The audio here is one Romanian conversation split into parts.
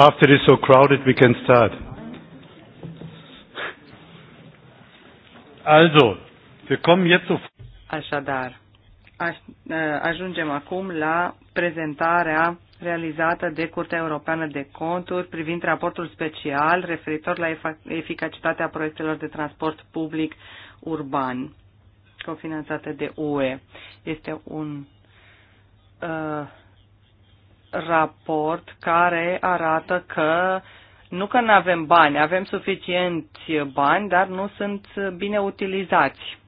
After it is so crowded, we can start. Also, wir kommen jetzt auf Așadar, aș, ajungem acum la prezentarea realizată de Curtea Europeană de Conturi privind raportul special referitor la eficacitatea proiectelor de transport public urban cofinanțate de UE. Este un uh, raport care arată că nu că nu avem bani, avem suficienți bani, dar nu sunt bine utilizați.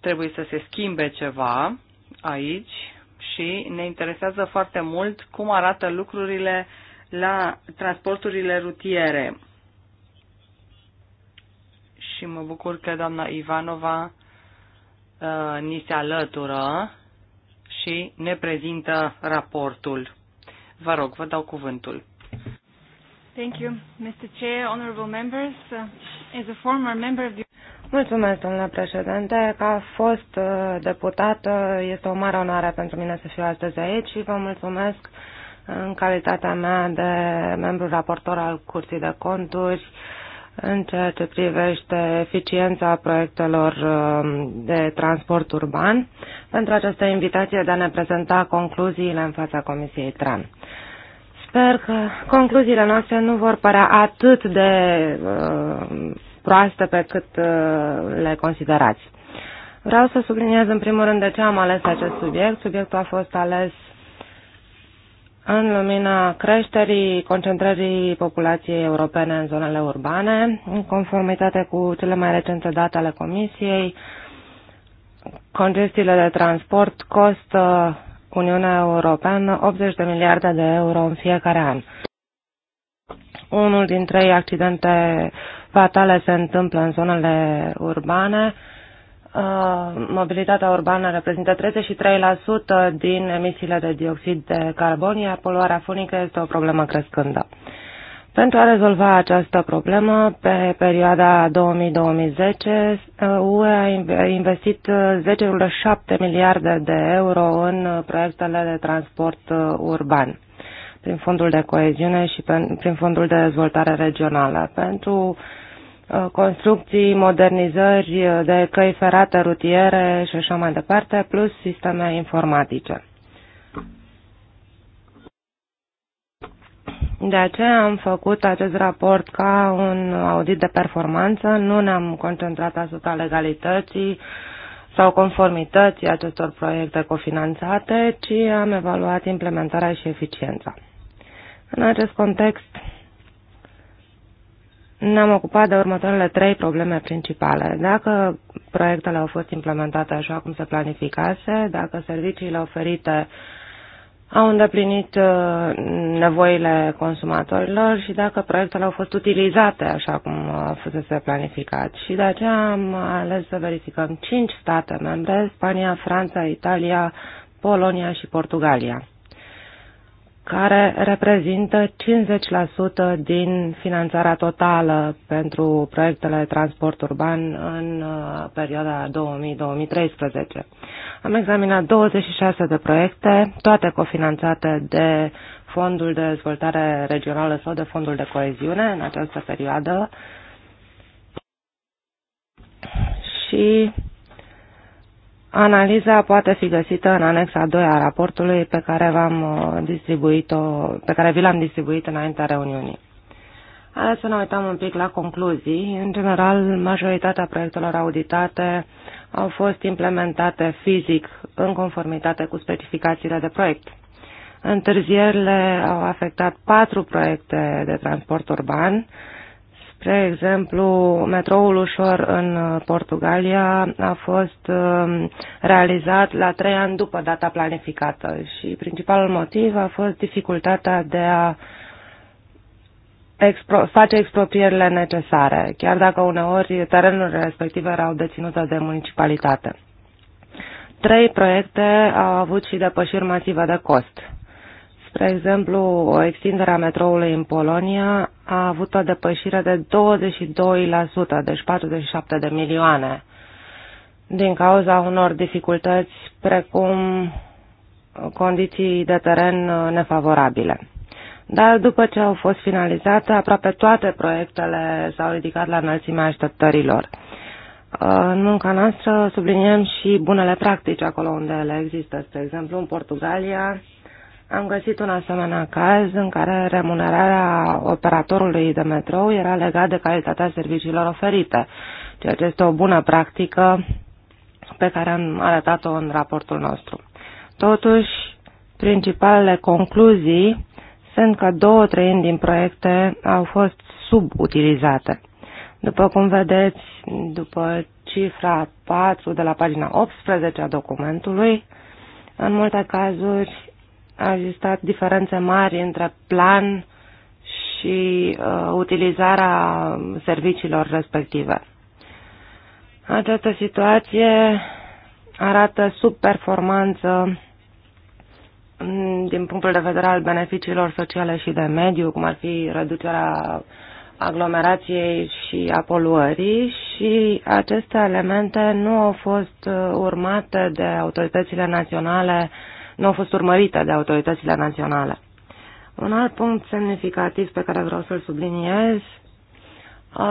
Trebuie să se schimbe ceva aici și ne interesează foarte mult cum arată lucrurile la transporturile rutiere. Și mă bucur că doamna Ivanova uh, ni se alătură și ne prezintă raportul. Vă rog, vă dau cuvântul. Thank you, Mr. Chair, honorable members. Uh, as a former member of the Mulțumesc, domnule președinte, că a fost uh, deputată. Uh, este o mare onoare pentru mine să fiu astăzi aici și vă mulțumesc în calitatea mea de membru raportor al Curții de Conturi uh, în ceea ce privește eficiența proiectelor uh, de transport urban pentru această invitație de a ne prezenta concluziile în fața Comisiei TRAN. Sper că concluziile noastre nu vor părea atât de uh, proaste pe cât uh, le considerați. Vreau să subliniez în primul rând de ce am ales acest subiect. Subiectul a fost ales în lumina creșterii concentrării populației europene în zonele urbane, în conformitate cu cele mai recente date ale Comisiei, congestiile de transport costă Uniunea Europeană 80 de miliarde de euro în fiecare an. Unul din trei accidente fatale se întâmplă în zonele urbane, Uh, mobilitatea urbană reprezintă 33% din emisiile de dioxid de carbon, iar poluarea funică este o problemă crescândă. Pentru a rezolva această problemă, pe perioada 2000-2010, uh, UE a investit 10,7 miliarde de euro în proiectele de transport uh, urban prin fondul de coeziune și prin fondul de dezvoltare regională pentru uh, Uh, construcții, modernizări uh, de căi ferate, rutiere și așa mai departe, plus sisteme informatice. De aceea am făcut acest raport ca un audit de performanță, nu ne-am concentrat asupra legalității sau conformității acestor proiecte cofinanțate, ci am evaluat implementarea și eficiența. În acest context, ne-am ocupat de următoarele trei probleme principale. Dacă proiectele au fost implementate așa cum se planificase, dacă serviciile oferite au îndeplinit uh, nevoile consumatorilor și dacă proiectele au fost utilizate așa cum uh, fusese planificat. Și de aceea am ales să verificăm cinci state membre, Spania, Franța, Italia, Polonia și Portugalia care reprezintă 50% din finanțarea totală pentru proiectele transport urban în uh, perioada 2000-2013. Am examinat 26 de proiecte, toate cofinanțate de Fondul de Dezvoltare Regională sau de Fondul de Coeziune în această perioadă și Analiza poate fi găsită în anexa 2 a raportului pe care, v-am uh, distribuit-o, pe care vi l-am distribuit înaintea reuniunii. Hai să ne uităm un pic la concluzii. În general, majoritatea proiectelor auditate au fost implementate fizic în conformitate cu specificațiile de proiect. Întârzierile au afectat patru proiecte de transport urban, Spre exemplu, metroul ușor în uh, Portugalia a fost um, realizat la trei ani după data planificată și principalul motiv a fost dificultatea de a expro- face exproprierile necesare, chiar dacă uneori terenurile respective erau deținute de municipalitate. Trei proiecte au avut și depășiri masive de cost Spre exemplu, o extindere a metroului în Polonia a avut o depășire de 22%, deci 47 de milioane, din cauza unor dificultăți precum condiții de teren nefavorabile. Dar după ce au fost finalizate, aproape toate proiectele s-au ridicat la înălțimea așteptărilor. În munca noastră subliniem și bunele practici acolo unde ele există. Spre exemplu, în Portugalia, am găsit un asemenea caz în care remunerarea operatorului de metrou era legată de calitatea serviciilor oferite, ceea ce este o bună practică pe care am arătat-o în raportul nostru. Totuși, principalele concluzii sunt că două treimi din proiecte au fost subutilizate. După cum vedeți, după cifra 4 de la pagina 18 a documentului, în multe cazuri a existat diferențe mari între plan și uh, utilizarea serviciilor respective. Această situație arată subperformanță mm, din punctul de vedere al beneficiilor sociale și de mediu, cum ar fi reducerea aglomerației și a poluării și aceste elemente nu au fost uh, urmate de autoritățile naționale uh, nu au fost urmărite de autoritățile naționale. Un alt punct semnificativ pe care vreau să-l subliniez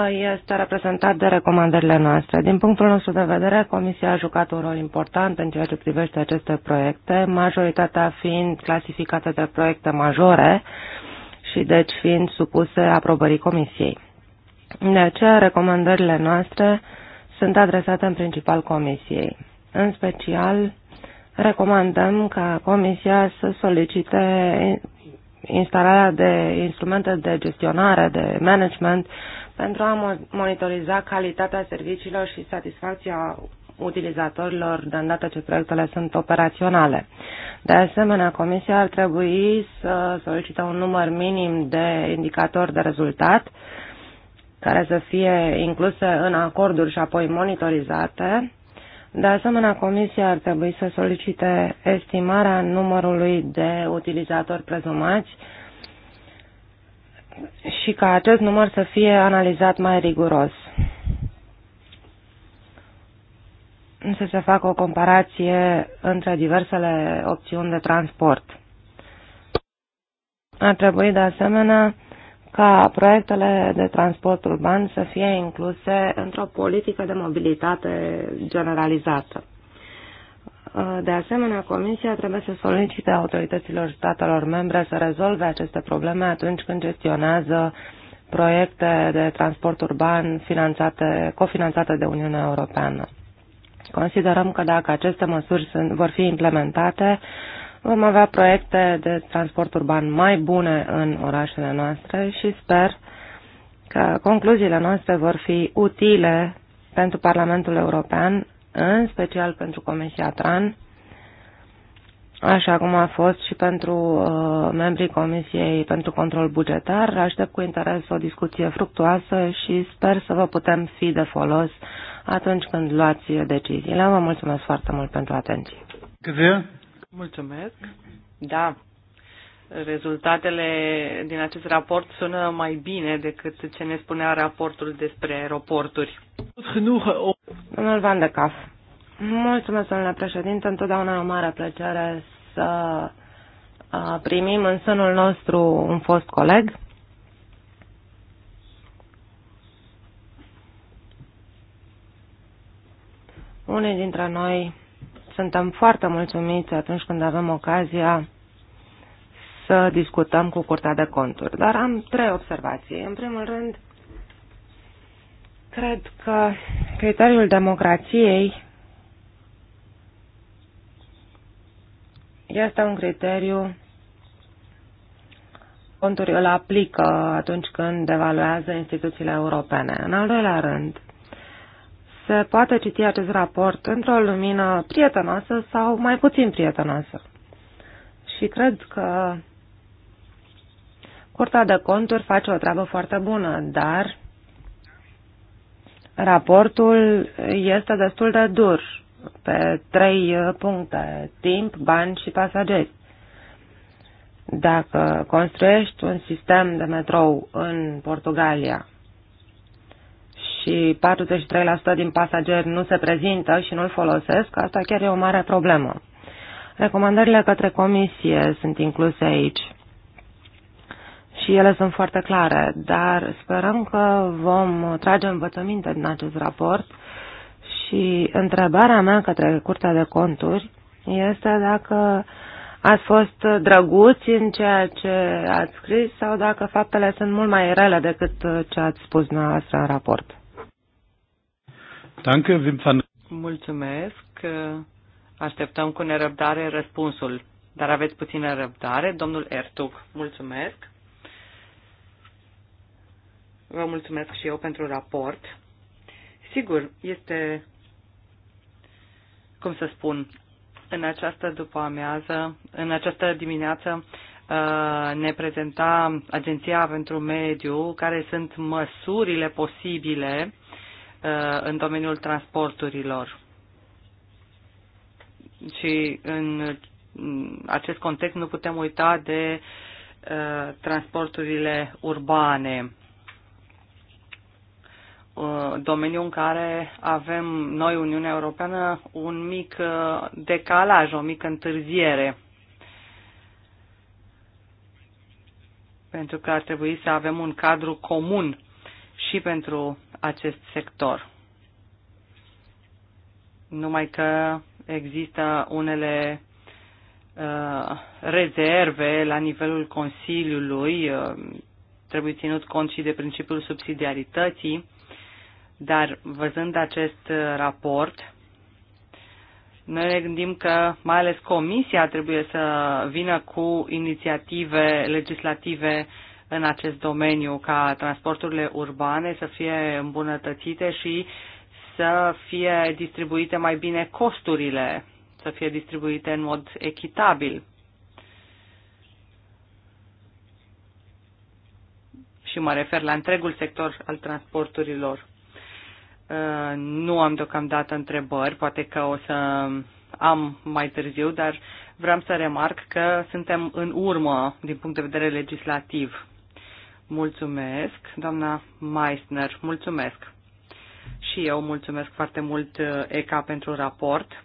este reprezentat de recomandările noastre. Din punctul nostru de vedere, Comisia a jucat un rol important în ceea ce privește aceste proiecte, majoritatea fiind clasificate de proiecte majore și deci fiind supuse aprobării Comisiei. De aceea, recomandările noastre sunt adresate în principal Comisiei, în special recomandăm ca Comisia să solicite instalarea de instrumente de gestionare, de management, pentru a monitoriza calitatea serviciilor și satisfacția utilizatorilor de îndată ce proiectele sunt operaționale. De asemenea, Comisia ar trebui să solicite un număr minim de indicatori de rezultat care să fie incluse în acorduri și apoi monitorizate de asemenea, Comisia ar trebui să solicite estimarea numărului de utilizatori prezumați și ca acest număr să fie analizat mai riguros. Să se facă o comparație între diversele opțiuni de transport. Ar trebui, de asemenea, ca proiectele de transport urban să fie incluse într-o politică de mobilitate generalizată. De asemenea, Comisia trebuie să solicite autorităților statelor membre să rezolve aceste probleme atunci când gestionează proiecte de transport urban finanțate, cofinanțate de Uniunea Europeană. Considerăm că dacă aceste măsuri sunt, vor fi implementate, uh, Vom avea proiecte de transport urban mai bune în orașele noastre și sper că concluziile noastre vor fi utile pentru Parlamentul European, în special pentru Comisia TRAN, așa cum a fost și pentru uh, membrii Comisiei pentru Control Bugetar. Aștept cu interes o discuție fructuoasă și sper să vă putem fi de folos atunci când luați deciziile. Vă mulțumesc foarte mult pentru atenție. Grazie. Mulțumesc. Da. Rezultatele din acest raport sună mai bine decât ce ne spunea raportul despre aeroporturi. Domnul Van de Caf. Mulțumesc, domnule președinte. Întotdeauna e o mare plăcere să primim în sânul nostru un fost coleg. Unii dintre noi suntem foarte mulțumiți atunci când avem ocazia să discutăm cu Curtea de Conturi. Dar am trei observații. În primul rând, cred că criteriul democrației este un criteriu conturi îl aplică atunci când evaluează instituțiile europene. În al doilea rând, se poate citi acest raport într-o lumină prietenoasă sau mai puțin prietenoasă. Și cred că Curtea de conturi face o treabă foarte bună, dar raportul este destul de dur pe trei uh, puncte, timp, bani și pasageri. Dacă construiești un sistem de metrou în Portugalia și 43% din pasageri nu se prezintă și nu-l folosesc, asta chiar e o mare problemă. Recomandările către comisie sunt incluse aici și ele sunt foarte clare, dar sperăm că vom trage învățăminte din acest raport și întrebarea mea către Curtea de Conturi este dacă ați fost drăguți în ceea ce ați scris sau dacă faptele sunt mult mai rele decât ce ați spus dumneavoastră în raport. Danke, Wim van... Mulțumesc. Așteptăm cu nerăbdare răspunsul, dar aveți puțină răbdare. Domnul Ertug, mulțumesc. Vă mulțumesc și eu pentru raport. Sigur, este, cum să spun, în această după-amiază, în această dimineață, uh, ne prezenta Agenția pentru Mediu care sunt măsurile posibile Uh, în domeniul transporturilor. Și în uh, acest context nu putem uita de uh, transporturile urbane, domeniu în care avem noi, Uniunea Europeană, un mic decalaj, o mică întârziere. Pentru că ar trebui să avem un cadru comun și pentru acest sector. Numai că există unele uh, rezerve la nivelul Consiliului, uh, trebuie ținut cont și de principiul subsidiarității, dar văzând acest uh, raport, noi ne gândim că mai ales Comisia trebuie să vină cu inițiative legislative uh, în acest domeniu ca transporturile urbane să fie îmbunătățite și să fie distribuite mai bine costurile, să fie distribuite în mod echitabil. Și mă refer la întregul sector al transporturilor. Uh, nu am deocamdată întrebări, poate că o să am mai târziu, dar vreau să remarc că suntem în urmă din punct de vedere legislativ Mulțumesc, doamna Meissner, mulțumesc. Și eu mulțumesc foarte mult uh, ECA pentru raport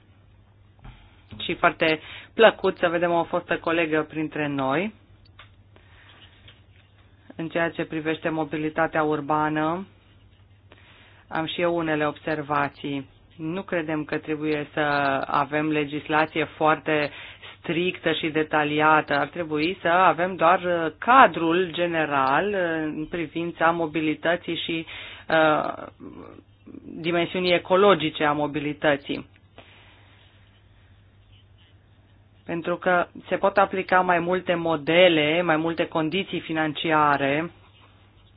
și foarte plăcut să vedem o fostă colegă printre noi în ceea ce privește mobilitatea urbană. Am și eu unele observații. Nu credem că trebuie să avem legislație foarte strictă și detaliată. Ar trebui să avem doar uh, cadrul general uh, în privința mobilității și uh, dimensiunii ecologice a mobilității. Pentru că se pot aplica mai multe modele, mai multe condiții financiare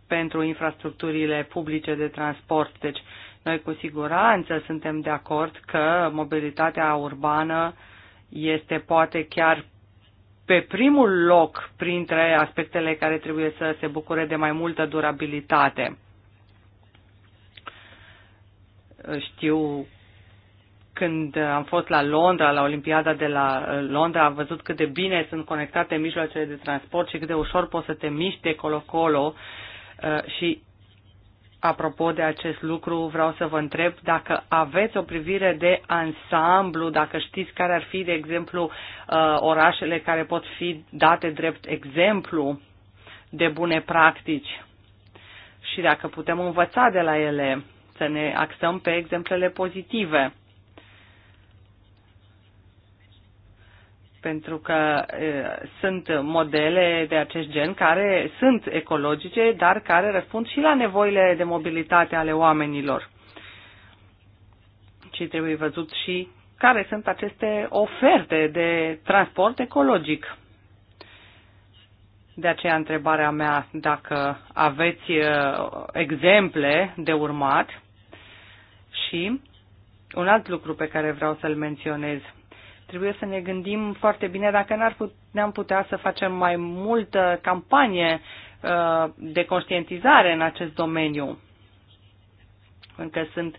pentru infrastructurile publice de transport. Deci, noi cu siguranță suntem de acord că mobilitatea urbană uh, este poate chiar pe primul loc printre aspectele care trebuie să se bucure de mai multă durabilitate. Știu când am fost la Londra, la Olimpiada de la uh, Londra, am văzut cât de bine sunt conectate mijloacele de transport și cât de ușor poți să te miști de colo-colo uh, și Apropo de acest lucru, vreau să vă întreb dacă aveți o privire de ansamblu, dacă știți care ar fi, de exemplu, uh, orașele care pot fi date drept exemplu de bune practici și dacă putem învăța de la ele, să ne axăm pe exemplele pozitive. pentru că sunt modele de acest gen care sunt ecologice, dar care răspund și la nevoile de mobilitate ale oamenilor. Și trebuie văzut și care sunt aceste oferte de transport ecologic. De aceea întrebarea mea dacă aveți exemple de urmat și un alt lucru pe care vreau să-l menționez – Trebuie să ne gândim foarte bine dacă n-ar put, ne-am putea să facem mai multă campanie uh, de conștientizare în acest domeniu. Încă sunt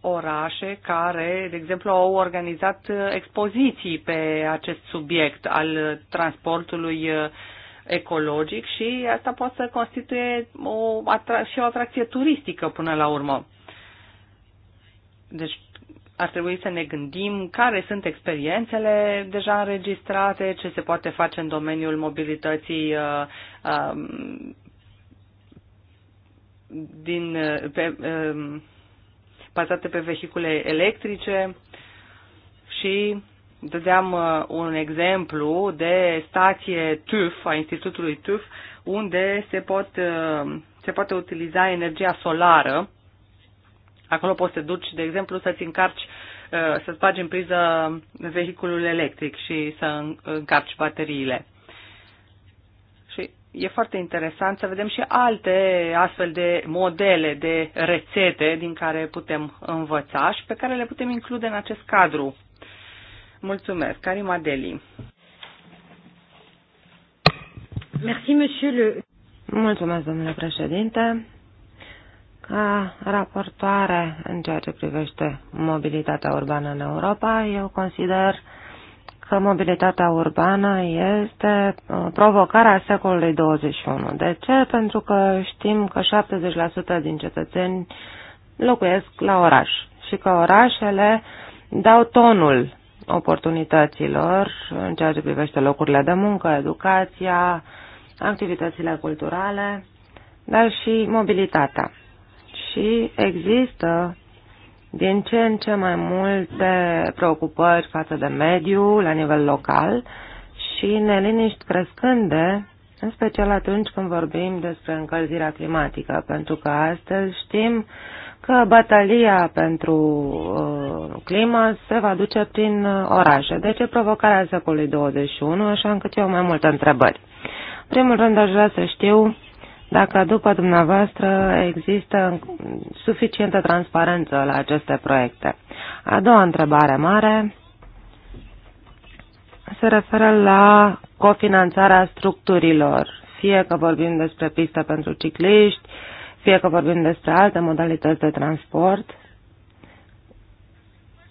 orașe care, de exemplu, au organizat uh, expoziții pe acest subiect al transportului uh, ecologic și asta poate să constituie o, și o atracție turistică până la urmă. Deci ar trebui să ne gândim care sunt experiențele deja înregistrate, ce se poate face în domeniul mobilității uh, um, din, uh, pe, um, bazate pe vehicule electrice și dădeam uh, un exemplu de stație TÜV, a Institutului TÜV, unde se, pot, se poate utiliza energia solară Acolo poți să te duci, de exemplu, să-ți încarci, uh, să-ți bagi în priză vehiculul electric și să încarci bateriile. Și e foarte interesant să vedem și alte astfel de modele, de rețete din care putem învăța și pe care le putem include în acest cadru. Mulțumesc. Karima Deli. Mulțumesc, domnule președinte. Ca raportoare în ceea ce privește mobilitatea urbană în Europa, eu consider că mobilitatea urbană este uh, provocarea secolului 21. De ce? Pentru că știm că 70% din cetățeni locuiesc la oraș și că orașele dau tonul oportunităților în ceea ce privește locurile de muncă, educația, activitățile culturale, dar și mobilitatea și există din ce în ce mai multe preocupări față de mediu la nivel local și neliniști crescânde, în special atunci când vorbim despre încălzirea climatică, pentru că astăzi știm că batalia pentru uh, climă se va duce prin uh, orașe. De deci ce provocarea secolului 21, așa încât eu mai multe întrebări. În primul rând aș vrea să știu dacă după dumneavoastră există suficientă transparență la aceste proiecte. A doua întrebare mare se referă la cofinanțarea structurilor, fie că vorbim despre pista pentru cicliști, fie că vorbim despre alte modalități de transport.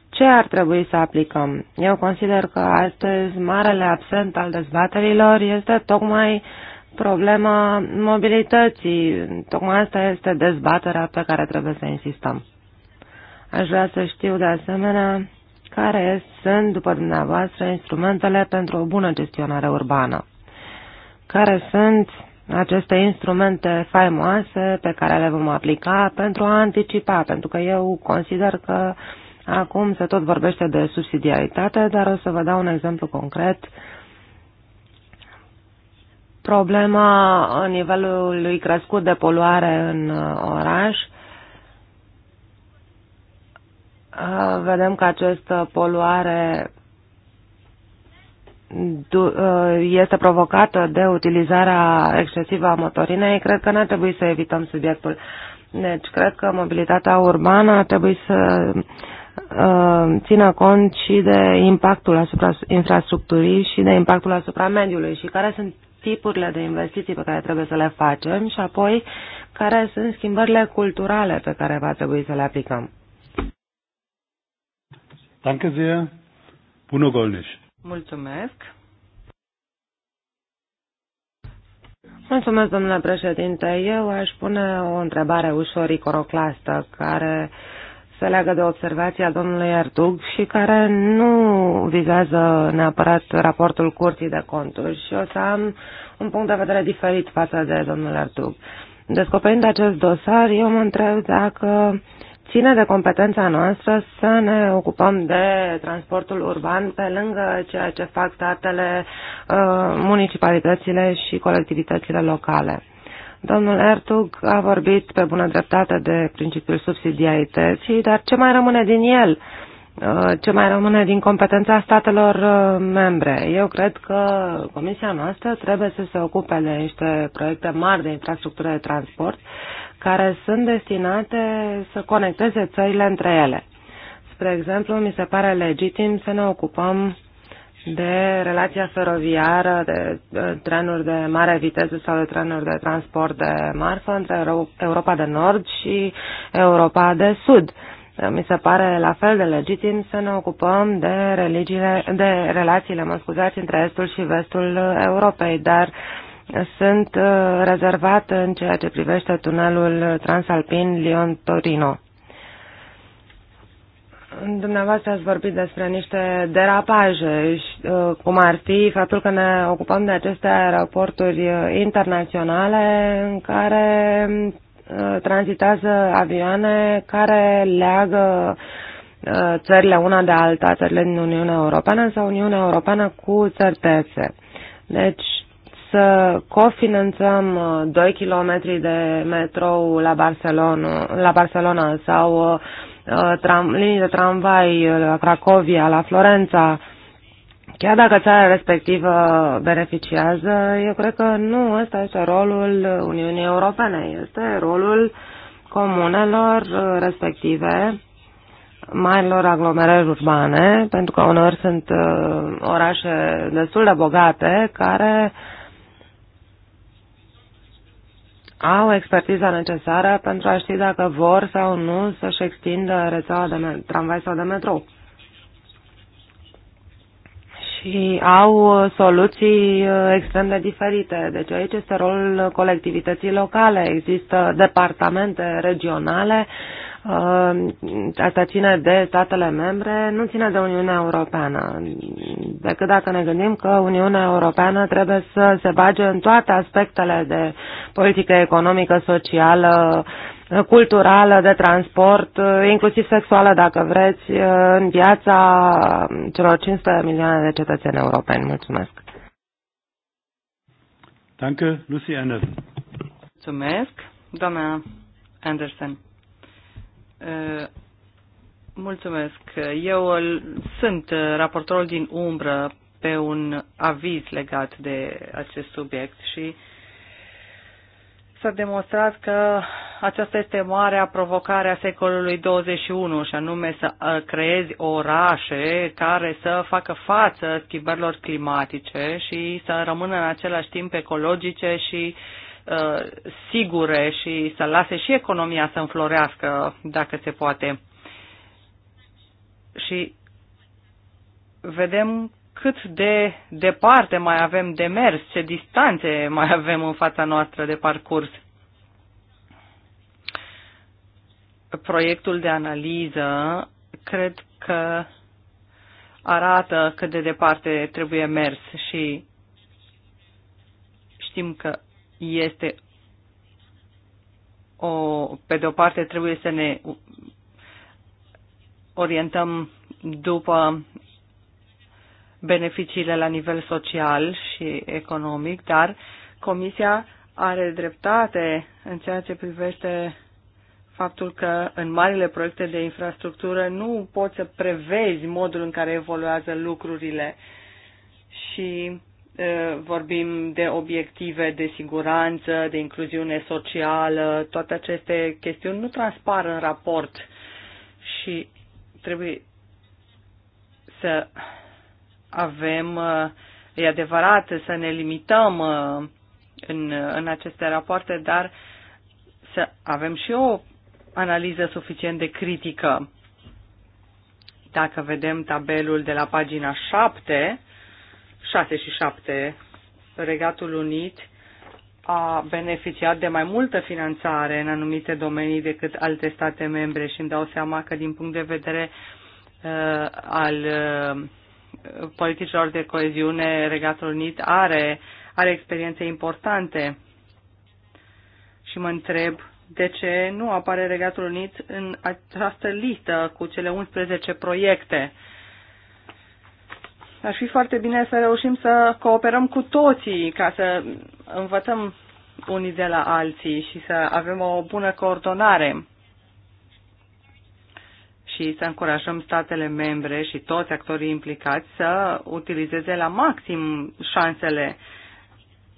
Ce ar trebui să aplicăm? Eu consider că astăzi marele absent al dezbaterilor este tocmai uh, problema mobilității. Tocmai asta este dezbaterea pe care trebuie să insistăm. Aș vrea să știu de asemenea care sunt, după dumneavoastră, instrumentele pentru o bună gestionare urbană. Care sunt aceste instrumente faimoase pe care le vom aplica pentru a anticipa, pentru că eu consider că acum se tot vorbește de subsidiaritate, dar o să vă dau un exemplu concret uh, problema nivelului crescut de poluare în uh, oraș. Uh, vedem că această poluare uh, este provocată de utilizarea excesivă a motorinei, cred că n-ar trebui să evităm subiectul. Deci, cred că mobilitatea urbană trebuie să țină cont și de impactul asupra infrastructurii și de impactul asupra mediului și care sunt tipurile de investiții pe care trebuie să le facem și apoi care sunt schimbările culturale pe care va trebui să le aplicăm. Danke sehr. Mulțumesc. Mulțumesc, domnule președinte. Eu aș pune o întrebare ușor iconoclastă, care uh, se leagă de observația domnului Artug și care nu vizează neapărat raportul curții de conturi și o să am un punct de vedere diferit față de domnul Artug. Descoperind acest dosar, eu mă întreb dacă ține de competența noastră să ne ocupăm de transportul urban pe lângă ceea ce fac statele, uh, municipalitățile și colectivitățile locale. Domnul Ertug a vorbit pe bună dreptate de principiul subsidiarității, dar ce mai rămâne din el? Uh, ce mai rămâne din competența statelor uh, membre? Eu cred că comisia noastră trebuie să se ocupe de niște proiecte mari de infrastructură de transport care sunt destinate să conecteze țările între ele. Spre exemplu, mi se pare legitim să ne ocupăm de relația feroviară, de trenuri de mare viteză sau de trenuri de transport de marfă între Europa de Nord și Europa de Sud. Mi se pare la fel de legitim să ne ocupăm de, religiile, de relațiile, mă scuzați, între Estul și Vestul Europei, dar sunt uh, rezervat în ceea ce privește tunelul transalpin Lyon-Torino. Dumneavoastră ați vorbit despre niște derapaje, uh, cum ar fi faptul că ne ocupăm de aceste aeroporturi uh, internaționale în care uh, tranzitează avioane care leagă țările una de alta, țările din Uniunea Europeană sau Uniunea Europeană cu țări Deci să cofinanțăm 2 km de metrou la Barcelona, la Barcelona sau Uh, tram, linii de tramvai uh, la Cracovia, la Florența, chiar dacă țara respectivă beneficiază, eu cred că nu ăsta este rolul Uniunii Europene, este rolul comunelor uh, respective, marilor aglomerări urbane, pentru că uneori sunt orașe destul de bogate care uh, au expertiza necesară pentru a ști dacă vor sau nu să-și extindă rețeaua de tramvai sau de metrou. Și au soluții uh, extrem de diferite. Deci aici este rolul colectivității locale. Există departamente regionale uh, Uh, asta ține de statele membre, nu ține de Uniunea Europeană. Decât dacă ne gândim că Uniunea Europeană trebuie să se bage în toate aspectele de politică economică, socială, culturală, de transport, uh, inclusiv sexuală, dacă vreți, uh, în viața celor 500 milioane de cetățeni europeni. Mulțumesc! Danke, Lucy Anderson. Mulțumesc, doamna Anderson. Eh, mulțumesc. Eu sunt raportorul din umbră pe un aviz legat de acest subiect și s-a demonstrat că aceasta este marea provocare a secolului 21 și anume să creezi orașe care să facă față schimbărilor climatice și să rămână în același timp ecologice și uh, Uh, sigure și să lase și economia să înflorească dacă se poate. Și vedem cât de departe mai avem de mers, ce distanțe mai avem în fața noastră de parcurs. Proiectul de analiză cred că arată cât de departe trebuie mers și știm că este o, pe de o parte trebuie să ne orientăm după beneficiile la nivel social și economic, dar Comisia are dreptate în ceea ce privește faptul că în marile proiecte de infrastructură nu poți să prevezi modul în care evoluează lucrurile și vorbim de obiective de siguranță, de incluziune socială, toate aceste chestiuni nu transpar în raport și trebuie să avem, e adevărat, să ne limităm în, în aceste rapoarte, dar să avem și o analiză suficient de critică. Dacă vedem tabelul de la pagina 7, 6 și 7. Regatul Unit a beneficiat de mai multă finanțare în anumite domenii decât alte state membre și îmi dau seama că din punct de vedere uh, al uh, politicilor de coeziune, Regatul Unit are, are experiențe importante și mă întreb de ce nu apare Regatul Unit în această listă cu cele 11 proiecte. Ar fi foarte bine să reușim să cooperăm cu toții ca să învățăm unii de la alții și să avem o bună coordonare și să încurajăm statele membre și toți actorii implicați să utilizeze la maxim șansele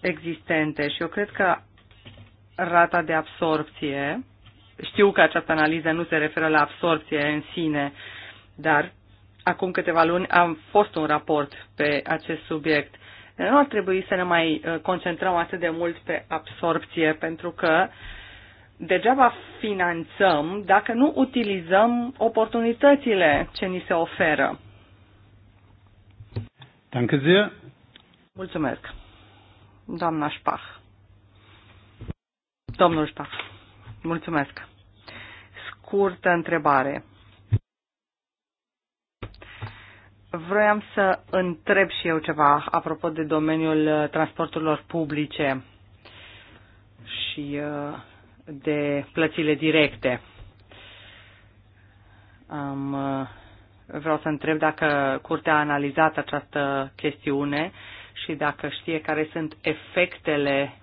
existente. Și eu cred că rata de absorpție, știu că această analiză nu se referă la absorpție în sine, dar acum câteva luni am fost un raport pe acest subiect. Nu ar trebui să ne mai uh, concentrăm atât de mult pe absorpție, pentru că degeaba finanțăm dacă nu utilizăm oportunitățile ce ni se oferă. Danke sehr. Mulțumesc. Doamna Spach. Domnul Spach. Mulțumesc. Scurtă întrebare Vroiam să întreb și eu ceva apropo de domeniul uh, transporturilor publice și uh, de plățile directe. Am, uh, vreau să întreb dacă Curtea a analizat această chestiune și dacă știe care sunt efectele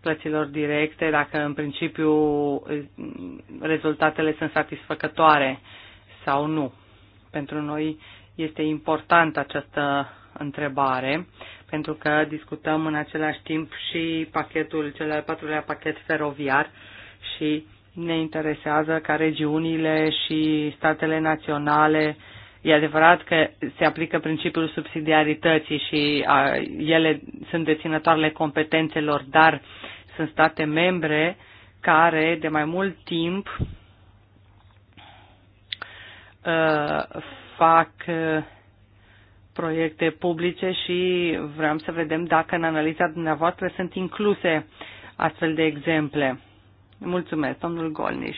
plăților directe, dacă în principiu rezultatele sunt satisfăcătoare sau nu. Pentru noi este importantă această întrebare, pentru că discutăm în același timp și pachetul, cel al patrulea pachet feroviar și ne interesează ca regiunile și statele naționale E adevărat că se aplică principiul subsidiarității și a, ele sunt deținătoarele competențelor, dar sunt state membre care de mai mult timp ă, fac uh, proiecte publice și vreau să vedem dacă în analiza dumneavoastră sunt incluse astfel de exemple. Mulțumesc, domnul Golniș.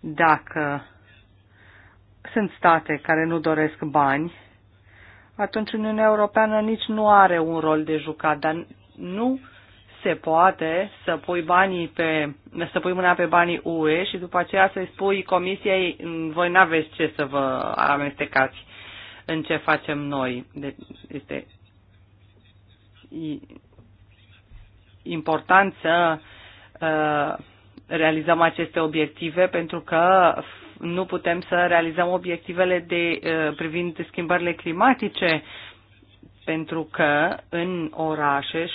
Dacă sunt state care nu doresc bani, atunci Uniunea Europeană nici nu are un rol de jucat, dar nu se poate să pui banii pe, să pui mâna pe banii UE și după aceea să-i spui comisiei, voi n-aveți ce să vă amestecați în ce facem noi. Deci este important să uh, realizăm aceste obiective pentru că nu putem să realizăm obiectivele de, uh, privind schimbările climatice pentru că în orașe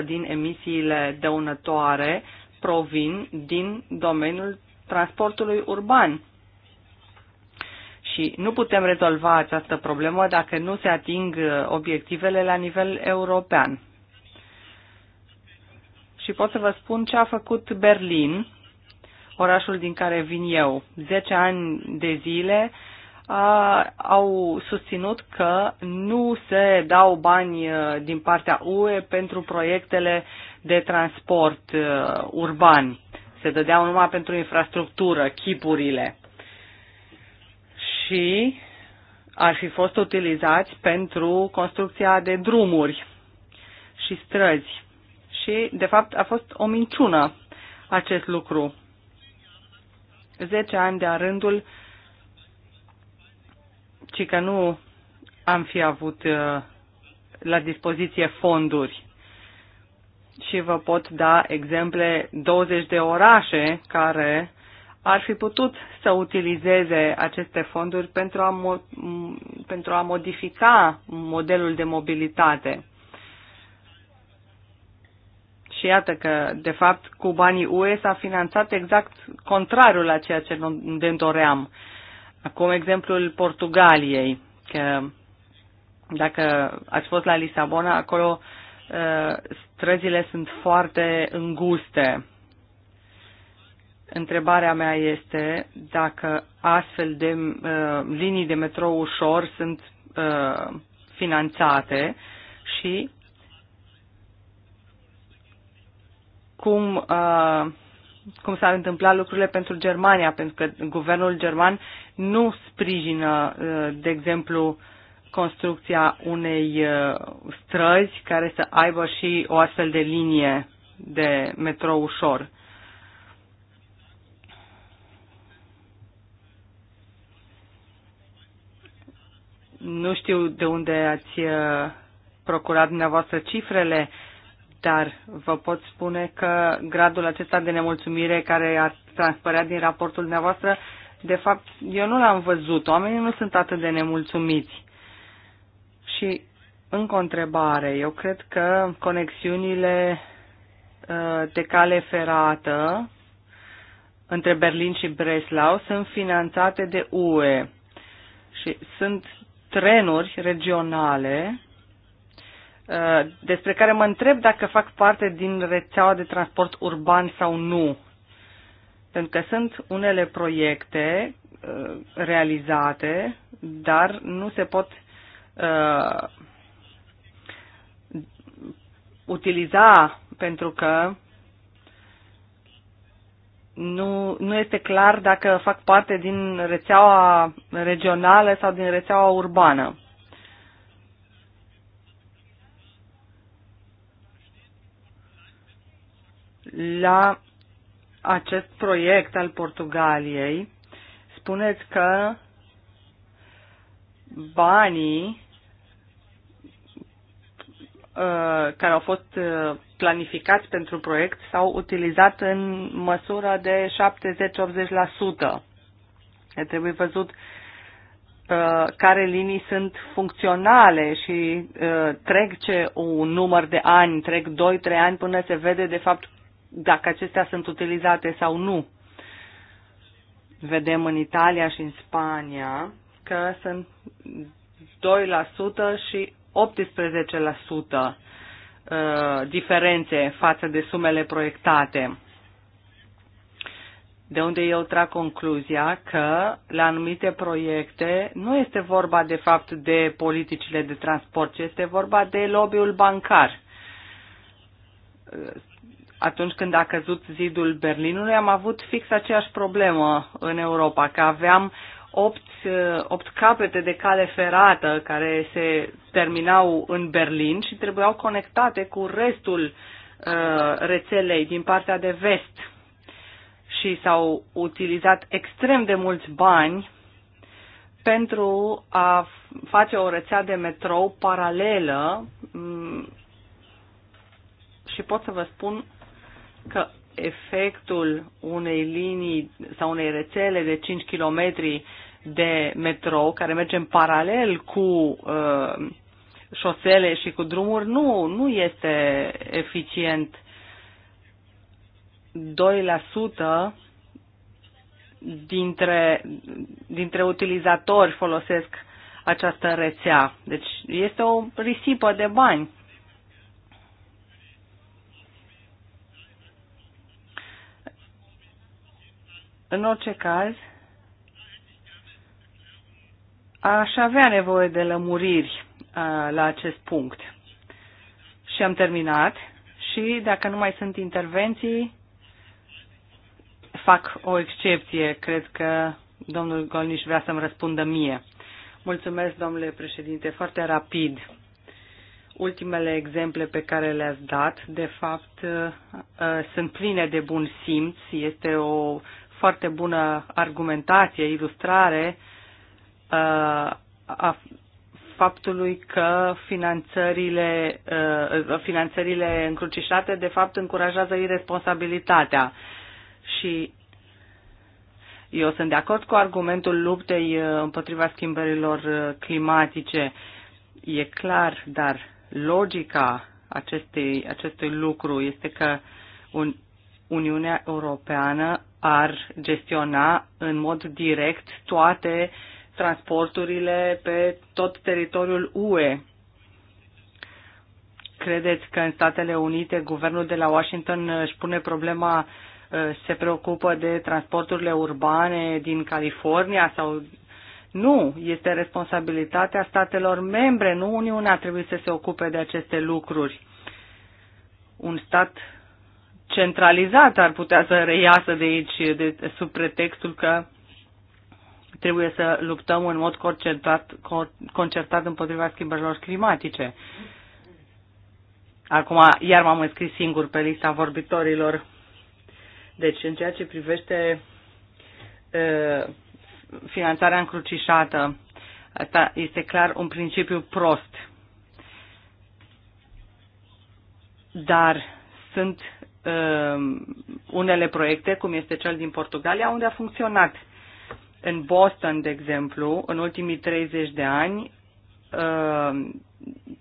70% din emisiile dăunătoare provin din domeniul transportului urban. Și nu putem rezolva această problemă dacă nu se ating obiectivele la nivel european. Și pot să vă spun ce a făcut Berlin, orașul din care vin eu. 10 ani de zile au susținut că nu se dau bani uh, din partea UE pentru proiectele de transport uh, urban. Se dădeau numai pentru infrastructură, chipurile. Și ar fi fost utilizați pentru construcția de drumuri și străzi. Și, de fapt, a fost o minciună acest lucru. Zece ani de-a rândul uh, ci că nu am fi avut uh, la dispoziție fonduri. Și vă pot da exemple 20 de orașe care ar fi putut să utilizeze aceste fonduri pentru a, pentru a modifica modelul de mobilitate. Și iată că, de fapt, cu banii UE s-a finanțat exact contrarul la ceea ce ne doream. Acum exemplul Portugaliei, că dacă ați fost la Lisabona, acolo uh, străzile sunt foarte înguste. Întrebarea mea este dacă astfel de uh, linii de metrou ușor sunt uh, finanțate și cum, cum s-ar întâmpla lucrurile pentru Germania, pentru că guvernul german nu sprijină, uh, de exemplu, construcția unei uh, străzi care să aibă și o astfel de linie de metrou ușor. Nu știu de unde ați uh, procurat dumneavoastră cifrele, dar vă pot spune că gradul acesta de nemulțumire care a transpărat din raportul dumneavoastră de fapt, eu nu l-am văzut. Oamenii nu sunt atât de nemulțumiți. Și încă o întrebare. Eu cred că conexiunile uh, de cale ferată între Berlin și Breslau sunt finanțate de UE și sunt trenuri regionale uh, despre care mă întreb dacă fac parte din rețeaua de transport urban sau nu. Pentru că sunt unele proiecte uh, realizate, dar nu se pot uh, utiliza pentru că nu, nu este clar dacă fac parte din rețeaua regională sau din rețeaua urbană. La acest proiect al Portugaliei, spuneți că banii uh, care au fost uh, planificați pentru proiect s-au utilizat în măsură de 70-80%. Trebuie văzut uh, care linii sunt funcționale și trec ce un număr de ani, trec 2-3 ani până se vede de fapt dacă acestea sunt utilizate sau nu. Vedem în Italia și în Spania că sunt 2% și 18% uh, diferențe față de sumele proiectate. De unde eu trag concluzia că la anumite proiecte nu este vorba de fapt de politicile de transport, ci este vorba de lobby-ul bancar atunci când a căzut zidul Berlinului, am avut fix aceeași problemă în Europa, că aveam opt, opt capete de cale ferată care se terminau în Berlin și trebuiau conectate cu restul uh, rețelei din partea de vest. Și s-au utilizat extrem de mulți bani pentru a face o rețea de metrou paralelă mm, și pot să vă spun că efectul unei linii sau unei rețele de 5 km de metrou care merge în paralel cu uh, șosele și cu drumuri nu, nu este eficient. 2% dintre, dintre utilizatori folosesc această rețea. Deci este o risipă de bani În orice caz, aș avea nevoie de lămuriri la acest punct. Și am terminat și dacă nu mai sunt intervenții, fac o excepție. Cred că domnul Golniș vrea să-mi răspundă mie. Mulțumesc, domnule președinte, foarte rapid. Ultimele exemple pe care le-ați dat, de fapt, sunt pline de bun simț. Este o foarte bună argumentație, ilustrare uh, a faptului că finanțările, uh, finanțările încrucișate de fapt încurajează irresponsabilitatea. Și eu sunt de acord cu argumentul luptei uh, împotriva schimbărilor climatice. E clar, dar logica acestei, acestui lucru este că un, Uniunea Europeană ar gestiona în mod direct toate transporturile pe tot teritoriul UE. Credeți că în Statele Unite guvernul de la Washington își pune problema, uh, se preocupă de transporturile urbane din California sau nu, este responsabilitatea statelor membre, nu Uniunea trebuie să se ocupe de aceste lucruri. Un stat centralizată ar putea să reiasă de aici de, sub pretextul că trebuie să luptăm în mod concertat, concertat împotriva schimbărilor climatice. Acum, iar m-am înscris singur pe lista vorbitorilor. Deci, în ceea ce privește uh, finanțarea încrucișată, asta este clar un principiu prost. Dar sunt Um, unele proiecte, cum este cel din Portugalia, unde a funcționat. În Boston, de exemplu, în ultimii 30 de ani, um,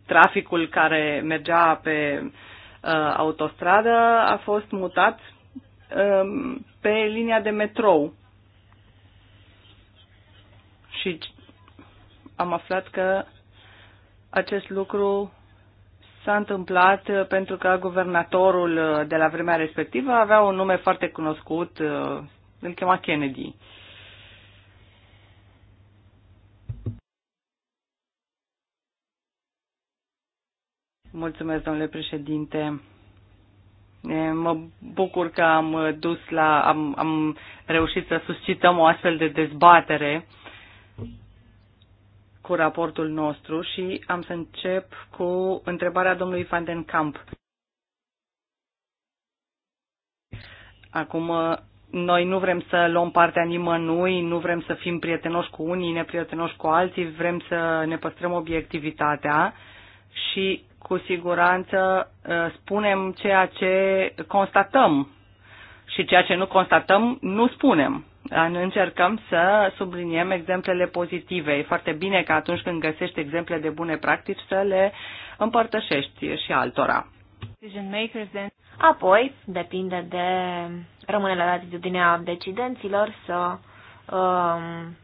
traficul care mergea pe uh, autostradă a fost mutat um, pe linia de metrou. Și am aflat că acest lucru s-a întâmplat pentru că guvernatorul uh, de la vremea respectivă avea un nume foarte cunoscut, uh, îl chema Kennedy. Mulțumesc, domnule președinte. Mă bucur că am dus la, am, am reușit să suscităm o astfel de dezbatere cu raportul nostru și am să încep cu întrebarea domnului Van den Kamp. Acum, noi nu vrem să luăm partea nimănui, nu vrem să fim prietenoși cu unii, neprietenoși cu alții, vrem să ne păstrăm obiectivitatea și cu siguranță uh, spunem ceea ce constatăm și ceea ce nu constatăm nu spunem încercăm să subliniem exemplele pozitive. E foarte bine că atunci când găsești exemple de bune practici să le împărtășești și altora. Apoi, depinde de rămâne la latitudinea decidenților să um,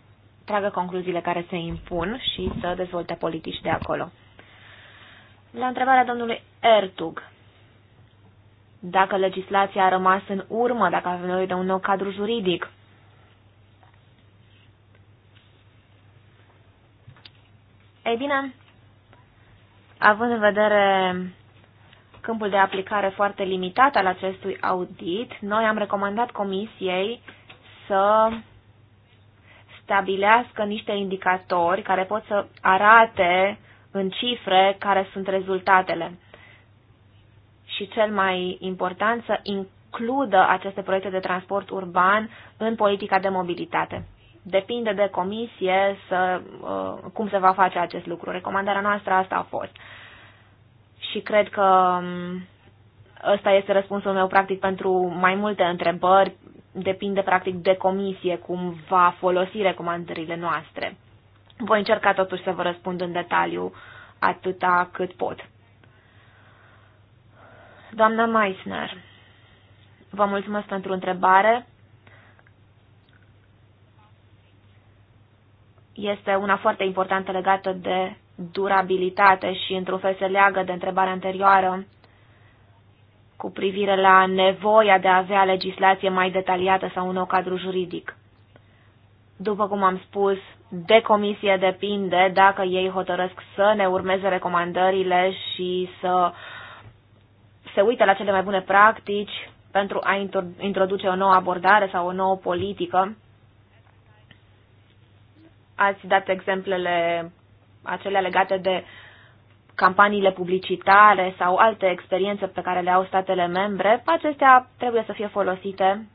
tragă concluziile care se impun și să dezvolte politici de acolo. La întrebarea domnului Ertug, dacă legislația a rămas în urmă, dacă avem nevoie de un nou cadru juridic, Ei bine, având în vedere câmpul de aplicare foarte limitat al acestui audit, noi am recomandat Comisiei să stabilească niște indicatori care pot să arate în cifre care sunt rezultatele. Și cel mai important, să includă aceste proiecte de transport urban în politica de mobilitate depinde de comisie să, uh, cum se va face acest lucru. Recomandarea noastră asta a fost. Și cred că um, ăsta este răspunsul meu practic pentru mai multe întrebări. Depinde practic de comisie cum va folosi recomandările noastre. Voi încerca totuși să vă răspund în detaliu atâta cât pot. Doamna Meissner, vă mulțumesc pentru întrebare. este una foarte importantă legată de durabilitate și într-un fel se leagă de întrebarea anterioară cu privire la nevoia de a avea legislație mai detaliată sau un nou cadru juridic. După cum am spus, de comisie depinde dacă ei hotărăsc să ne urmeze recomandările și să se uite la cele mai bune practici pentru a introduce o nouă abordare sau o nouă politică Ați dat exemplele acelea legate de campaniile publicitare sau alte experiențe pe care le au statele membre. Acestea trebuie să fie folosite.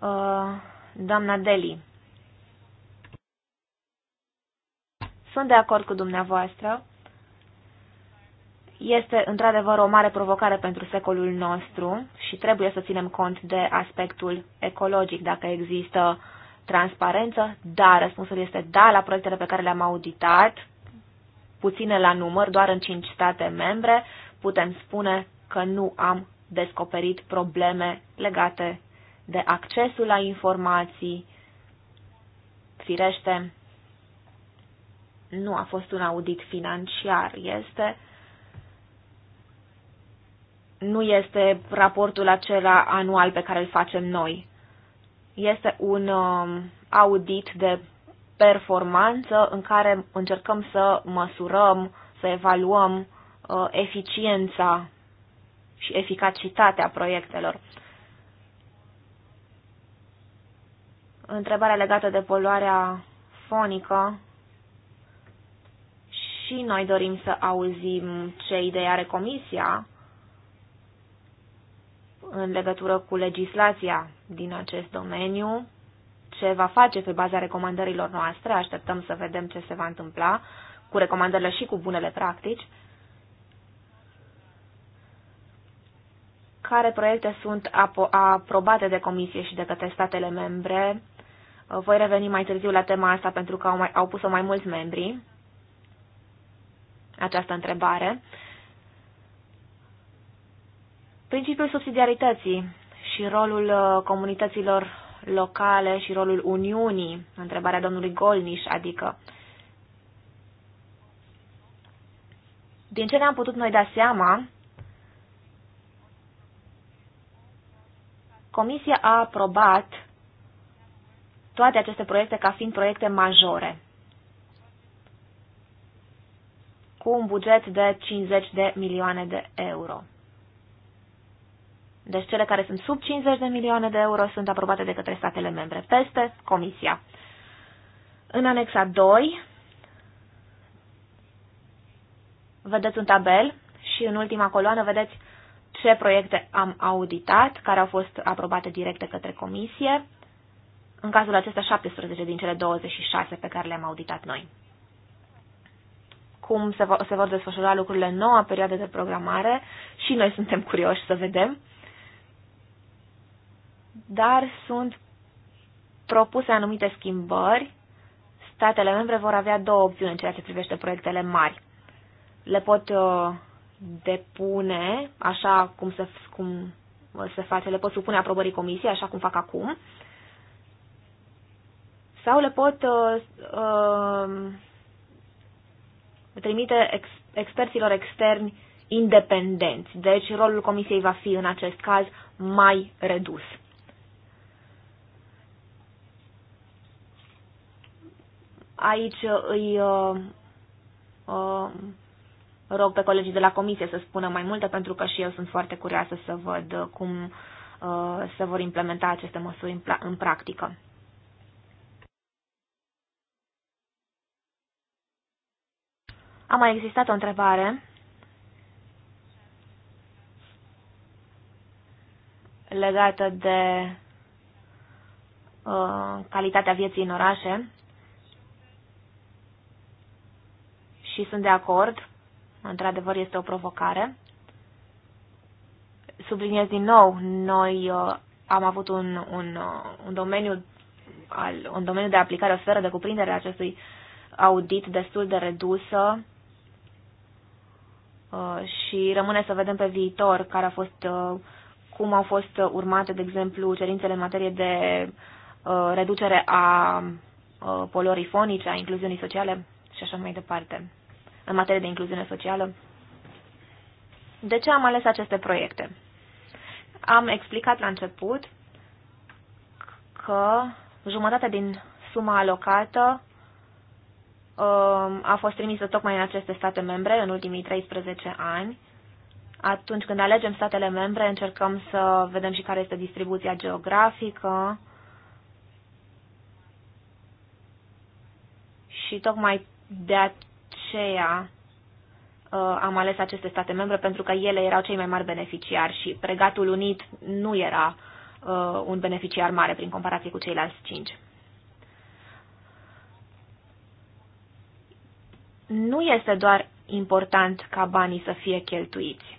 Uh, doamna Deli. Sunt de acord cu dumneavoastră. Este într-adevăr o mare provocare pentru secolul nostru și trebuie să ținem cont de aspectul ecologic dacă există transparență? Da, răspunsul este da la proiectele pe care le-am auditat, puține la număr, doar în 5 state membre, putem spune că nu am descoperit probleme legate de accesul la informații. Firește, nu a fost un audit financiar, este nu este raportul acela anual pe care îl facem noi. Este un um, audit de performanță în care încercăm să măsurăm, să evaluăm uh, eficiența și eficacitatea proiectelor. Întrebarea legată de poluarea fonică. Și noi dorim să auzim ce idei are Comisia în legătură cu legislația din acest domeniu, ce va face pe baza recomandărilor noastre, așteptăm să vedem ce se va întâmpla cu recomandările și cu bunele practici, care proiecte sunt aprobate de Comisie și de către statele membre. Voi reveni mai târziu la tema asta pentru că au, mai, au pus-o mai mulți membri această întrebare. Principiul subsidiarității și rolul uh, comunităților locale și rolul Uniunii, întrebarea domnului Golniș, adică din ce ne-am putut noi da seama, Comisia a aprobat toate aceste proiecte ca fiind proiecte majore, cu un buget de 50 de milioane de euro. Deci cele care sunt sub 50 de milioane de euro sunt aprobate de către statele membre, peste Comisia. În anexa 2 vedeți un tabel și în ultima coloană vedeți ce proiecte am auditat, care au fost aprobate direct de către Comisie. În cazul acesta, 17 din cele 26 pe care le-am auditat noi. Cum se vor, se vor desfășura lucrurile în noua perioadă de programare și noi suntem curioși să vedem dar sunt propuse anumite schimbări. Statele membre vor avea două opțiuni în ceea ce privește proiectele mari. Le pot uh, depune așa cum se, cum se face, le pot supune aprobării comisiei, așa cum fac acum, sau le pot uh, uh, trimite ex, experților externi independenți. Deci rolul comisiei va fi în acest caz mai redus. Aici uh, îi uh, uh, rog pe colegii de la comisie să spună mai multe, pentru că și eu sunt foarte curioasă să văd uh, cum uh, se vor implementa aceste măsuri în, în practică. A mai existat o întrebare legată de uh, calitatea vieții în orașe. și sunt de acord, într-adevăr este o provocare. Subliniez din nou, noi uh, am avut un, un, uh, un, domeniu al, un domeniu de aplicare, o sferă de cuprindere a acestui audit destul de redusă uh, și rămâne să vedem pe viitor care a fost, uh, cum au fost urmate, de exemplu, cerințele în materie de uh, reducere a uh, poluării fonice, a incluziunii sociale și așa mai departe în materie de incluziune socială. De ce am ales aceste proiecte? Am explicat la început că jumătate din suma alocată um, a fost trimisă tocmai în aceste state membre în ultimii 13 ani. Atunci când alegem statele membre, încercăm să vedem și care este distribuția geografică și tocmai de, aceea aceea uh, am ales aceste state membre pentru că ele erau cei mai mari beneficiari și Pregatul Unit nu era uh, un beneficiar mare prin comparație cu ceilalți cinci. Nu este doar important ca banii să fie cheltuiți.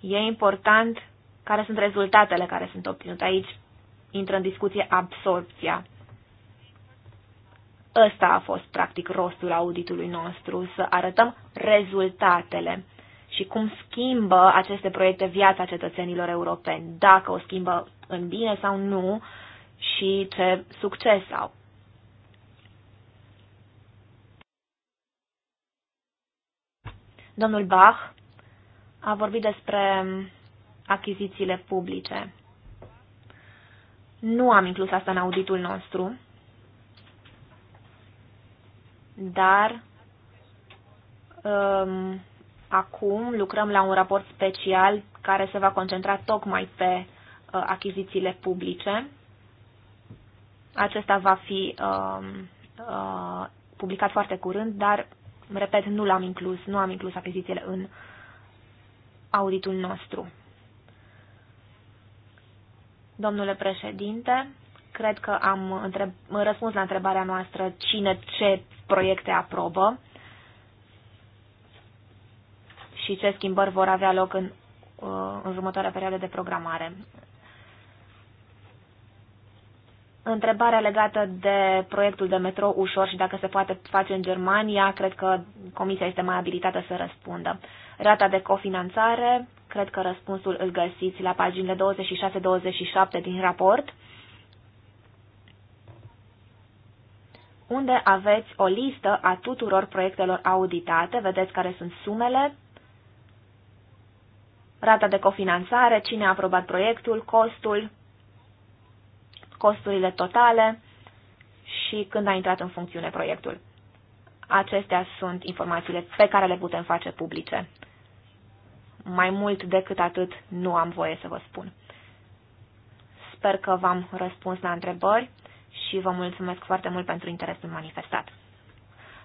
E important care sunt rezultatele care sunt obținute. Aici intră în discuție absorpția. Ăsta a fost, practic, rostul auditului nostru, să arătăm rezultatele și cum schimbă aceste proiecte viața cetățenilor europeni, dacă o schimbă în bine sau nu și ce succes au. Domnul Bach a vorbit despre achizițiile publice. Nu am inclus asta în auditul nostru, dar um, acum lucrăm la un raport special care se va concentra tocmai pe uh, achizițiile publice. Acesta va fi uh, uh, publicat foarte curând, dar, repet, nu l-am inclus, nu am inclus achizițiile în auditul nostru. Domnule președinte, Cred că am întreb, răspuns la întrebarea noastră cine ce proiecte aprobă și ce schimbări vor avea loc în, uh, în următoarea perioadă de programare. Întrebarea legată de proiectul de metro ușor și dacă se poate face în Germania, cred că Comisia este mai abilitată să răspundă. Rata de cofinanțare, cred că răspunsul îl găsiți la paginile 26-27 din raport. unde aveți o listă a tuturor proiectelor auditate, vedeți care sunt sumele, rata de cofinanțare, cine a aprobat proiectul, costul, costurile totale și când a intrat în funcțiune proiectul. Acestea sunt informațiile pe care le putem face publice. Mai mult decât atât nu am voie să vă spun. Sper că v-am răspuns la întrebări și vă mulțumesc foarte mult pentru interesul manifestat.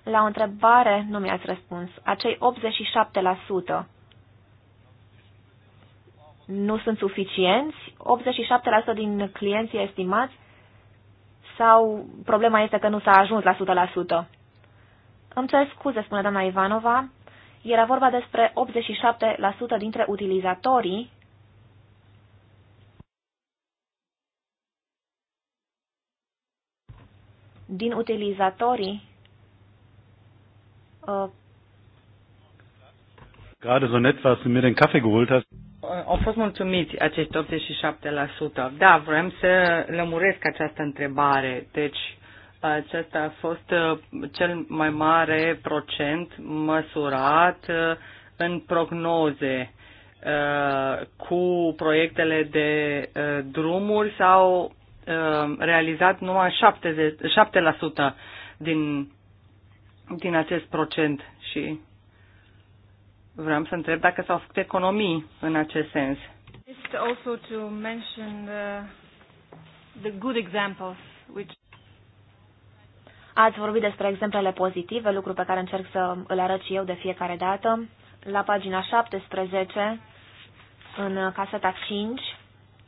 La o întrebare nu mi-ați răspuns. Acei 87% nu sunt suficienți? 87% din clienții estimați? Sau problema este că nu s-a ajuns la 100%? Îmi cer scuze, spune doamna Ivanova. Era vorba despre 87% dintre utilizatorii din utilizatorii uh, Gerade so nett was du mir den Kaffee geholt hast. Au fost mulțumiți acești 87%. Da, vrem să lămuresc această întrebare. Deci, acesta a fost uh, cel mai mare procent măsurat uh, în prognoze cu proiectele de drumuri sau Uh, realizat numai 70, 7% din, din acest procent și vreau să întreb dacă s-au făcut economii în acest sens. Just also to mention the, the good examples which Ați vorbit despre exemplele pozitive, lucru pe care încerc să îl arăt și eu de fiecare dată. La pagina 17, în caseta 5,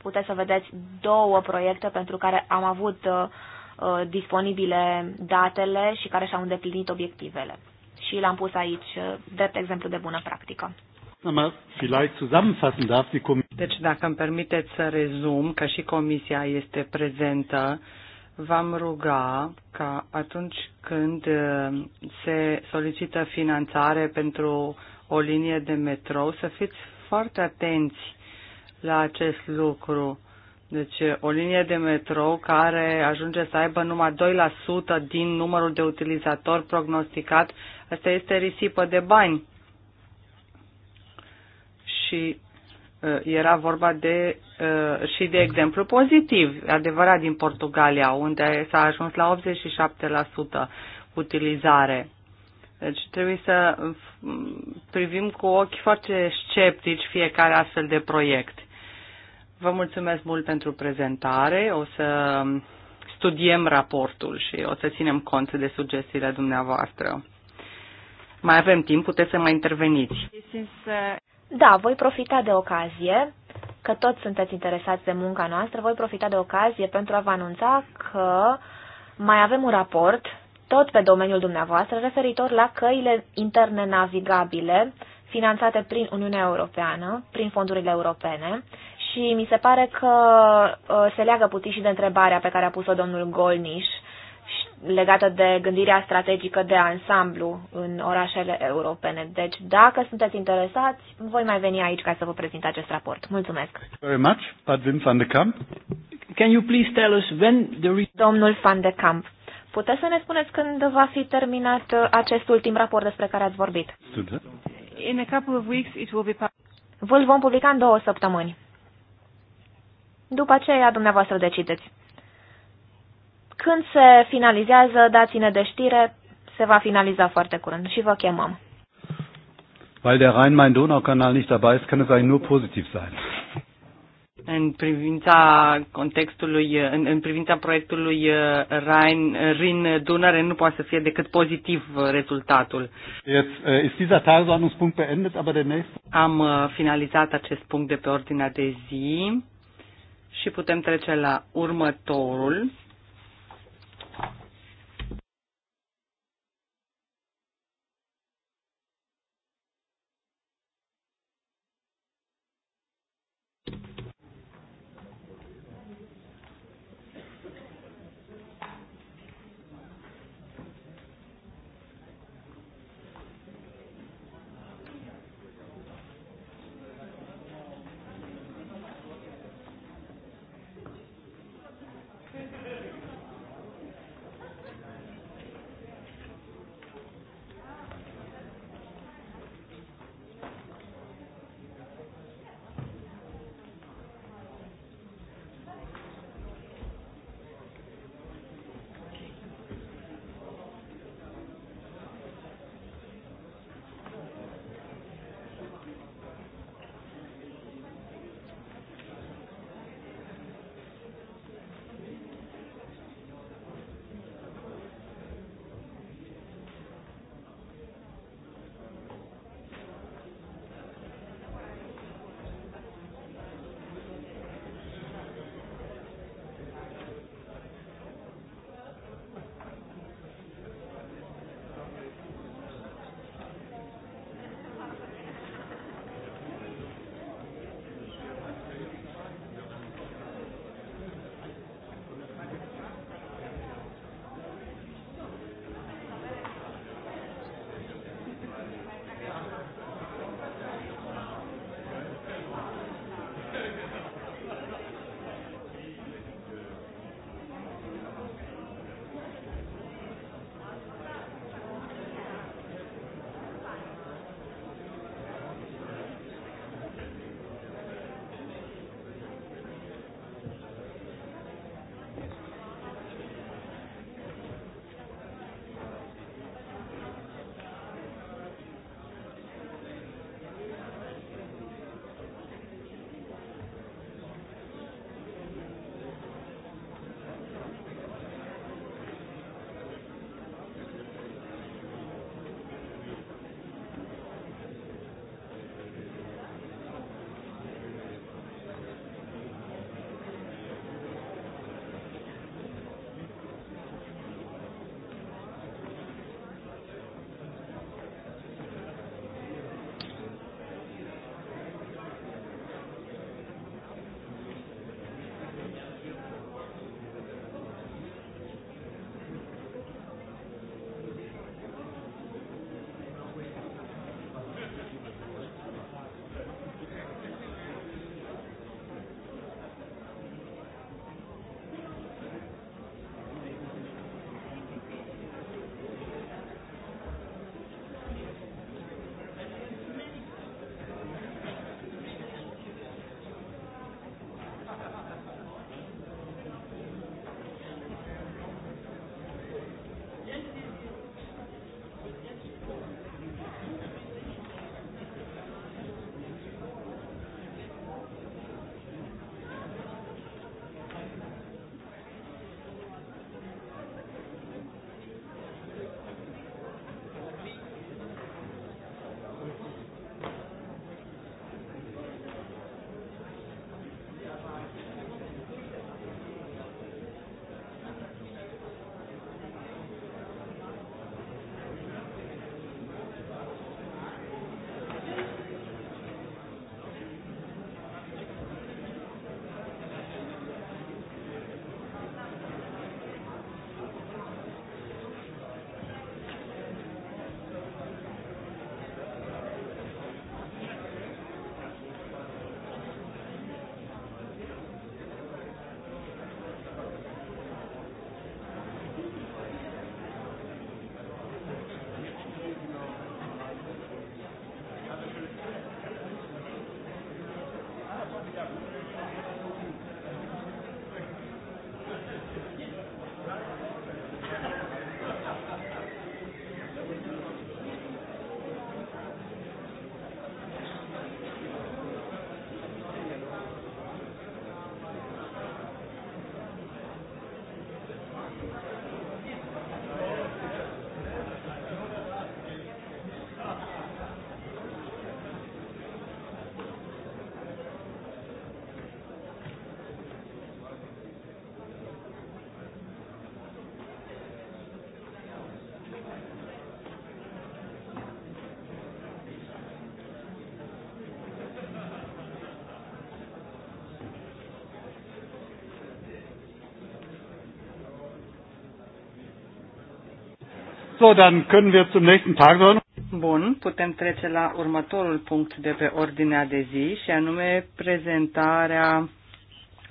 puteți să vedeți două proiecte pentru care am avut uh, uh, disponibile datele și care și-au îndeplinit obiectivele. Și l-am pus aici, uh, drept exemplu de bună practică. Deci, dacă îmi permiteți să rezum, că și Comisia este prezentă, v-am ruga ca atunci când uh, se solicită finanțare pentru o linie de metrou să fiți foarte atenți la acest lucru. Deci o linie de metrou care ajunge să aibă numai 2% din numărul de utilizatori prognosticat, asta este risipă de bani. Și uh, era vorba de uh, și de exemplu pozitiv, adevărat din Portugalia, unde s-a ajuns la 87% utilizare. Deci trebuie să mm, privim cu ochi foarte sceptici fiecare astfel de proiect. Vă mulțumesc mult pentru prezentare. O să studiem raportul și o să ținem cont de sugestiile dumneavoastră. Mai avem timp, puteți să mai interveniți. Da, voi profita de ocazie, că toți sunteți interesați de munca noastră, voi profita de ocazie pentru a vă anunța că mai avem un raport, tot pe domeniul dumneavoastră, referitor la căile interne navigabile finanțate prin Uniunea Europeană, prin fondurile europene și mi se pare că ă, se leagă puțin și de întrebarea pe care a pus-o domnul Golniș legată de gândirea strategică de ansamblu în orașele europene. Deci, dacă sunteți interesați, voi mai veni aici ca să vă prezint acest raport. Mulțumesc. Very much, van de Kamp. Can you please tell us when the... Domnul van de Kamp, puteți să ne spuneți când va fi terminat ă, acest ultim raport despre care ați vorbit? In a couple of weeks it will be... Vă vom publica în două săptămâni. După aceea, dumneavoastră decideți. Când se finalizează, dați-ne de știre, se va finaliza foarte curând și vă chemăm. Weil der Rhein-Main-Donau-Kanal nicht dabei ist, kann es eigentlich nur positiv sein. În privința contextului, în, în privința proiectului uh, Rhein, uh, Rin Dunăre nu poate să fie decât pozitiv rezultatul. Am finalizat acest punct de pe ordinea de zi și putem trece la următorul So, dann können wir zum nächsten Bun, putem trece la următorul punct de pe ordinea de zi și anume prezentarea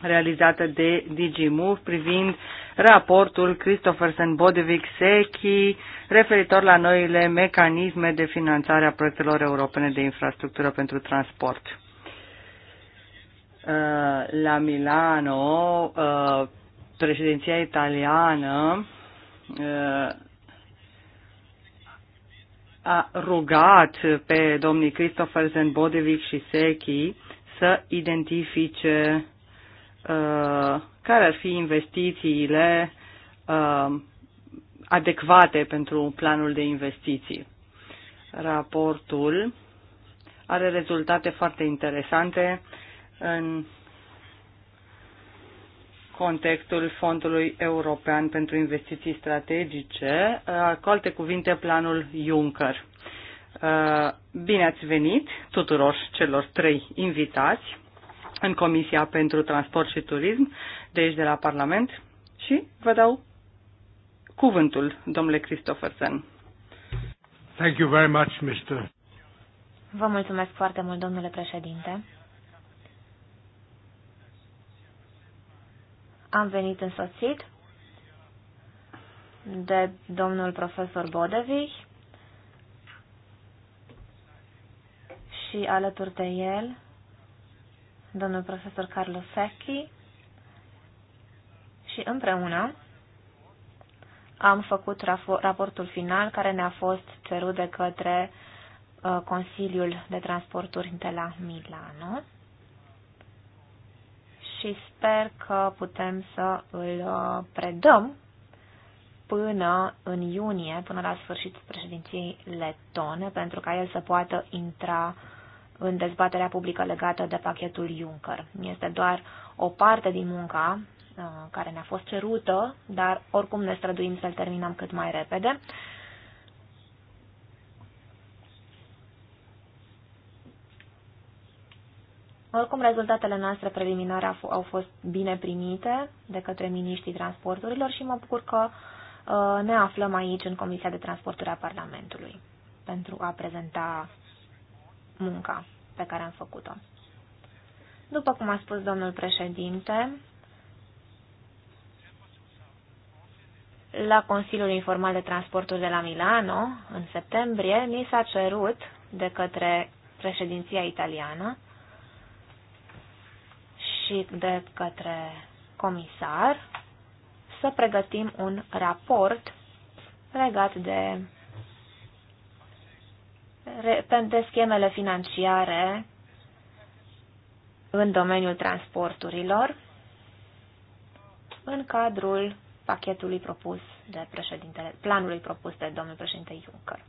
realizată de DigiMove privind raportul Christopherson Bodevic Sechi referitor la noile mecanisme de finanțare a proiectelor europene de infrastructură pentru transport. Uh, la Milano, uh, președinția italiană uh, a rugat pe domnii Christopher Zenbodevic și Sechi să identifice uh, care ar fi investițiile uh, adecvate pentru planul de investiții. Raportul are rezultate foarte interesante în contextul Fondului European pentru Investiții Strategice, uh, cu alte cuvinte, planul Juncker. Uh, bine ați venit tuturor celor trei invitați în Comisia pentru Transport și Turism de aici de la Parlament și vă dau cuvântul, domnule Christophersen. Thank you very much, Mr. Vă mulțumesc foarte mult, domnule președinte. Am venit însoțit de domnul profesor Bodevich și alături de el domnul profesor Carlo Secchi și împreună am făcut raportul final care ne-a fost cerut de către uh, Consiliul de Transporturi de la Milano și sper că putem să îl uh, predăm până în iunie, până la sfârșitul președinției letone, pentru ca el să poată intra în dezbaterea publică legată de pachetul Juncker. Este doar o parte din munca uh, care ne-a fost cerută, dar oricum ne străduim să-l terminăm cât mai repede. Oricum, rezultatele noastre preliminare au fost bine primite de către miniștrii transporturilor și mă bucur că uh, ne aflăm aici în Comisia de Transporturi a Parlamentului pentru a prezenta munca pe care am făcut-o. După cum a spus domnul președinte, la Consiliul Informal de Transporturi de la Milano, în septembrie, ni s-a cerut de către președinția italiană solicit de către comisar să pregătim un raport legat de, de schemele financiare în domeniul transporturilor în cadrul pachetului propus de președintele, planului propus de domnul președinte Juncker.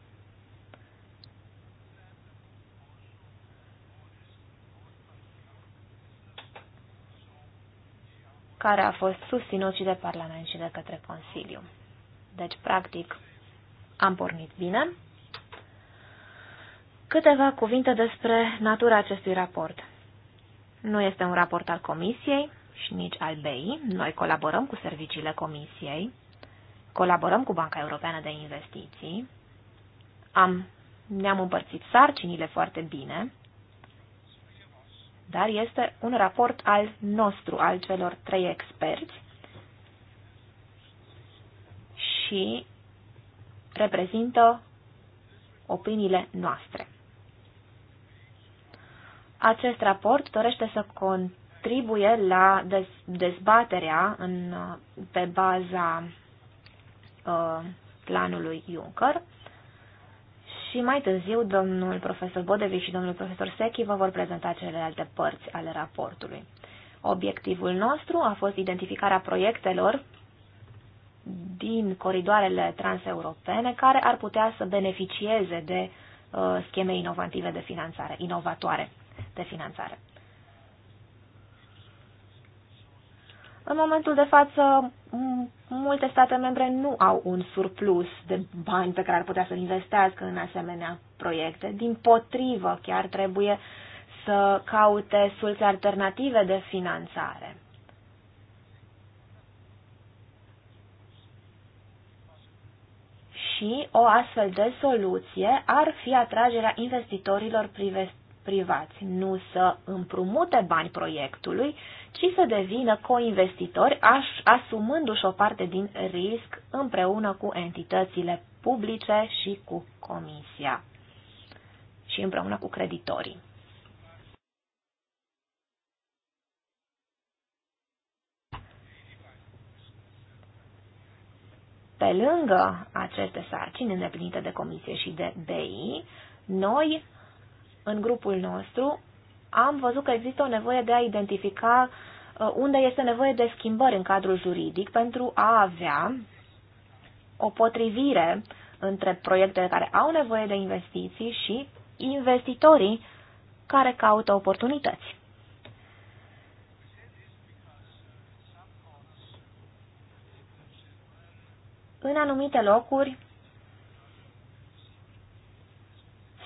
care a fost susținut și de Parlament și de către Consiliu. Deci, practic, am pornit bine. Câteva cuvinte despre natura acestui raport. Nu este un raport al Comisiei și nici al BEI. Noi colaborăm cu serviciile Comisiei, colaborăm cu Banca Europeană de Investiții, am, ne-am împărțit sarcinile foarte bine dar este un raport al nostru, al celor trei experți și reprezintă opiniile noastre. Acest raport dorește să contribuie la dezbaterea în, pe baza uh, planului Juncker și mai târziu domnul profesor Bodevic și domnul profesor Sechi vă vor prezenta celelalte părți ale raportului. Obiectivul nostru a fost identificarea proiectelor din coridoarele transeuropene care ar putea să beneficieze de uh, scheme inovative de finanțare, inovatoare de finanțare. În momentul de față, multe state membre nu au un surplus de bani pe care ar putea să-l investească în asemenea proiecte. Din potrivă, chiar trebuie să caute surse alternative de finanțare. Și o astfel de soluție ar fi atragerea investitorilor privați, nu să împrumute bani proiectului, ci să devină co-investitori, asumându-și o parte din risc împreună cu entitățile publice și cu comisia și împreună cu creditorii. Pe lângă aceste sarcini îndeplinite de comisie și de BI, noi în grupul nostru, am văzut că există o nevoie de a identifica uh, unde este nevoie de schimbări în cadrul juridic pentru a avea o potrivire între proiectele care au nevoie de investiții și investitorii care caută oportunități. În anumite locuri,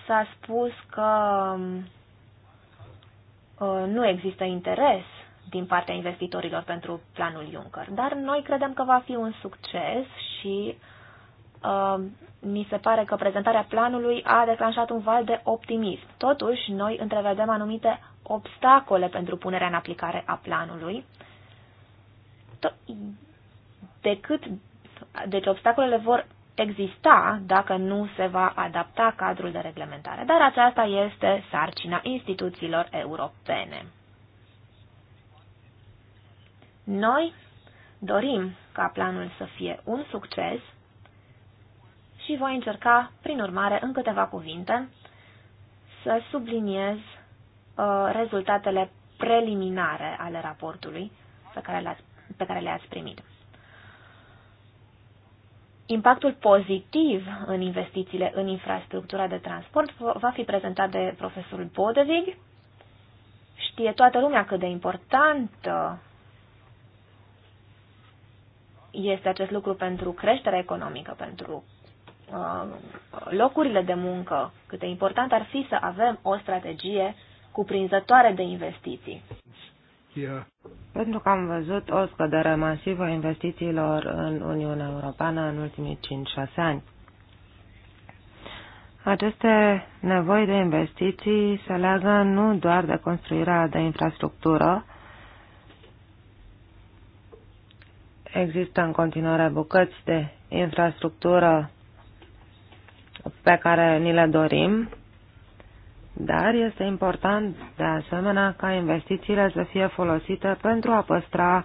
s-a spus că uh, nu există interes din partea investitorilor pentru planul Juncker. Dar noi credem că va fi un succes și uh, mi se pare că prezentarea planului a declanșat un val de optimism. Totuși, noi întrevedem anumite obstacole pentru punerea în aplicare a planului. Decât, deci obstacolele vor exista dacă nu se va adapta cadrul de reglementare, dar aceasta este sarcina instituțiilor europene. Noi dorim ca planul să fie un succes și voi încerca, prin urmare, în câteva cuvinte, să subliniez uh, rezultatele preliminare ale raportului pe care, le-ați, le primit. Impactul pozitiv în investițiile în infrastructura de transport va fi prezentat de profesorul Bodevig. Știe toată lumea cât de importantă este acest lucru pentru creșterea economică, pentru uh, locurile de muncă, cât de important ar fi să avem o strategie cuprinzătoare de investiții. Pentru că am văzut o scădere masivă a investițiilor în Uniunea Europeană în ultimii 5-6 ani. Aceste nevoi de investiții se leagă nu doar de construirea de infrastructură, există în continuare bucăți de infrastructură pe care ni le dorim, dar este important, de asemenea, ca investițiile să fie folosite pentru a păstra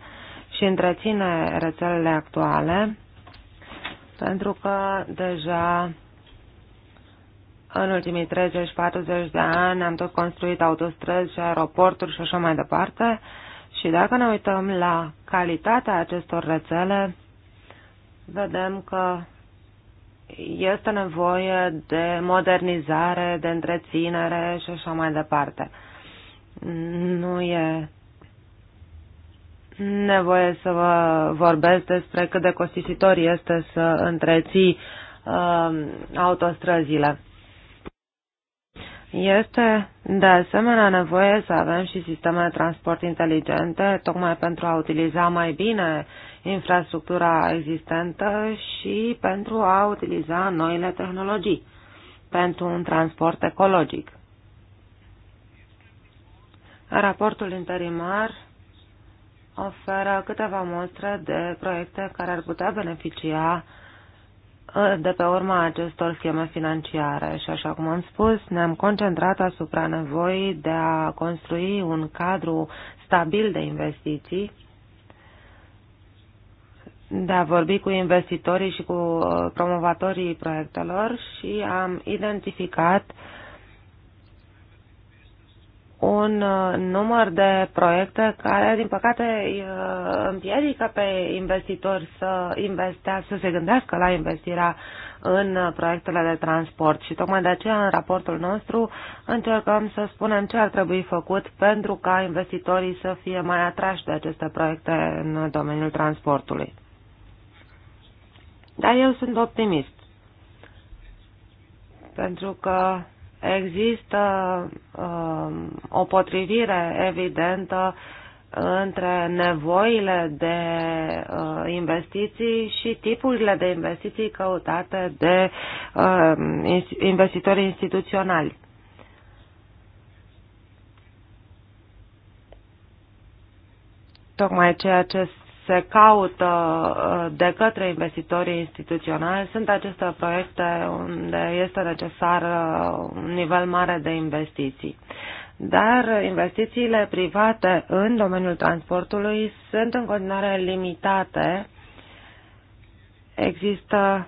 și întreține rețelele actuale, pentru că deja în ultimii 30-40 de ani am tot construit autostrăzi și aeroporturi și așa mai departe. Și dacă ne uităm la calitatea acestor rețele, vedem că este nevoie de modernizare, de întreținere și așa mai departe. Nu e nevoie să vă vorbesc despre cât de costisitor este să întreții uh, autostrăzile. Este de asemenea nevoie să avem și sisteme de transport inteligente, tocmai pentru a utiliza mai bine uh, infrastructura existentă și pentru a utiliza noile tehnologii pentru un transport ecologic. Raportul interimar oferă câteva mostre de proiecte care ar putea beneficia ă, de pe urma acestor scheme financiare și, așa cum am spus, ne-am concentrat asupra nevoii de a construi un cadru stabil de investiții de a vorbi cu investitorii și cu uh, promovatorii proiectelor și am identificat un uh, număr de proiecte care, din păcate, uh, împiedică pe investitori să investească, să se gândească la investirea în proiectele de transport și tocmai de aceea în raportul nostru încercăm să spunem ce ar trebui făcut pentru ca investitorii să fie mai atrași de aceste proiecte în domeniul transportului. Dar eu sunt optimist. Pentru că există uh, o potrivire evidentă între nevoile de uh, investiții și tipurile de investiții căutate de uh, um, investitori instituționali. Tocmai ceea ce se caută uh, de către investitorii instituționali. Sunt aceste proiecte unde este necesar uh, un nivel mare de investiții. Dar investițiile private în domeniul transportului sunt în continuare limitate. Există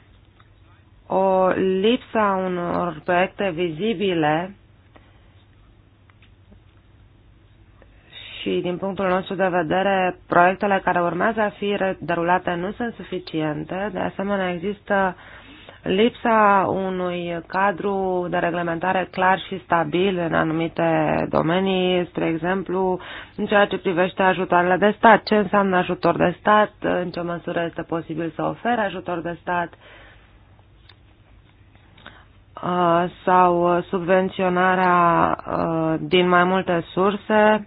o lipsă a unor proiecte vizibile și din punctul nostru de vedere proiectele care urmează a fi derulate nu sunt suficiente. De asemenea, există lipsa unui cadru de reglementare clar și stabil în anumite domenii, spre exemplu, în ceea ce privește ajutoarele de stat. Ce înseamnă ajutor de stat? În ce măsură este posibil să ofere ajutor de stat? Uh, sau subvenționarea uh, din mai multe surse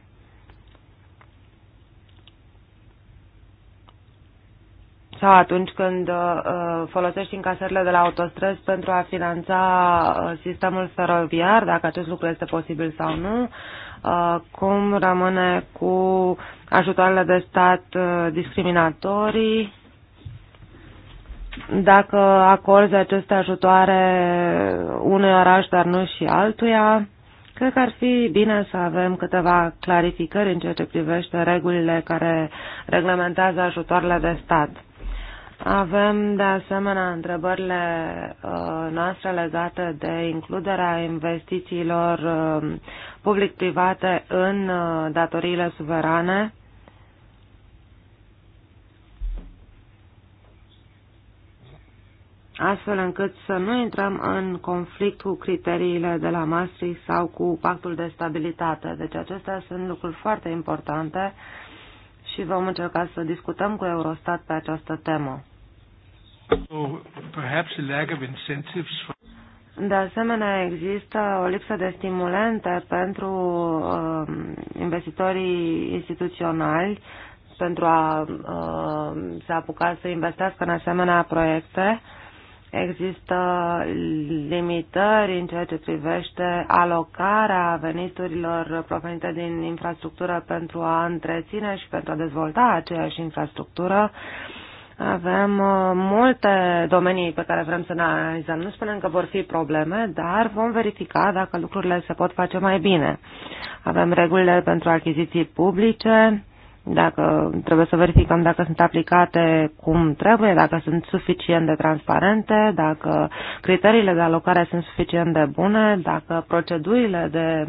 sau atunci când uh, uh, folosești încasările de la autostrăzi pentru a finanța uh, sistemul feroviar, dacă acest lucru este posibil sau nu, cum rămâne cu ajutoarele de stat discriminatorii, dacă acorzi aceste ajutoare unui oraș, dar nu și altuia. Cred că ar fi bine să avem câteva clarificări în ceea ce privește regulile care reglementează ajutoarele de stat avem de asemenea întrebările uh, noastre legate de includerea investițiilor uh, public-private în uh, datoriile suverane. astfel încât să nu intrăm în conflict cu criteriile de la Maastricht sau cu pactul de stabilitate. Deci acestea sunt lucruri foarte importante uh, și vom încerca să discutăm cu Eurostat pe această temă. De asemenea, există o lipsă de stimulente pentru uh, investitorii instituționali pentru a uh, se apuca să investească în asemenea proiecte. Uh, Există limitări în ceea ce privește alocarea veniturilor provenite din infrastructură pentru a întreține și pentru a dezvolta aceeași infrastructură. Avem uh, multe domenii pe care vrem să ne analizăm. Nu spunem că vor fi probleme, dar vom verifica dacă lucrurile se pot face mai bine. Avem regulile pentru achiziții publice, dacă trebuie să verificăm dacă sunt aplicate cum trebuie, dacă sunt suficient de transparente, dacă criteriile de alocare sunt suficient de bune, dacă procedurile de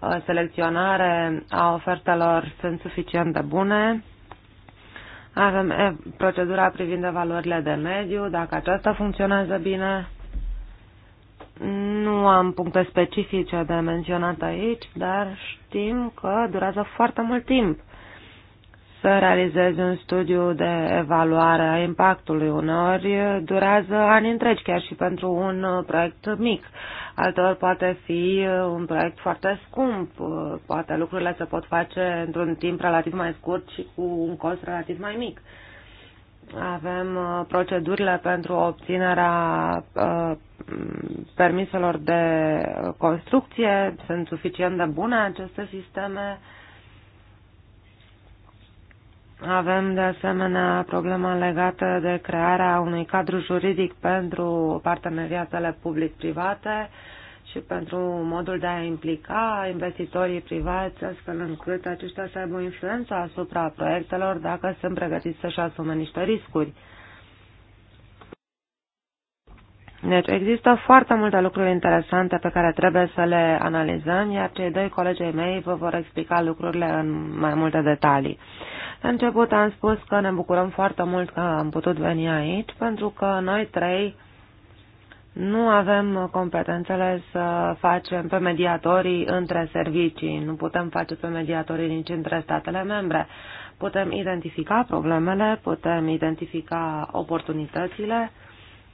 uh, selecționare a ofertelor sunt suficient de bune. Avem procedura privind evaluările de mediu, dacă aceasta funcționează bine. Nu am puncte specifice de menționat aici, dar știm că durează foarte mult timp să realizezi un studiu de evaluare a impactului. Uneori durează ani întregi, chiar și pentru un proiect mic. Alteori poate fi un proiect foarte scump, poate lucrurile se pot face într-un timp relativ mai scurt și cu un cost relativ mai mic. Avem uh, procedurile pentru obținerea uh, permiselor de construcție, sunt suficient de bune aceste sisteme avem de asemenea problema legată de crearea unui cadru juridic pentru parteneriatele public-private și pentru modul de a implica investitorii privați, astfel încât aceștia să aibă influență asupra proiectelor dacă sunt pregătiți să-și asume niște riscuri. Deci există foarte multe lucruri interesante pe care trebuie să le analizăm, iar cei doi colegii mei vă vor explica lucrurile în mai multe detalii. La început am spus că ne bucurăm foarte mult că am putut veni aici, pentru că noi trei nu avem competențele să facem pe mediatorii între servicii, nu putem face pe mediatorii nici între statele membre. Putem identifica problemele, putem identifica oportunitățile,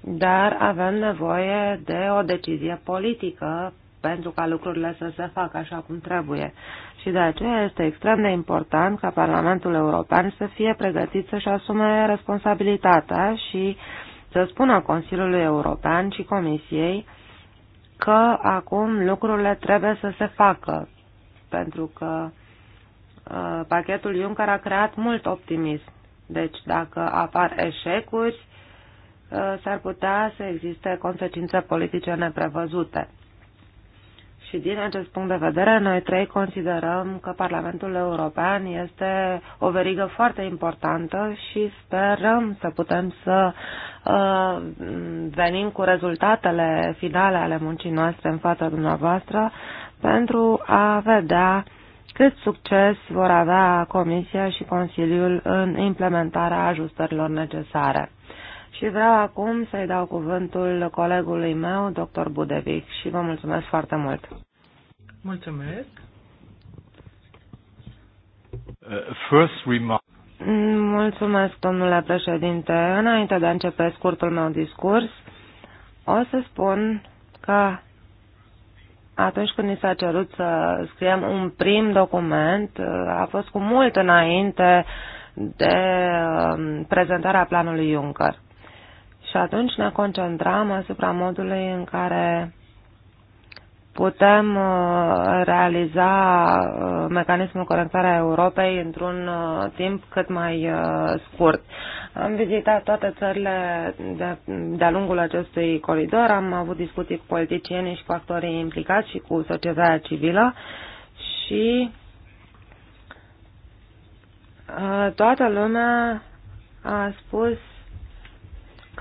dar avem nevoie de o decizie politică pentru ca lucrurile să se facă așa cum trebuie. Și de aceea este extrem de important ca Parlamentul European să fie pregătit să-și asume responsabilitatea și să spună Consiliului European și Comisiei că acum lucrurile trebuie să se facă, pentru că uh, pachetul Juncker a creat mult optimism. Deci dacă apar eșecuri, uh, s-ar putea să existe consecințe politice neprevăzute. Și din acest punct de vedere, noi trei considerăm că Parlamentul European este o verigă foarte importantă și sperăm să putem să uh, venim cu rezultatele finale ale muncii noastre în fața dumneavoastră pentru a vedea cât succes vor avea Comisia și Consiliul în implementarea ajustărilor necesare. Și vreau acum să-i dau cuvântul colegului meu, dr. Budevic, și vă mulțumesc foarte mult. Mulțumesc. Uh, first remark. Mulțumesc, domnule președinte. Înainte de a începe scurtul meu discurs, o să spun că atunci când ni s-a cerut să scriem un prim document, uh, a fost cu mult înainte de uh, prezentarea planului Juncker. Și atunci ne concentrăm asupra modului în care putem uh, realiza uh, mecanismul corectarea Europei într-un uh, timp cât mai scurt. Am vizitat toate țările de-a lungul acestui coridor, am avut discuții cu politicienii și cu actorii implicați și cu societatea civilă și toată lumea a spus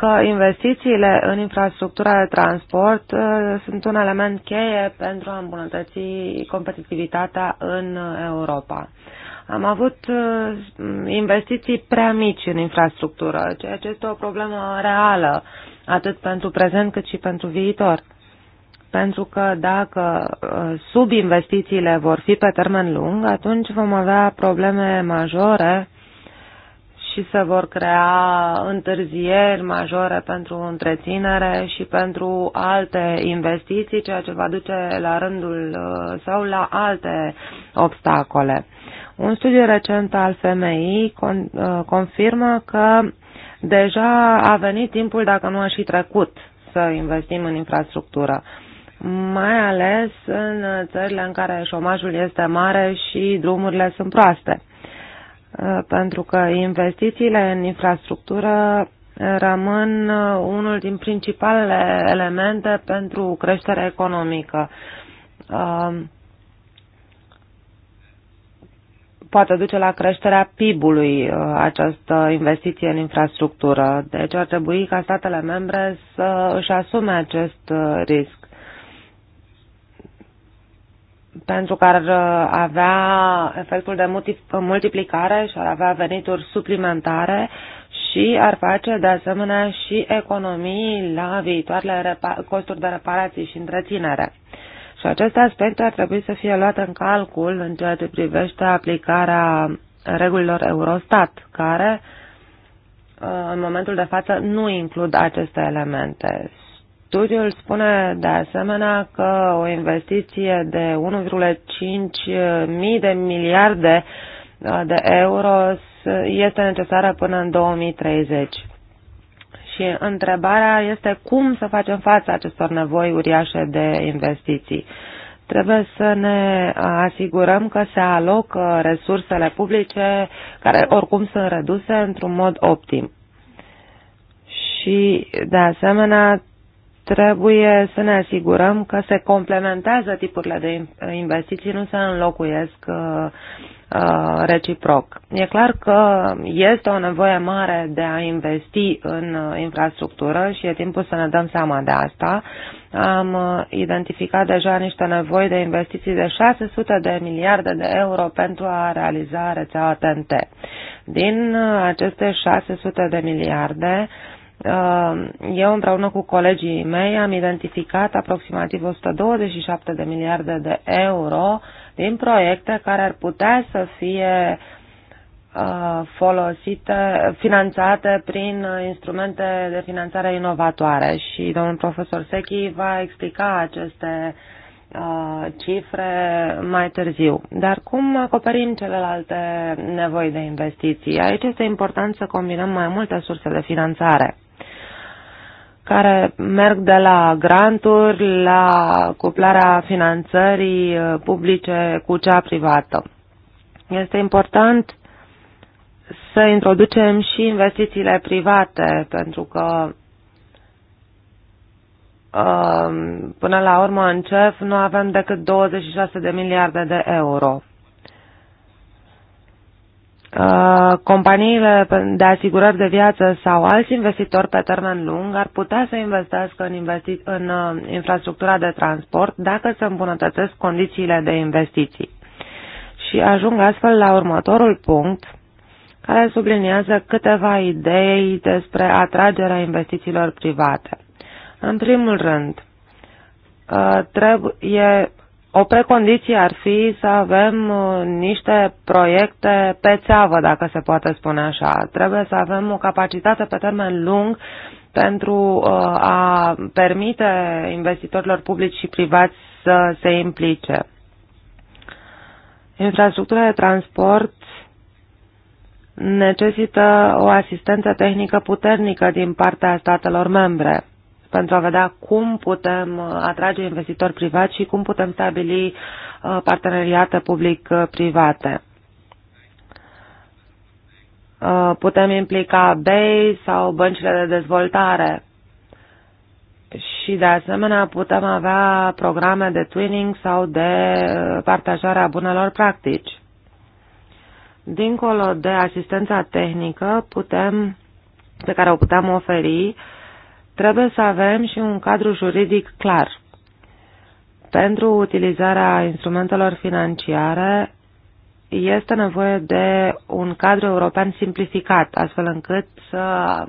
că investițiile în infrastructura de transport uh, sunt un element cheie pentru a îmbunătăți competitivitatea în Europa. Am avut uh, investiții prea mici în infrastructură, ceea ce este o problemă reală, atât pentru prezent cât și pentru viitor. Pentru că dacă uh, subinvestițiile vor fi pe termen lung, atunci vom avea probleme majore și se vor crea întârzieri majore pentru întreținere și pentru alte investiții, ceea ce va duce la rândul uh, sau la alte obstacole. Un studiu recent al FMI uh, confirmă că deja a venit timpul, dacă nu a și trecut, să investim în infrastructură mai ales în țările în care șomajul este mare și drumurile sunt proaste pentru că investițiile în infrastructură rămân unul din principalele elemente pentru creșterea economică. Um, poate duce la creșterea PIB-ului uh, această investiție în infrastructură. Deci ar trebui ca statele membre să își asume acest uh, risc. pentru că ar uh, avea efectul de multiplicare și ar avea venituri suplimentare și ar face de asemenea și economii la viitoarele costuri de reparații și întreținere. Și aceste aspecte ar trebui să fie luate în calcul în ceea ce privește aplicarea regulilor Eurostat, care uh, în momentul de față nu includ aceste elemente. Studiul spune de asemenea că o investiție de 1,5 mii de miliarde uh, de euro este necesară până în 2030. Și întrebarea este cum să facem față acestor nevoi uriașe de investiții. Trebuie să ne asigurăm că se alocă resursele publice, care oricum sunt reduse, într-un mod optim. Și, de asemenea, trebuie să ne asigurăm că se complementează tipurile de investiții, nu se înlocuiesc uh, uh, reciproc. E clar că este o nevoie mare de a investi în uh, infrastructură și e timpul să ne dăm seama de asta. Am identificat deja niște nevoi de investiții de 600 de miliarde de euro pentru a realiza rețeaua TNT. Din aceste 600 de miliarde, Uh, eu împreună cu colegii mei am identificat aproximativ 127 de miliarde de euro din proiecte care ar putea să fie uh, folosite, finanțate prin instrumente de finanțare inovatoare și domnul profesor Sechi va explica aceste uh, cifre mai târziu. Dar cum acoperim celelalte nevoi de investiții? Aici este important să combinăm mai multe surse de finanțare care merg de la granturi la cuplarea finanțării uh, publice cu cea privată. Este important să introducem și investițiile private, pentru că uh, până la urmă în CEF nu avem decât 26 de miliarde de euro. Uh, companiile de asigurări de viață sau alți investitori pe termen lung ar putea să investească în, investi- în uh, infrastructura de transport dacă se îmbunătățesc condițiile de investiții. Și ajung astfel la următorul punct, care subliniază câteva idei despre atragerea investițiilor private. În primul rând, uh, trebuie o precondiție ar fi să avem uh, niște proiecte pe țeavă, dacă se poate spune așa. Trebuie să avem o capacitate pe termen lung pentru uh, a permite investitorilor publici și privați să se implice. Infrastructura de transport necesită o asistență tehnică puternică din partea statelor membre pentru a vedea cum putem uh, atrage investitori privați și cum putem stabili uh, parteneriate public-private. Uh, putem implica BEI sau băncile de dezvoltare și de asemenea putem avea programe de twinning sau de partajare a bunelor practici. Dincolo de asistența tehnică putem, pe care o putem oferi, uh, Trebuie să avem și un cadru juridic clar pentru utilizarea instrumentelor financiare este nevoie de un cadru european simplificat, astfel încât să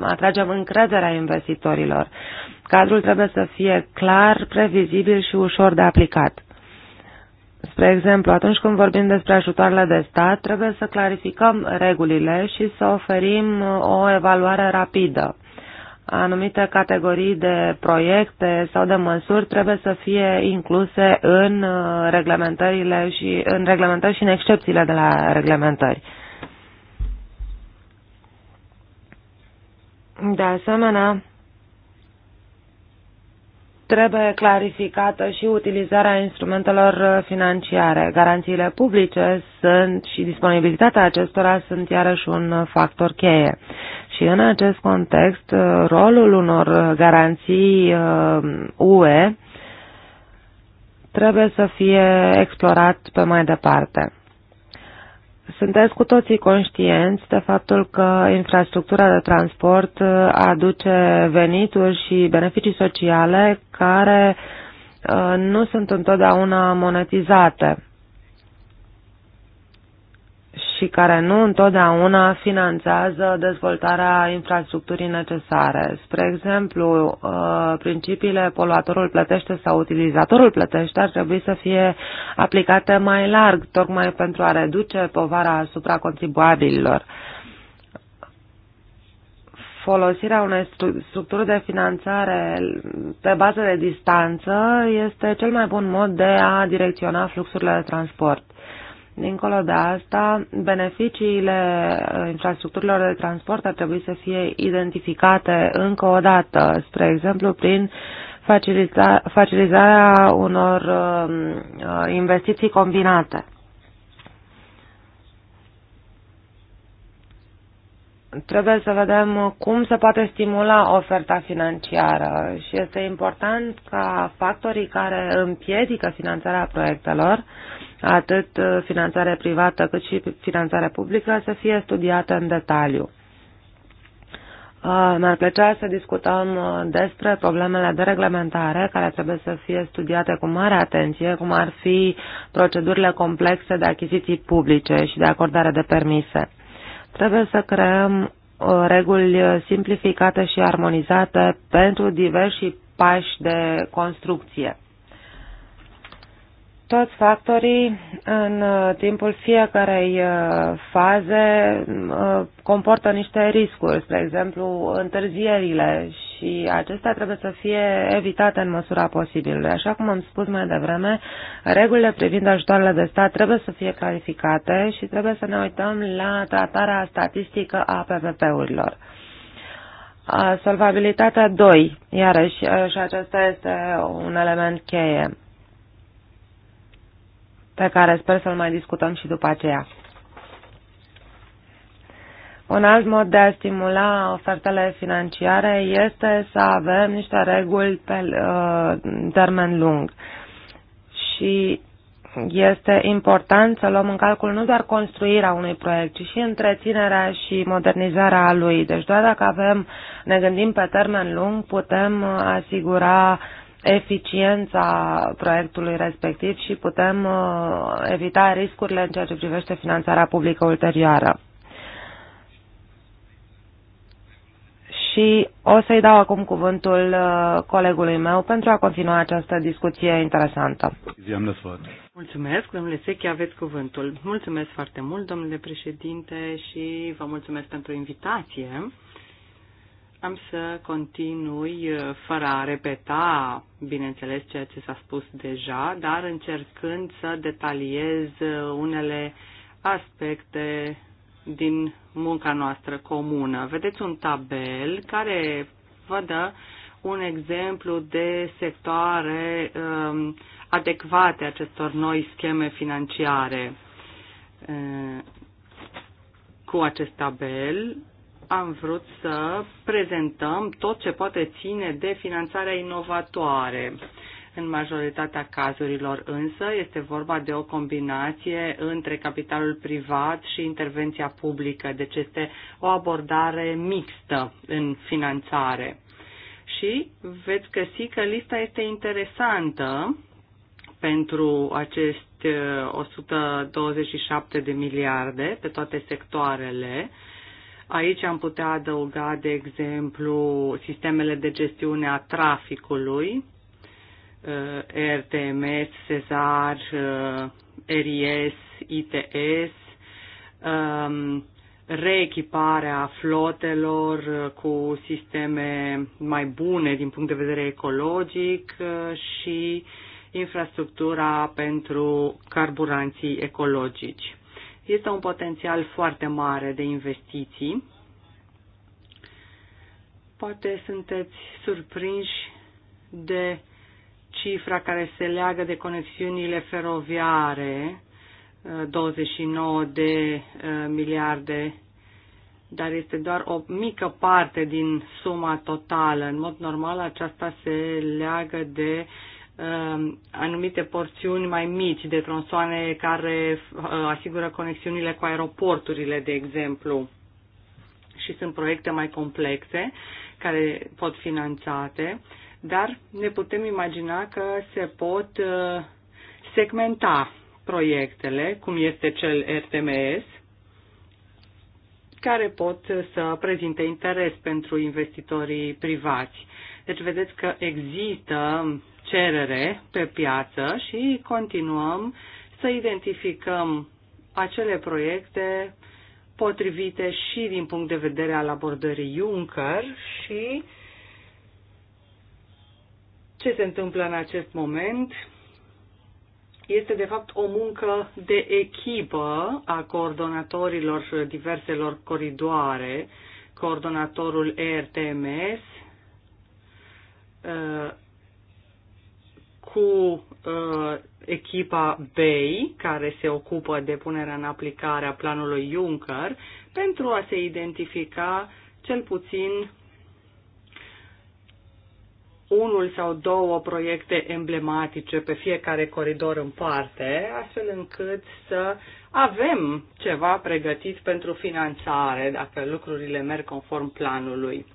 atragem încrederea investitorilor. Cadrul trebuie să fie clar, previzibil și ușor de aplicat. Spre exemplu, atunci când vorbim despre ajutoarele de stat, trebuie să clarificăm regulile și să oferim o evaluare rapidă anumite categorii de proiecte sau de măsuri trebuie să fie incluse în uh, reglementările și în reglementări și în excepțiile de la reglementări. De asemenea, trebuie clarificată și utilizarea instrumentelor financiare. Garanțiile publice sunt și disponibilitatea acestora sunt iarăși un factor cheie. Și în acest context, uh, rolul unor garanții UE uh, trebuie să fie explorat pe mai departe. Sunteți cu toții conștienți de faptul că infrastructura de transport uh, aduce venituri și beneficii sociale care nu sunt întotdeauna monetizate și care nu întotdeauna finanțează dezvoltarea infrastructurii necesare. Spre exemplu, uh, principiile poluatorul plătește sau utilizatorul plătește ar trebui să fie aplicate mai larg, tocmai pentru a reduce povara asupra contribuabililor folosirea unei structuri de finanțare pe bază de distanță este cel mai bun mod de a direcționa fluxurile de transport. Dincolo de asta, beneficiile uh, infrastructurilor de transport ar trebui să fie identificate încă o dată, spre exemplu prin facilita, facilitarea unor um, uh, investiții combinate. Trebuie să vedem cum se poate stimula oferta financiară și este important ca factorii care împiedică finanțarea proiectelor atât uh, finanțarea privată cât și finanțarea publică, să fie studiată în detaliu. Uh, mi-ar plăcea să discutăm uh, despre problemele de reglementare care trebuie să fie studiate cu mare atenție, cum ar fi procedurile complexe de achiziții publice și de acordare de permise. Trebuie să creăm reguli simplificate și armonizate pentru diversi pași de construcție toți factorii în uh, timpul fiecarei uh, faze uh, comportă niște riscuri, spre exemplu întârzierile și acestea trebuie să fie evitate în măsura posibilului. Așa cum am spus mai devreme, regulile privind ajutoarele de stat trebuie să fie clarificate și trebuie să ne uităm la tratarea statistică a PPP-urilor. Solvabilitatea 2, iarăși, și acesta este un element cheie pe care sper să-l mai discutăm și după aceea. Un alt mod de a stimula ofertele financiare este să avem niște reguli pe uh, termen lung. Și este important să luăm în calcul nu doar construirea unui proiect, ci și întreținerea și modernizarea lui. Deci doar dacă avem, ne gândim pe termen lung, putem uh, asigura uh, eficiența proiectului respectiv și putem uh, evita riscurile în ceea ce privește finanțarea publică ulterioară. Și o să-i dau acum cuvântul uh, colegului meu pentru a continua această discuție interesantă. Mulțumesc, domnule Sechi, aveți cuvântul. Mulțumesc foarte mult, domnule președinte, și vă mulțumesc pentru invitație. Am să continui uh, fără a repeta, bineînțeles, ceea ce s-a spus deja, dar încercând să detaliez uh, unele aspecte din munca noastră comună. Vedeți un tabel care vă dă un exemplu de sectoare um, adecvate acestor noi scheme financiare. Uh, cu acest tabel am vrut să prezentăm tot ce poate ține de finanțarea inovatoare. În majoritatea cazurilor însă este vorba de o combinație între capitalul privat și intervenția publică, deci este o abordare mixtă în finanțare. Și veți găsi că lista este interesantă pentru aceste 127 uh, de miliarde pe toate sectoarele Aici am putea adăuga, de exemplu, sistemele de gestiune a traficului, uh, RTMS, Cezar, uh, RIS, ITS, um, reechiparea flotelor uh, cu sisteme mai bune din punct de vedere ecologic și infrastructura pentru carburanții ecologici. Este un potențial foarte mare de investiții. Poate sunteți surprinși de cifra care se leagă de conexiunile feroviare, 29 uh, de uh, miliarde, dar este doar o mică parte din suma totală. În mod normal, aceasta se leagă de Um, anumite porțiuni mai mici de tronsoane care uh, asigură conexiunile cu aeroporturile, de exemplu. Și sunt proiecte mai complexe care pot finanțate, dar ne putem imagina că se pot uh, segmenta proiectele, cum este cel RTMS, care pot să prezinte interes pentru investitorii privați. Deci vedeți că există cerere pe piață și continuăm să identificăm acele proiecte potrivite și din punct de vedere al abordării Juncker și ce se întâmplă în acest moment este de fapt o muncă de echipă a coordonatorilor diverselor coridoare, coordonatorul ERTMS, uh, cu uh, echipa BEI, care se ocupă de punerea în aplicare a planului Juncker, pentru a se identifica cel puțin unul sau două proiecte emblematice pe fiecare coridor în parte, astfel încât să avem ceva pregătit pentru finanțare, dacă lucrurile merg conform planului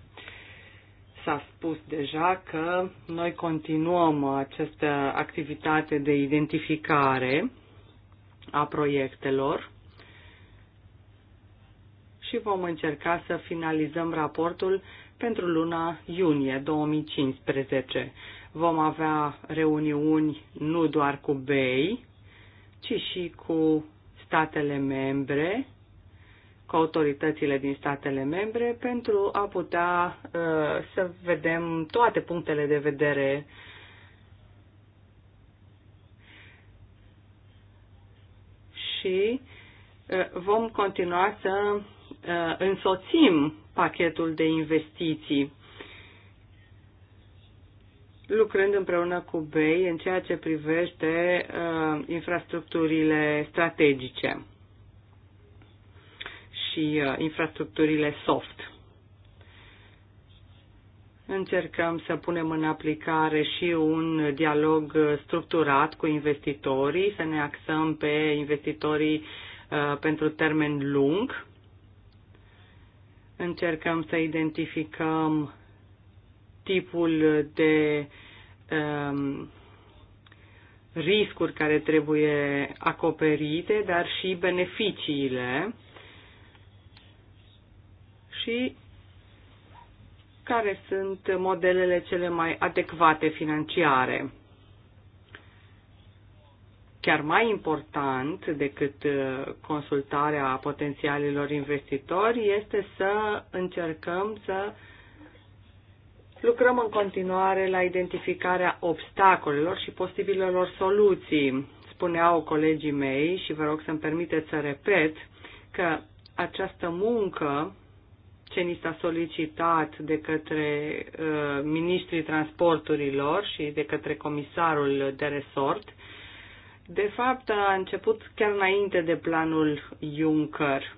s-a spus deja că noi continuăm această activitate de identificare a proiectelor și vom încerca să finalizăm raportul pentru luna iunie 2015. Vom avea reuniuni nu doar cu BEI, ci și cu statele membre cu autoritățile din statele membre pentru a putea uh, să vedem toate punctele de vedere și uh, vom continua să uh, însoțim pachetul de investiții lucrând împreună cu BEI în ceea ce privește uh, infrastructurile strategice și uh, infrastructurile soft. Încercăm să punem în aplicare și un dialog structurat cu investitorii, să ne axăm pe investitorii uh, pentru termen lung. Încercăm să identificăm tipul de um, riscuri care trebuie acoperite, dar și beneficiile și care sunt modelele cele mai adecvate financiare. Chiar mai important decât uh, consultarea potențialilor investitori este să încercăm să lucrăm în continuare la identificarea obstacolelor și posibilelor soluții. Spuneau colegii mei și vă rog să-mi permiteți să repet că această muncă ce ni s-a solicitat de către uh, ministrii transporturilor și de către comisarul de resort, de fapt a început chiar înainte de planul Juncker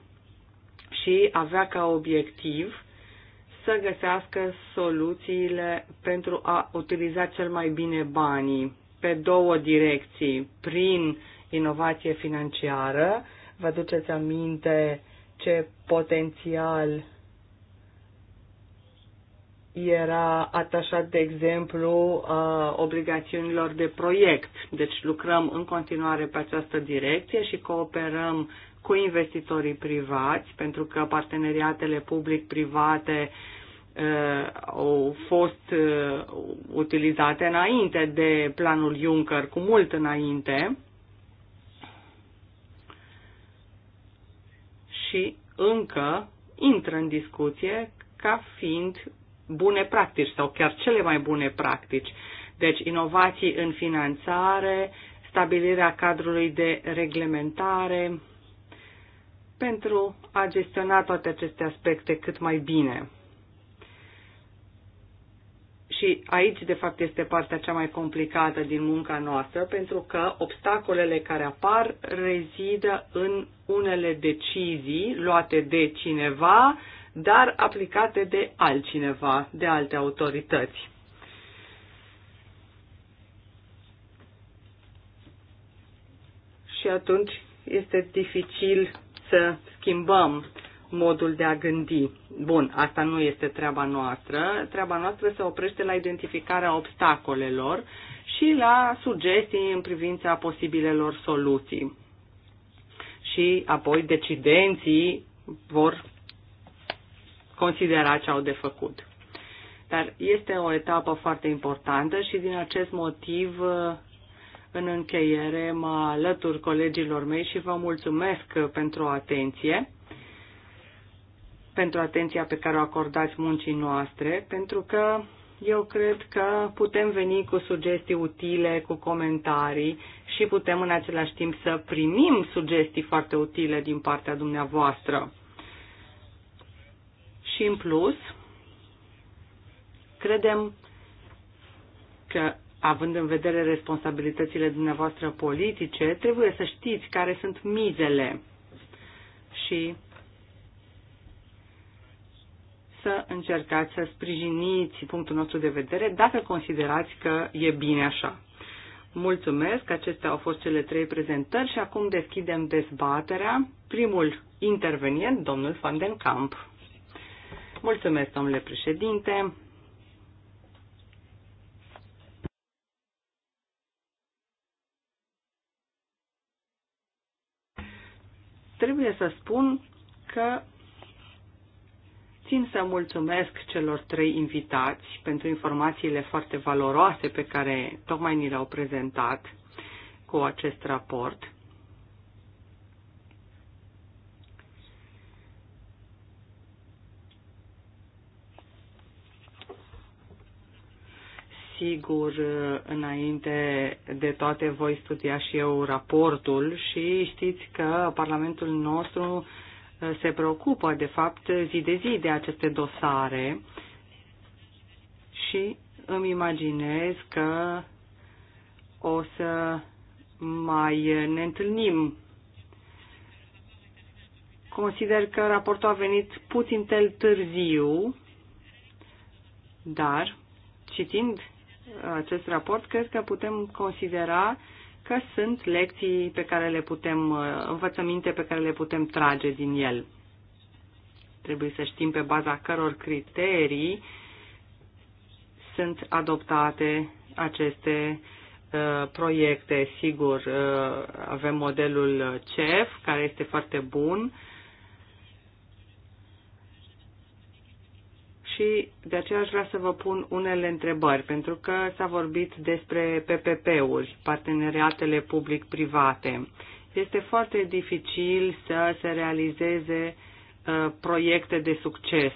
și avea ca obiectiv să găsească soluțiile pentru a utiliza cel mai bine banii pe două direcții, prin inovație financiară, vă duceți aminte ce potențial era atașat, de exemplu, uh, obligațiunilor de proiect. Deci lucrăm în continuare pe această direcție și cooperăm cu investitorii privați, pentru că parteneriatele public-private uh, au fost uh, utilizate înainte de planul Juncker, cu mult înainte. Și încă intră în discuție ca fiind bune practici sau chiar cele mai bune practici. Deci inovații în finanțare, stabilirea cadrului de reglementare pentru a gestiona toate aceste aspecte cât mai bine. Și aici, de fapt, este partea cea mai complicată din munca noastră, pentru că obstacolele care apar rezidă în unele decizii luate de cineva dar aplicate de altcineva, de alte autorități. Și atunci este dificil să schimbăm modul de a gândi. Bun, asta nu este treaba noastră. Treaba noastră se oprește la identificarea obstacolelor și la sugestii în privința posibilelor soluții. Și apoi decidenții vor considera ce au de făcut. Dar este o etapă foarte importantă și din acest motiv în încheiere mă alătur colegilor mei și vă mulțumesc pentru atenție, pentru atenția pe care o acordați muncii noastre, pentru că eu cred că putem veni cu sugestii utile, cu comentarii și putem în același timp să primim sugestii foarte utile din partea dumneavoastră. Și în plus, credem că, având în vedere responsabilitățile dumneavoastră politice, trebuie să știți care sunt mizele și să încercați să sprijiniți punctul nostru de vedere dacă considerați că e bine așa. Mulțumesc, acestea au fost cele trei prezentări și acum deschidem dezbaterea. Primul intervenient, domnul Van den Kamp. Mulțumesc, domnule președinte. Trebuie să spun că țin să mulțumesc celor trei invitați pentru informațiile foarte valoroase pe care tocmai ni le-au prezentat cu acest raport. sigur, uh, înainte de toate, voi studia și eu raportul și știți că Parlamentul nostru uh, se preocupă, de fapt, zi de zi de aceste dosare și îmi imaginez că o să mai ne întâlnim. Consider că raportul a venit puțin tel târziu, dar citind acest raport, cred că putem considera că sunt lecții pe care le putem, uh, învățăminte pe care le putem trage din el. Trebuie să știm pe baza căror criterii sunt adoptate aceste uh, proiecte. Sigur, uh, avem modelul CEF, care este foarte bun, și de aceea aș vrea să vă pun unele întrebări, pentru că s-a vorbit despre PPP-uri, parteneriatele public-private. Este foarte dificil să se realizeze uh, proiecte de succes.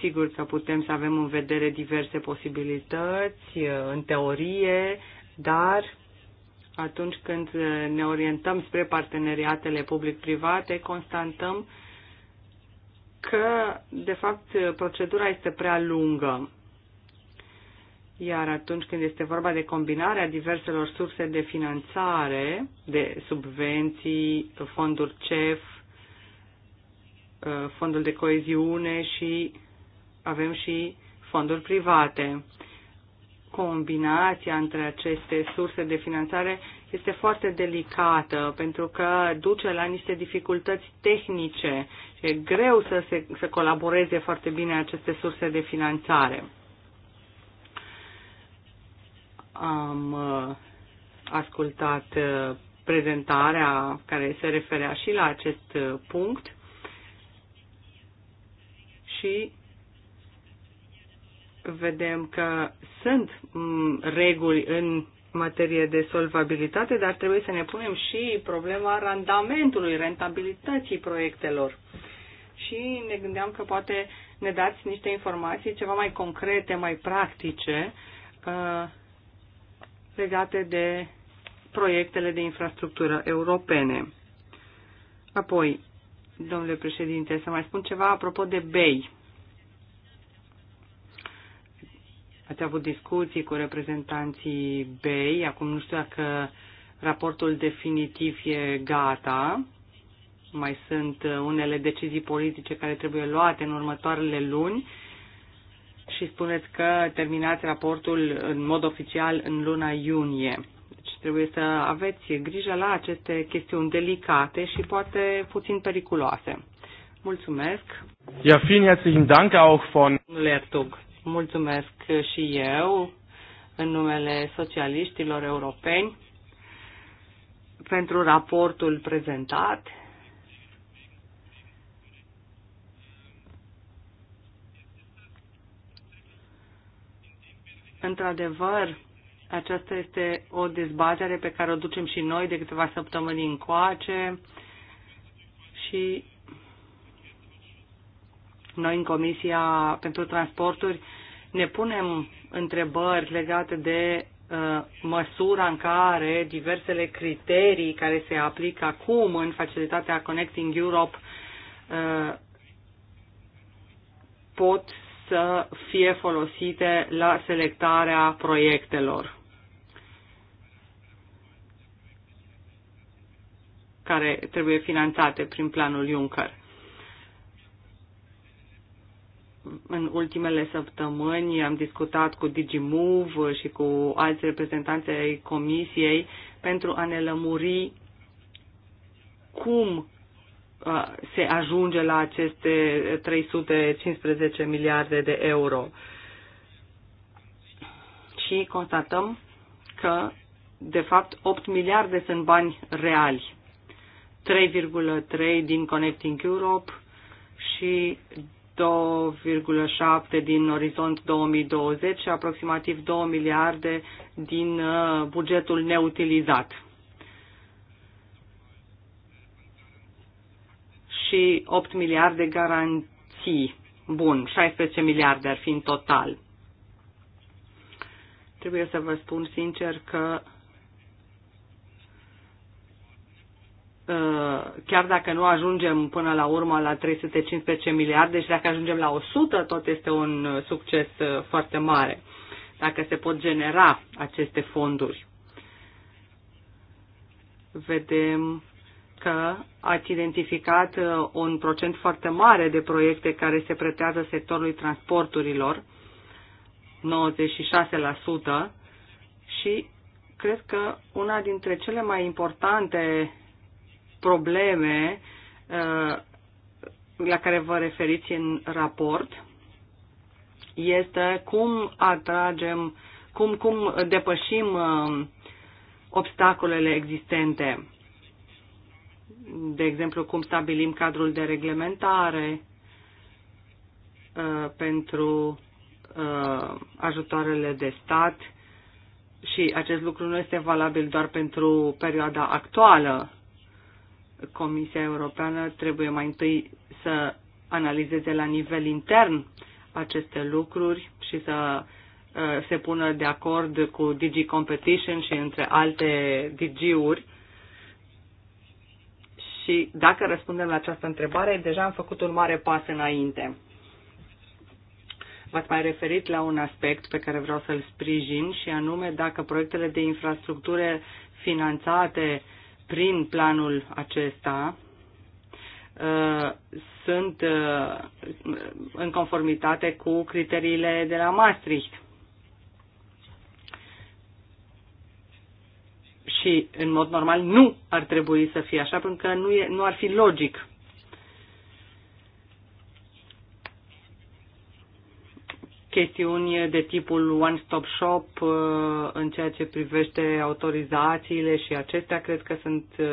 Sigur că putem să avem în vedere diverse posibilități, uh, în teorie, dar atunci când ne orientăm spre parteneriatele public-private, constatăm că, de fapt, procedura este prea lungă. Iar atunci când este vorba de combinarea diverselor surse de finanțare, de subvenții, fonduri CEF, uh, fondul de coeziune și avem și fonduri private. Combinația între aceste surse de finanțare este foarte delicată pentru că duce la niște dificultăți tehnice și e greu să, se, să colaboreze foarte bine aceste surse de finanțare. Am uh, ascultat uh, prezentarea care se referea și la acest uh, punct și vedem că sunt mm, reguli în materie de solvabilitate, dar trebuie să ne punem și problema randamentului, rentabilității proiectelor. Și ne gândeam că poate ne dați niște informații ceva mai concrete, mai practice, uh, legate de proiectele de infrastructură europene. Apoi, domnule președinte, să mai spun ceva apropo de BEI. Ați avut discuții cu reprezentanții BEI, acum nu știu dacă raportul definitiv e gata, mai sunt unele decizii politice care trebuie luate în următoarele luni și spuneți că terminați raportul în mod oficial în luna iunie. Deci trebuie să aveți grijă la aceste chestiuni delicate și poate puțin periculoase. Mulțumesc. Ja, vielen herzlichen Dank auch von Lertug. Mulțumesc și eu în numele socialiștilor europeni pentru raportul prezentat. Într-adevăr, aceasta este o dezbatere pe care o ducem și noi de câteva săptămâni încoace și noi în Comisia pentru Transporturi ne punem întrebări legate de uh, măsura în care diversele criterii care se aplică acum în facilitatea Connecting Europe uh, pot să fie folosite la selectarea proiectelor care trebuie finanțate prin planul Juncker în ultimele săptămâni am discutat cu DigiMove și cu alți reprezentanți ai Comisiei pentru a ne lămuri cum uh, se ajunge la aceste 315 miliarde de euro. Și constatăm că, de fapt, 8 miliarde sunt bani reali. 3,3 din Connecting Europe și 2,7 din orizont 2020 și aproximativ 2 miliarde din uh, bugetul neutilizat. Și 8 miliarde garanții. Bun, 16 miliarde ar fi în total. Trebuie să vă spun sincer că Uh, chiar dacă nu ajungem până la urmă la 315 miliarde și dacă ajungem la 100, tot este un uh, succes uh, foarte mare, dacă se pot genera aceste fonduri. Vedem că ați identificat un procent foarte mare de proiecte care se pretează sectorului transporturilor, 96%, și cred că una dintre cele mai importante probleme uh, la care vă referiți în raport este cum atragem, cum, cum depășim uh, obstacolele existente. De exemplu, cum stabilim cadrul de reglementare uh, pentru ajutoarele de stat și acest lucru nu este valabil doar pentru perioada actuală, Comisia Europeană trebuie mai întâi să analizeze la nivel intern aceste lucruri și să uh, se pună de acord cu DG Competition și între alte DG-uri. Și dacă răspundem la această întrebare, deja am făcut un mare pas înainte. V-ați mai referit la un aspect pe care vreau să-l sprijin și anume dacă proiectele de infrastructură finanțate prin planul acesta uh, sunt uh, în conformitate cu criteriile de la Maastricht. Și, în mod normal, nu ar trebui să fie așa, pentru că nu, e, nu ar fi logic chestiuni de tipul one-stop shop uh, în ceea ce privește autorizațiile și acestea, cred că sunt, uh,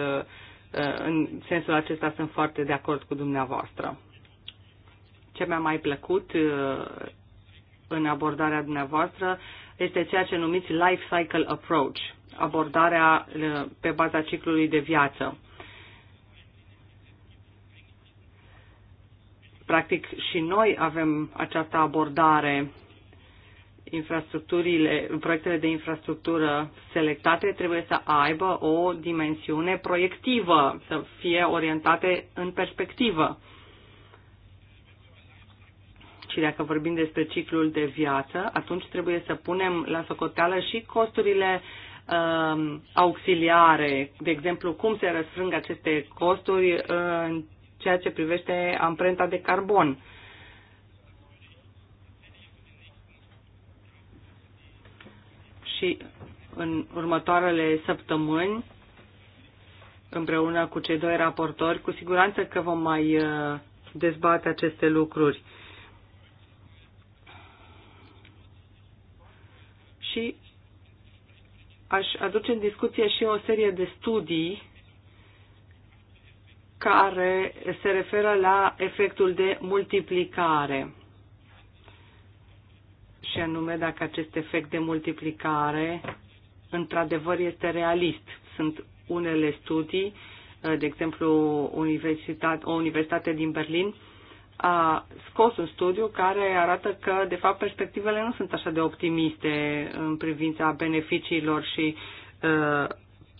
uh, în sensul acesta sunt foarte de acord cu dumneavoastră. Ce mi-a mai plăcut în abordarea dumneavoastră este ceea ce numiți life cycle approach, abordarea pe baza ciclului de viață Practic și noi avem această abordare. Infrastructurile, proiectele de infrastructură selectate trebuie să aibă o dimensiune proiectivă, să fie orientate în perspectivă. Și dacă vorbim despre ciclul de viață, atunci trebuie să punem la socoteală și costurile uh, auxiliare, de exemplu, cum se răsfrâng aceste costuri uh, în ceea ce privește amprenta de carbon. Și în următoarele săptămâni, împreună cu cei doi raportori, cu siguranță că vom mai uh, dezbate aceste lucruri. Și aș aduce în discuție și o serie de studii care se referă la efectul de multiplicare. Și anume dacă acest efect de multiplicare într-adevăr este realist. Sunt unele studii, de exemplu universitate, o universitate din Berlin a scos un studiu care arată că, de fapt, perspectivele nu sunt așa de optimiste în privința beneficiilor și uh,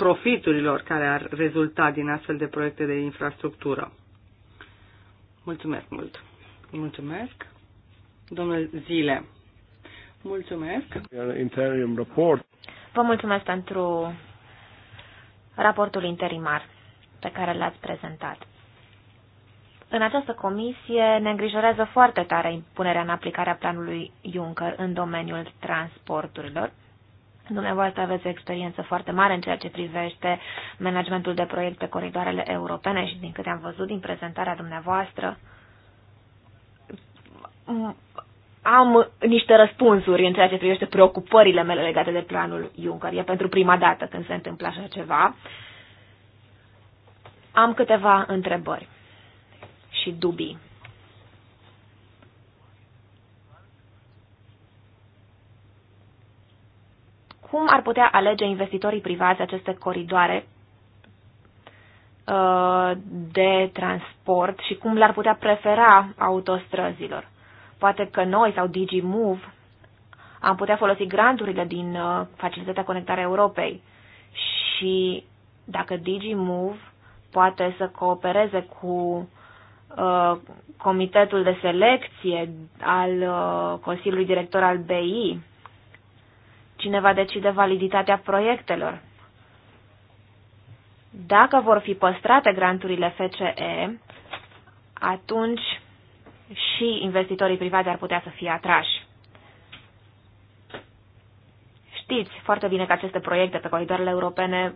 profiturilor care ar rezulta din astfel de proiecte de infrastructură. Mulțumesc mult! Mulțumesc! Domnul Zile, mulțumesc! Vă mulțumesc pentru raportul interimar pe care l-ați prezentat. În această comisie ne îngrijorează foarte tare impunerea în aplicarea planului Juncker în domeniul transporturilor Dumneavoastră aveți o experiență foarte mare în ceea ce privește managementul de proiect pe coridoarele europene și din câte am văzut din prezentarea dumneavoastră, am niște răspunsuri în ceea ce privește preocupările mele legate de planul Juncker. E pentru prima dată când se întâmplă așa ceva. Am câteva întrebări și dubii. cum ar putea alege investitorii privați aceste coridoare uh, de transport și cum le-ar putea prefera autostrăzilor. Poate că noi sau DigiMove am putea folosi granturile din uh, Facilitatea Conectarea Europei și dacă DigiMove poate să coopereze cu uh, Comitetul de Selecție al uh, Consiliului Director al BI Cine va decide validitatea proiectelor? Dacă vor fi păstrate granturile FCE, atunci și investitorii privați ar putea să fie atrași. Știți foarte bine că aceste proiecte pe coridoarele europene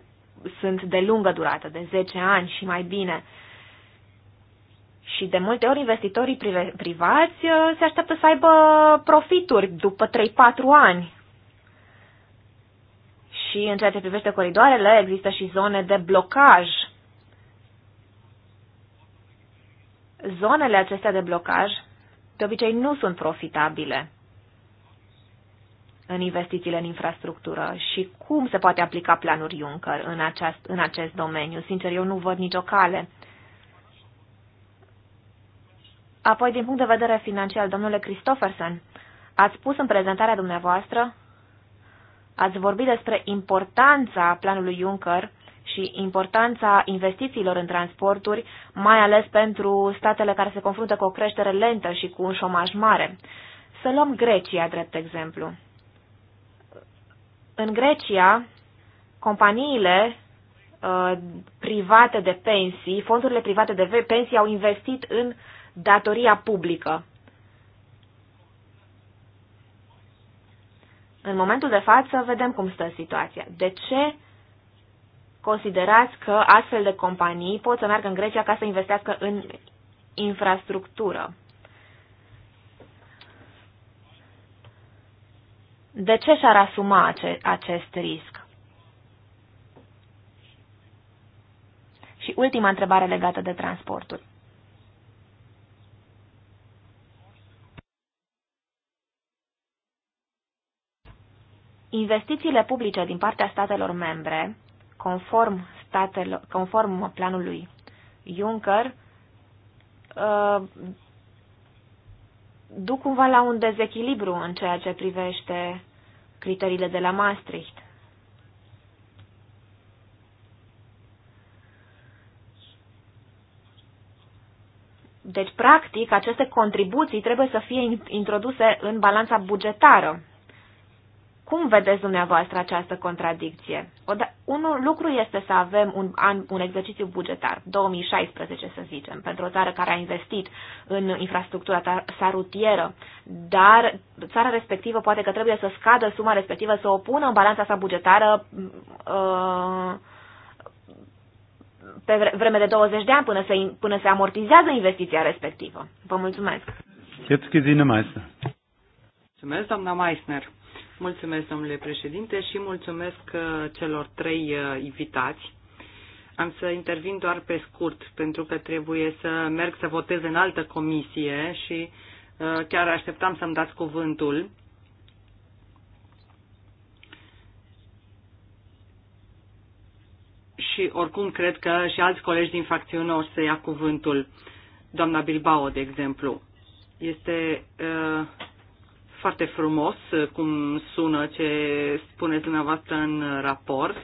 sunt de lungă durată, de 10 ani și mai bine. Și de multe ori investitorii privați uh, se așteaptă să aibă profituri după 3-4 ani și în ceea ce privește coridoarele există și zone de blocaj. Zonele acestea de blocaj de obicei nu sunt profitabile în investițiile în infrastructură și cum se poate aplica planul Juncker în, aceast, în acest domeniu. Sincer, eu nu văd nicio cale. Apoi, din punct de vedere financiar, domnule Christofferson, ați spus în prezentarea dumneavoastră Ați vorbit despre importanța planului Juncker și importanța investițiilor în transporturi, mai ales pentru statele care se confruntă cu o creștere lentă și cu un șomaj mare. Să luăm Grecia drept exemplu. În Grecia, companiile uh, private de pensii, fondurile private de pensii au investit în datoria publică. În momentul de față vedem cum stă situația. De ce considerați că astfel de companii pot să meargă în Grecia ca să investească în infrastructură? De ce și-ar asuma acest risc? Și ultima întrebare legată de transporturi. Investițiile publice din partea statelor membre, conform, statelor, conform planului Juncker, uh, duc cumva la un dezechilibru în ceea ce privește criteriile de la Maastricht. Deci, practic, aceste contribuții trebuie să fie introduse în balanța bugetară cum vedeți dumneavoastră această contradicție? Da, un lucru este să avem un, an, un exercițiu bugetar, 2016 să zicem, pentru o țară care a investit în infrastructura sa rutieră, dar țara respectivă poate că trebuie să scadă suma respectivă, să o pună în balanța sa bugetară uh, pe vreme de 20 de ani până se, până se amortizează investiția respectivă. Vă mulțumesc! Mulțumesc, doamna Meissner. Mulțumesc, domnule președinte, și mulțumesc uh, celor trei uh, invitați. Am să intervin doar pe scurt, pentru că trebuie să merg să votez în altă comisie și uh, chiar așteptam să-mi dați cuvântul. Și oricum cred că și alți colegi din facțiune o să ia cuvântul. Doamna Bilbao, de exemplu. Este uh, foarte frumos uh, cum sună ce spuneți dumneavoastră în raport.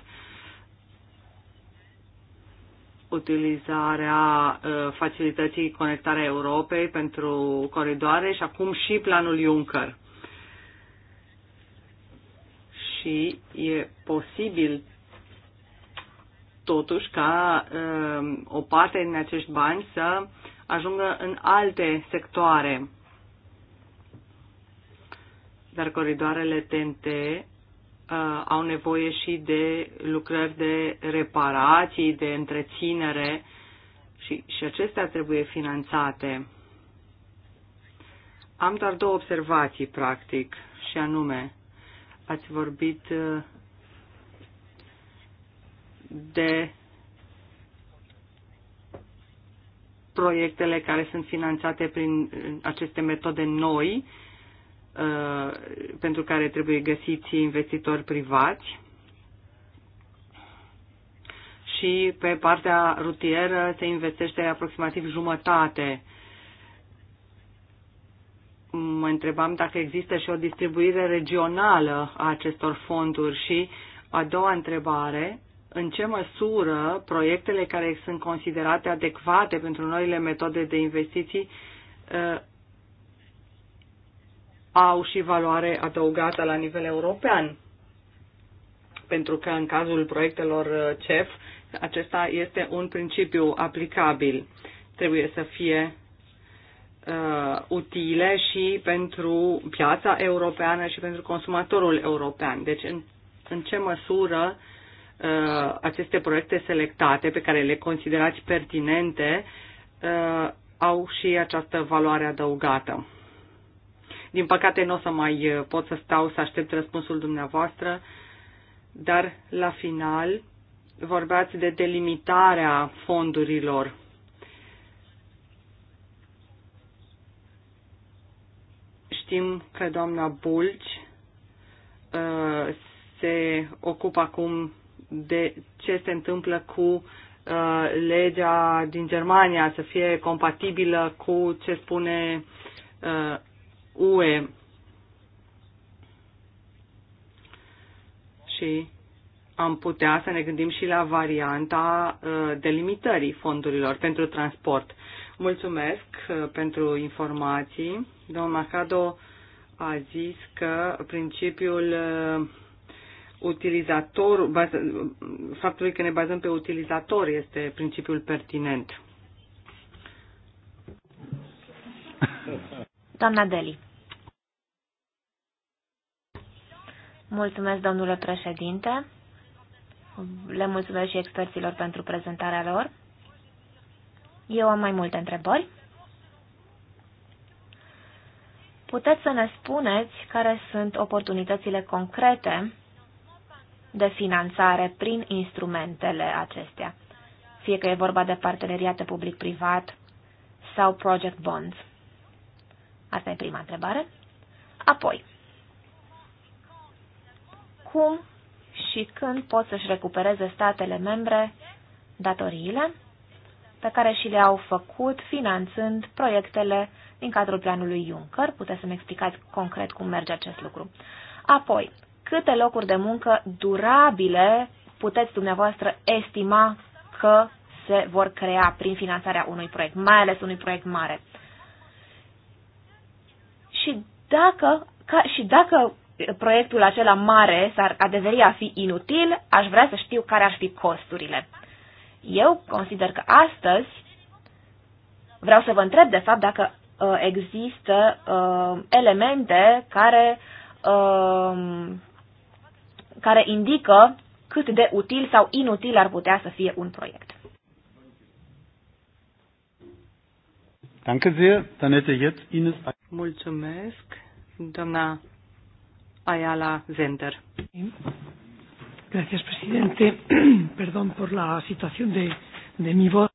Utilizarea uh, facilității conectarea Europei pentru coridoare și acum și planul Juncker. Și e posibil totuși ca uh, o parte din acești bani să ajungă în alte sectoare dar coridoarele TNT uh, au nevoie și de lucrări de reparații, de întreținere și, și acestea trebuie finanțate. Am doar două observații, practic, și anume, ați vorbit uh, de proiectele care sunt finanțate prin uh, aceste metode noi Uh, pentru care trebuie găsiți investitori privați și pe partea rutieră se investește aproximativ jumătate. Mă întrebam dacă există și o distribuire regională a acestor fonduri și a doua întrebare, în ce măsură proiectele care sunt considerate adecvate pentru noile metode de investiții uh, au și valoare adăugată la nivel european. Pentru că în cazul proiectelor uh, CEF, acesta este un principiu aplicabil. Trebuie să fie uh, utile și pentru piața europeană și pentru consumatorul european. Deci, în, în ce măsură uh, aceste proiecte selectate, pe care le considerați pertinente, uh, au și această valoare adăugată. Din păcate nu o să mai uh, pot să stau să aștept răspunsul dumneavoastră, dar la final vorbeați de delimitarea fondurilor. Știm că doamna Bulci uh, se ocupă acum de ce se întâmplă cu uh, legea din Germania, să fie compatibilă cu ce spune UE și am putea să ne gândim și la varianta uh, delimitării fondurilor pentru transport. Mulțumesc uh, pentru informații. Domnul Macado a zis că principiul uh, utilizator, faptului că ne bazăm pe utilizator este principiul pertinent. Doamna Deli. Mulțumesc, domnule președinte. Le mulțumesc și experților pentru prezentarea lor. Eu am mai multe întrebări. Puteți să ne spuneți care sunt oportunitățile concrete de finanțare prin instrumentele acestea, fie că e vorba de parteneriate public-privat sau project bonds. Asta e prima întrebare. Apoi, cum și când pot să-și recupereze statele membre datoriile pe care și le-au făcut finanțând proiectele din cadrul planului Juncker. Puteți să-mi explicați concret cum merge acest lucru. Apoi, câte locuri de muncă durabile puteți dumneavoastră estima că se vor crea prin finanțarea unui proiect, mai ales unui proiect mare? și dacă, ca, și dacă proiectul acela mare s-ar adeveri a fi inutil, aș vrea să știu care ar fi costurile. Eu consider că astăzi vreau să vă întreb, de fapt, dacă uh, există uh, elemente care, uh, care indică cât de util sau inutil ar putea să fie un proiect. Danke sehr. Dann hätte jetzt Ines Mulțumesc, doamna Ayala Zender. Gracias, presidente. Perdón por la situación de, de mi voz.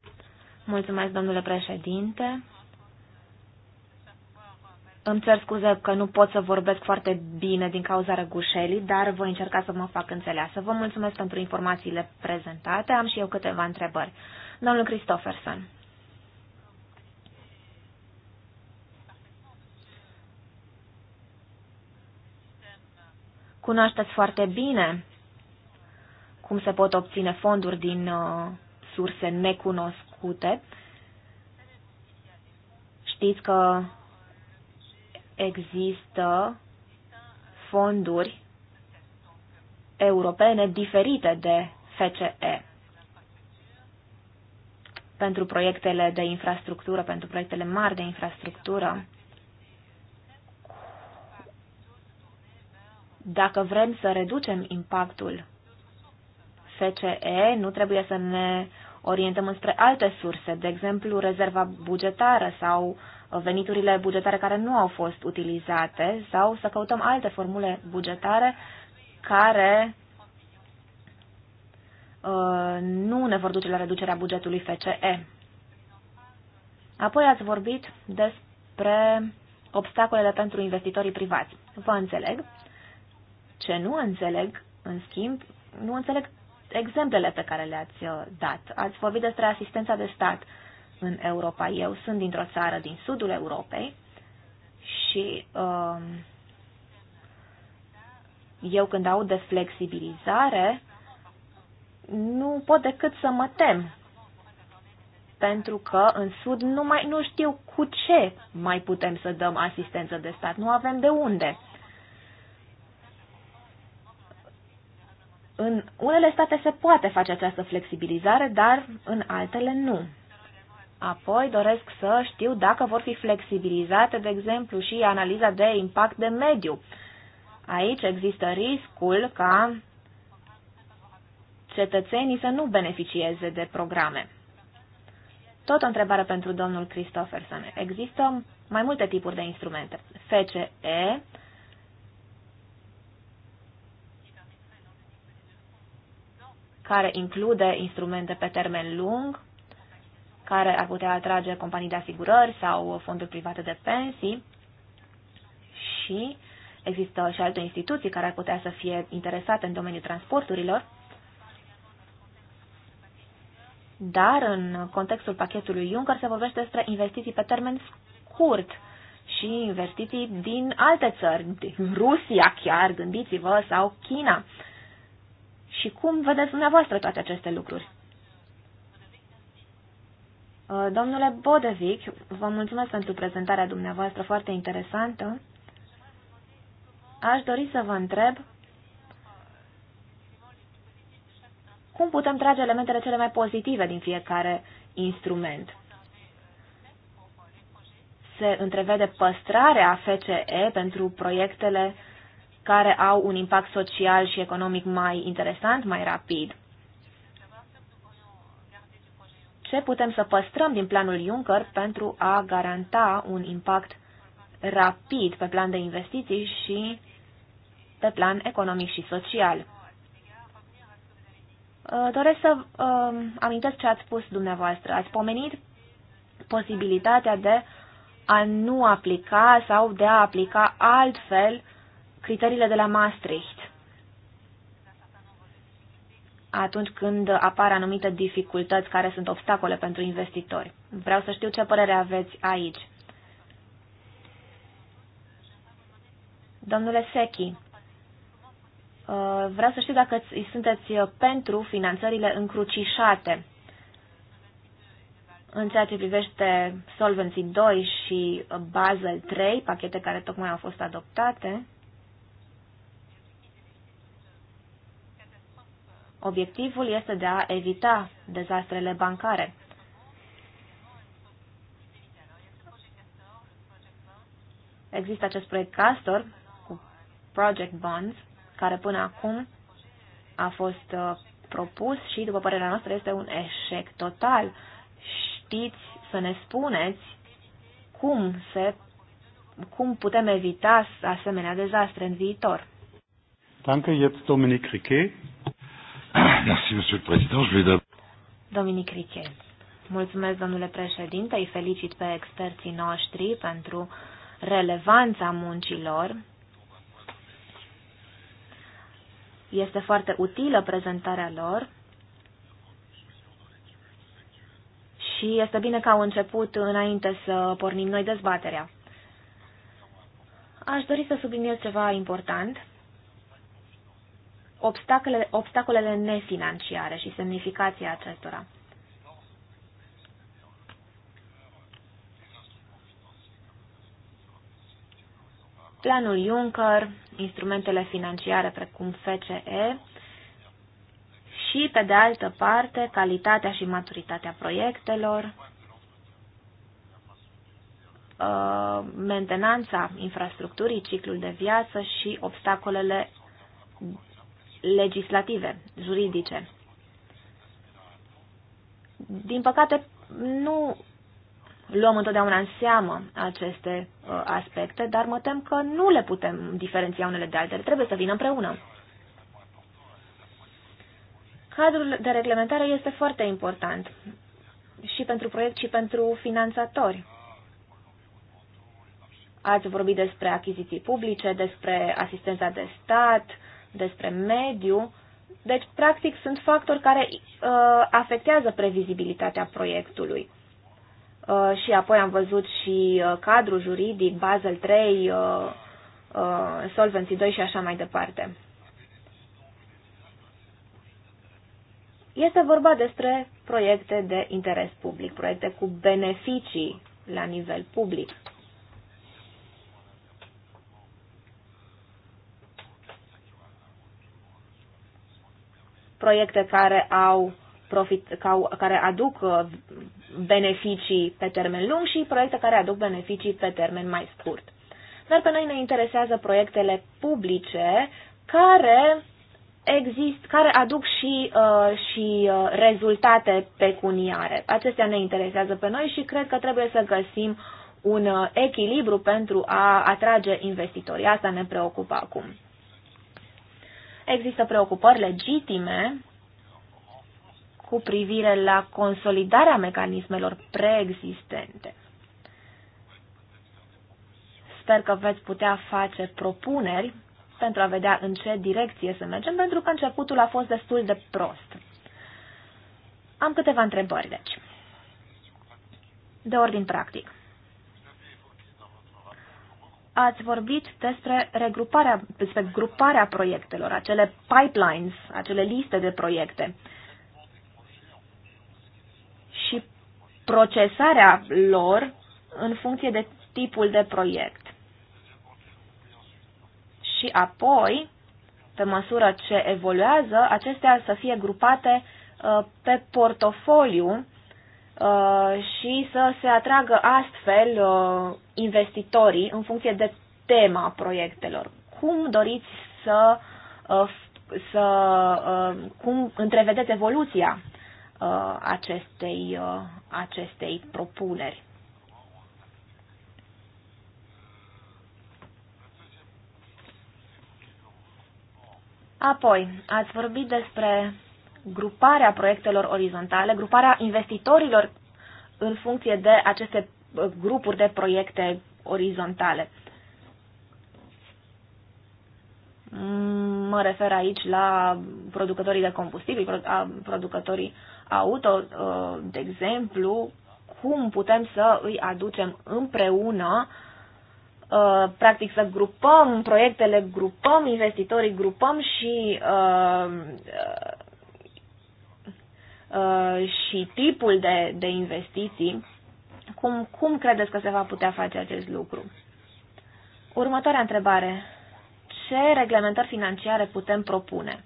Mulțumesc, domnule președinte. Îmi cer scuze că nu pot să vorbesc foarte bine din cauza răgușelii, dar voi încerca să mă fac înțeleasă. Vă mulțumesc pentru informațiile prezentate. Am și eu câteva întrebări. Domnul Christopherson. Cunoașteți foarte bine cum se pot obține fonduri din uh, surse necunoscute. Știți că există fonduri europene diferite de FCE pentru proiectele de infrastructură, pentru proiectele mari de infrastructură. Dacă vrem să reducem impactul FCE, nu trebuie să ne orientăm înspre alte surse, de exemplu rezerva bugetară sau veniturile bugetare care nu au fost utilizate sau să căutăm alte formule bugetare care uh, nu ne vor duce la reducerea bugetului FCE. Apoi ați vorbit despre obstacolele pentru investitorii privați. Vă înțeleg. Ce nu înțeleg, în schimb, nu înțeleg exemplele pe care le-ați uh, dat. Ați vorbit despre asistența de stat în Europa. Eu sunt dintr-o țară din sudul Europei și uh, eu când aud de flexibilizare, nu pot decât să mă tem. Pentru că în Sud nu, mai, nu știu cu ce mai putem să dăm asistență de stat. Nu avem de unde. În unele state se poate face această flexibilizare, dar în altele nu. Apoi doresc să știu dacă vor fi flexibilizate, de exemplu, și analiza de impact de mediu. Aici există riscul ca cetățenii să nu beneficieze de programe. Tot o întrebare pentru domnul Christofferson. Există mai multe tipuri de instrumente. FCE, care include instrumente pe termen lung, care ar putea atrage companii de asigurări sau fonduri private de pensii și există și alte instituții care ar putea să fie interesate în domeniul transporturilor. Dar în contextul pachetului Juncker se vorbește despre investiții pe termen scurt și investiții din alte țări, din Rusia chiar, gândiți-vă, sau China. Uh, și cum vedeți dumneavoastră toate aceste lucruri? Uh, domnule Bodevic, vă mulțumesc pentru prezentarea dumneavoastră foarte interesantă. Aș dori să vă întreb cum putem trage elementele cele mai pozitive din fiecare instrument. Se întrevede păstrarea FCE pentru proiectele care au un impact social și economic mai interesant, mai rapid. Ce putem să păstrăm din planul Juncker pentru a garanta un impact rapid pe plan de investiții și pe plan economic și social? Uh, doresc să uh, amintesc ce ați spus dumneavoastră. Ați pomenit posibilitatea de a nu aplica sau de a aplica altfel uh, criteriile de la Maastricht atunci când apar anumite dificultăți care sunt obstacole pentru investitori. Vreau să știu ce părere aveți aici. Domnule Sechi, uh, vreau să știu dacă sunteți pentru finanțările încrucișate în ceea ce privește Solvency 2 și Basel 3, pachete care tocmai au fost adoptate. Obiectivul este de a evita dezastrele bancare. Există acest proiect Castor cu Project Bonds, care până acum a fost uh, propus și, după părerea noastră, este un eșec total. Știți să ne spuneți cum, se, cum putem evita asemenea dezastre în viitor. Danke, jetzt Dominic Riquet. Merci, Monsieur le Président. Je vais Dominic Richel. Mulțumesc, domnule președinte, îi felicit pe experții noștri pentru relevanța muncilor. Este foarte utilă prezentarea lor și este bine că au început înainte să pornim noi dezbaterea. Aș dori să subliniez ceva important obstacole, obstacolele nefinanciare și semnificația acestora. Planul Juncker, instrumentele financiare precum FCE și, pe de altă parte, calitatea și maturitatea proiectelor, uh, mentenanța infrastructurii, ciclul de viață și obstacolele legislative, juridice. Din păcate, nu luăm întotdeauna în seamă aceste uh, aspecte, dar mă tem că nu le putem diferenția unele de altele. Trebuie să vină împreună. Cadrul de reglementare este foarte important și pentru proiect și pentru finanțatori. Ați vorbit despre achiziții publice, despre asistența de stat, despre mediu. Deci, practic, sunt factori care uh, afectează previzibilitatea proiectului. Uh, și apoi am văzut și uh, cadrul juridic, Basel 3, uh, uh, Solvency 2 și așa mai departe. Este vorba despre proiecte de interes public, proiecte cu beneficii la nivel public. proiecte care au profit, care aduc uh, beneficii pe termen lung și proiecte care aduc beneficii pe termen mai scurt. Dar pe noi ne interesează proiectele publice care exist, care aduc și, uh, și uh, rezultate pecuniare. Acestea ne interesează pe noi și cred că trebuie să găsim un uh, echilibru pentru a atrage investitorii. Asta ne preocupă acum. Există preocupări legitime cu privire la consolidarea mecanismelor preexistente. Sper că veți putea face propuneri pentru a vedea în ce direcție să mergem, pentru că începutul a fost destul de prost. Am câteva întrebări, deci. De ordin practic ați vorbit despre regruparea, despre gruparea proiectelor, acele pipelines, acele liste de proiecte și procesarea lor în funcție de tipul de proiect. Și apoi, pe măsură ce evoluează, acestea să fie grupate uh, pe portofoliu Uh, și să se atragă astfel uh, investitorii în funcție de tema proiectelor. Cum doriți să, uh, să cum întrevedeți evoluția acestei, acestei propuneri? Apoi, ați vorbit despre gruparea proiectelor orizontale, gruparea investitorilor în funcție de aceste grupuri de proiecte orizontale. Mă refer aici la producătorii de combustibili, producătorii auto, ă, de exemplu, cum putem să îi aducem împreună, ă, practic să grupăm proiectele, grupăm investitorii, grupăm și ă, Uh, și tipul de, de investiții, cum, cum credeți că se va putea face acest lucru? Următoarea întrebare. Ce reglementări financiare putem propune?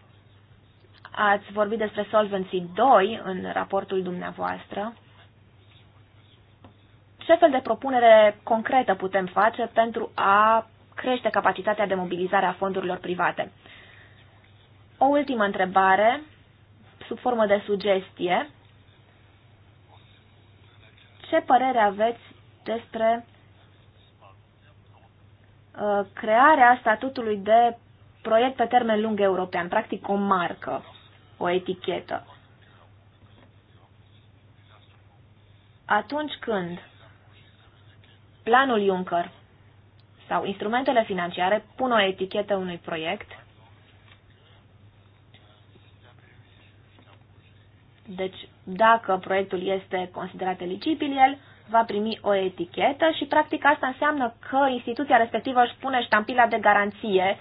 Ați vorbit despre Solvency 2 în raportul dumneavoastră. Ce fel de propunere concretă putem face pentru a crește capacitatea de mobilizare a fondurilor private? O ultimă întrebare sub formă de sugestie. Ce părere aveți despre uh, crearea statutului de proiect pe termen lung european, practic o marcă, o etichetă. Atunci când planul Juncker sau instrumentele financiare pun o etichetă unui proiect, Deci, dacă proiectul este considerat eligibil, el va primi o etichetă și, practic, asta înseamnă că instituția respectivă își pune ștampila de garanție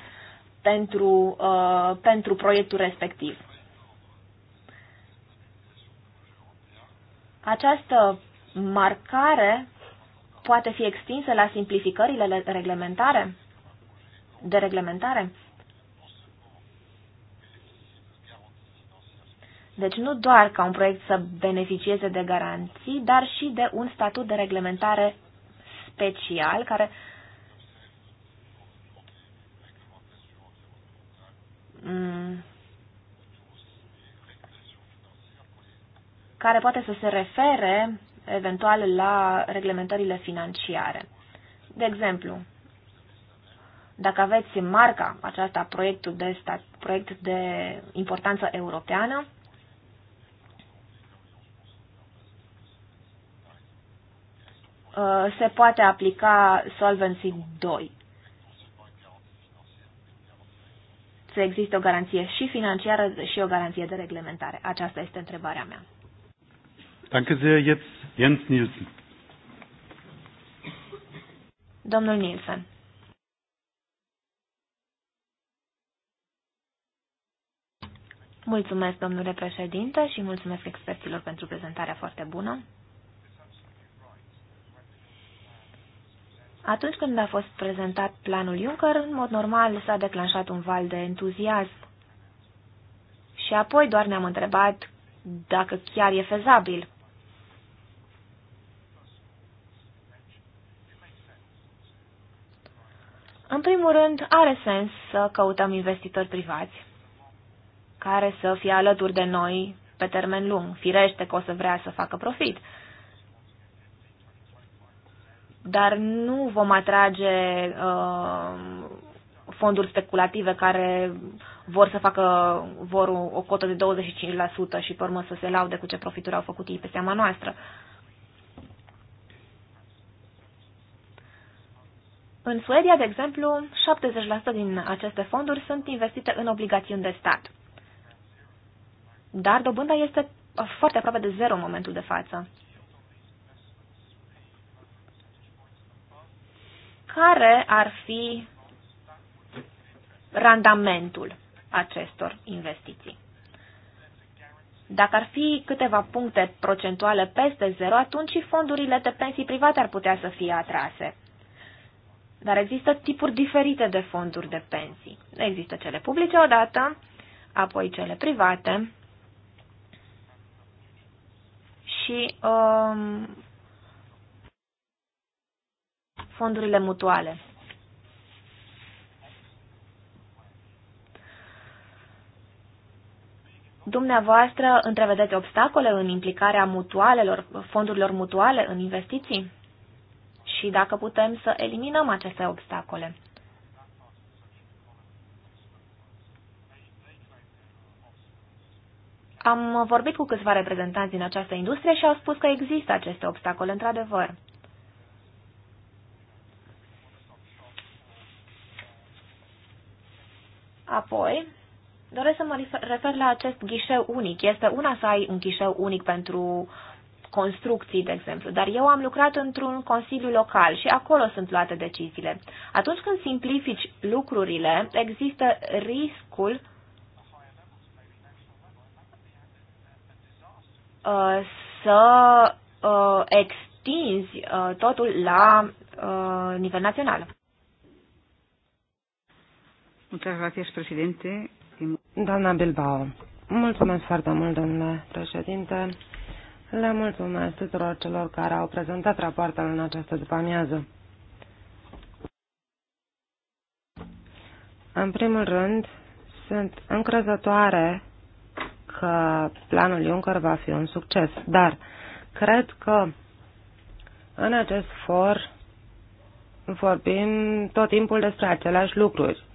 pentru, uh, pentru proiectul respectiv. Această marcare poate fi extinsă la simplificările reglementare, de reglementare? Deci nu doar ca un proiect să beneficieze de garanții, dar și de un statut de reglementare special care mm. care poate să se refere eventual la reglementările financiare. De exemplu, dacă aveți marca aceasta proiectul de stat, proiect de importanță europeană, Uh, se poate aplica Solvency 2. Să există o garanție și financiară și o garanție de reglementare. Aceasta este întrebarea mea. Danke sehr, jetzt Jens Nielsen. Domnul Nielsen. Mulțumesc, domnule președinte, și mulțumesc experților pentru prezentarea foarte bună. Atunci când a fost prezentat planul Juncker, în mod normal s-a declanșat un val de entuziasm. Și apoi doar ne-am întrebat dacă chiar e fezabil. În primul rând, are sens să căutăm investitori privați care să fie alături de noi pe termen lung. Firește că o să vrea să facă profit, dar nu vom atrage uh, fonduri speculative care vor să facă vor o cotă de 25% și pe urmă să se laude cu ce profituri au făcut ei pe seama noastră. În Suedia, de exemplu, 70% din aceste fonduri sunt investite în obligațiuni de stat. Dar dobânda este foarte aproape de zero în momentul de față. care ar fi randamentul acestor investiții. Dacă ar fi câteva puncte procentuale peste zero, atunci și fondurile de pensii private ar putea să fie atrase. Dar există tipuri diferite de fonduri de pensii. Există cele publice odată, apoi cele private și um, fondurile mutuale. Dumneavoastră întrevedeți obstacole în implicarea mutualelor, fondurilor mutuale în investiții? Și dacă putem să eliminăm aceste obstacole? Am vorbit cu câțiva reprezentanți din această industrie și au spus că există aceste obstacole, într-adevăr. Apoi, doresc să mă refer la acest ghișeu unic. Este una să ai un ghișeu unic pentru construcții, de exemplu, dar eu am lucrat într-un consiliu local și acolo sunt luate deciziile. Atunci când simplifici lucrurile, există riscul uh, să uh, extinzi uh, totul la nivel național. Doamna Bilbao, mulțumesc foarte mult, domnule președinte. Le mulțumesc tuturor celor care au prezentat rapoartele în această după-amiază. În primul rând, sunt încrezătoare că planul Juncker va fi un succes, dar cred că în acest for vorbim tot timpul despre aceleași lucruri.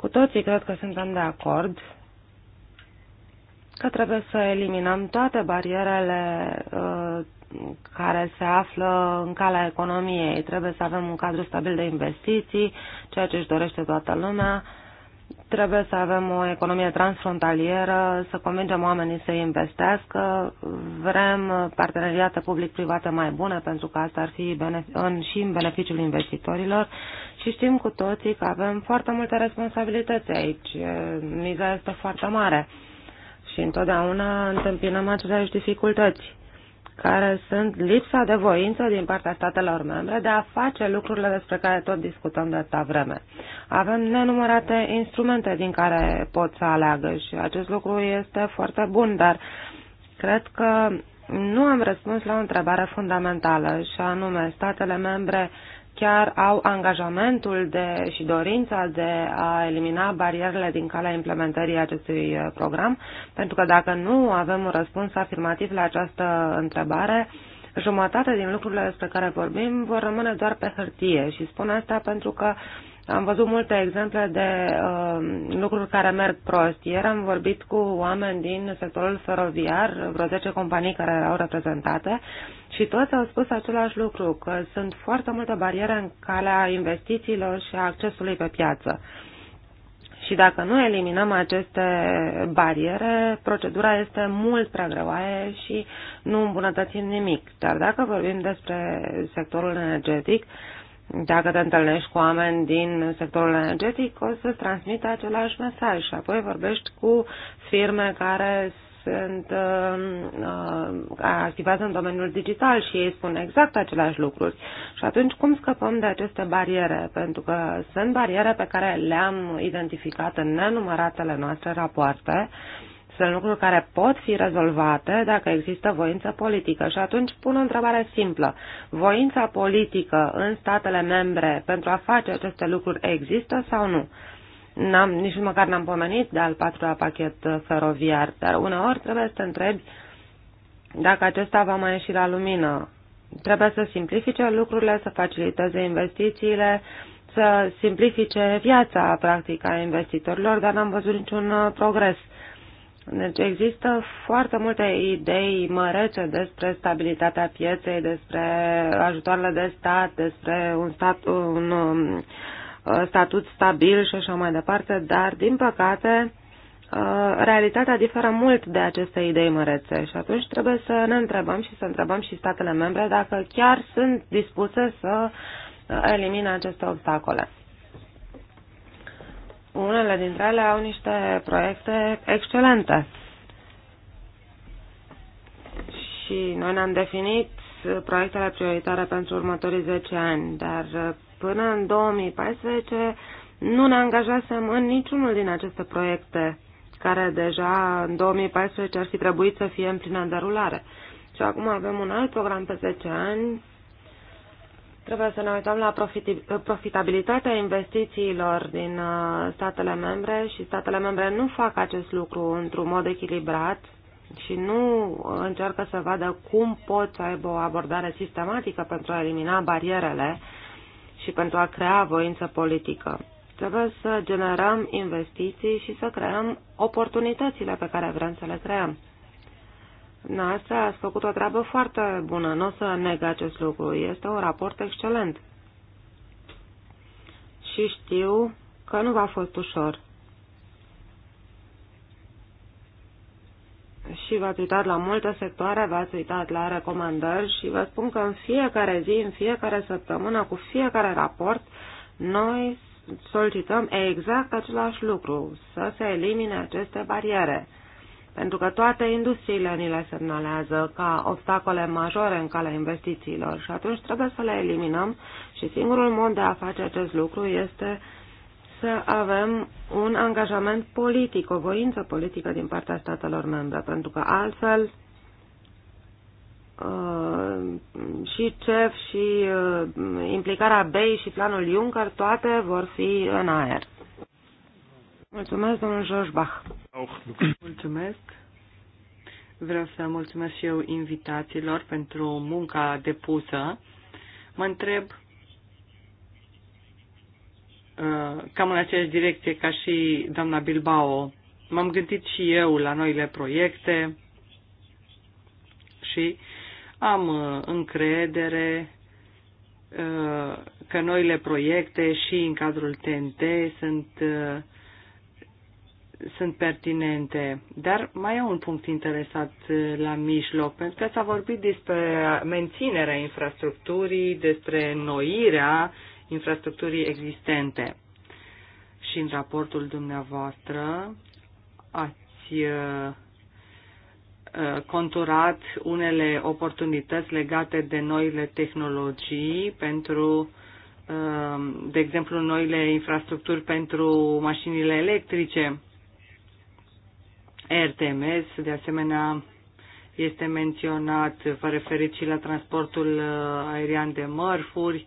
Cu toții cred că suntem de acord că trebuie să eliminăm toate barierele uh, care se află în calea economiei. Trebuie să avem un cadru stabil de investiții, ceea ce își dorește toată lumea. Uh, Trebuie să avem o economie transfrontalieră, să convingem oamenii să investească. Vrem parteneriate public-private mai bune, pentru că asta ar fi în, și în beneficiul investitorilor. Și știm cu toții că avem foarte multe responsabilități aici. Miza este foarte mare și întotdeauna întâmpinăm aceleași dificultăți care sunt lipsa de voință din partea statelor membre de a face lucrurile despre care tot discutăm de atâta vreme. Avem nenumărate instrumente din care pot să aleagă și acest lucru este foarte bun, dar cred că nu am răspuns la o întrebare fundamentală și anume statele membre uh, chiar au angajamentul de, și dorința de a elimina barierele din calea implementării acestui uh, program, pentru că dacă nu avem un răspuns afirmativ la această întrebare, jumătate din lucrurile despre care vorbim vor rămâne doar pe hârtie și spun asta pentru că uh, am văzut multe exemple de uh, lucruri care merg prost. Ieri am vorbit cu oameni din sectorul feroviar, vreo 10 companii care erau reprezentate, și toți au spus același lucru, că sunt foarte multe bariere în calea investițiilor și a accesului pe piață. Și dacă nu eliminăm aceste bariere, procedura este mult prea greoaie și nu îmbunătățim nimic. Dar dacă vorbim despre sectorul energetic, uh, dacă te întâlnești cu oameni din sectorul energetic, o să-ți transmită același mesaj și apoi vorbești cu firme care sunt uh, uh, activează în domeniul digital și ei spun exact același lucruri. Și atunci cum scăpăm de aceste bariere? Pentru că sunt bariere pe care le-am identificat în nenumăratele noastre rapoarte uh, sunt lucruri care pot fi rezolvate dacă există voință politică. Și atunci pun o întrebare simplă. Voința politică în statele membre pentru a face aceste lucruri există sau nu? am nici măcar n-am pomenit de al patrulea pachet feroviar, dar uneori trebuie să te întrebi dacă acesta va mai ieși la lumină. Trebuie să simplifice lucrurile, să faciliteze investițiile, să simplifice viața practică a investitorilor, dar n-am văzut niciun uh, progres. Deci există foarte multe idei mărețe despre stabilitatea pieței, despre ajutoarele de stat, despre un, stat, un uh, statut stabil și așa mai departe, dar din păcate uh, realitatea diferă mult de aceste idei mărețe și atunci trebuie să ne întrebăm și să întrebăm și statele membre dacă chiar sunt dispuse să uh, elimine aceste obstacole. Unele dintre ele au niște proiecte excelente. Și noi ne-am definit proiectele prioritare pentru următorii 10 ani, dar uh, până în 2014 nu ne angajasem în niciunul din aceste proiecte care deja în 2014 ar fi trebuit să fie în plină derulare. Și acum avem un alt program pe 10 ani Trebuie să ne uităm la profitabilitatea investițiilor din uh, statele membre și statele membre nu fac acest lucru într-un mod echilibrat și nu încearcă să vadă cum pot să aibă o abordare sistematică pentru a elimina barierele și pentru a crea voință politică. Trebuie să generăm investiții și să creăm oportunitățile pe care vrem să le creăm. Noastră ați făcut o treabă foarte bună, nu o să neg acest lucru. Este un raport excelent. Și știu că nu v-a fost ușor. și v-ați uitat la multe sectoare, v-ați uitat la recomandări și vă spun că în fiecare zi, în fiecare săptămână, cu fiecare raport, noi solicităm exact același lucru, să se elimine aceste bariere pentru că toate industriile ni le semnalează ca obstacole majore în calea investițiilor și atunci trebuie să le eliminăm și singurul mod de a face acest lucru este să avem un angajament politic, o voință politică din partea statelor membre, pentru că altfel uh, și CEF și uh, implicarea BEI și planul Juncker, toate vor fi în aer. Mulțumesc, domnul George Bach. Mulțumesc. Vreau să mulțumesc și eu invitațiilor pentru munca depusă. Mă întreb uh, cam în aceeași direcție ca și doamna Bilbao. M-am gândit și eu la noile proiecte și am uh, încredere uh, că noile proiecte și în cadrul TNT sunt sunt pertinente. Dar mai e un punct interesat uh, la mijloc, pentru că s-a vorbit despre menținerea infrastructurii, despre noirea infrastructurii existente. Și în raportul dumneavoastră ați uh, uh, conturat unele oportunități legate de noile tehnologii pentru, de exemplu, noile infrastructuri pentru mașinile electrice RTMS, de asemenea este menționat, vă referiți și la transportul uh, aerian de mărfuri,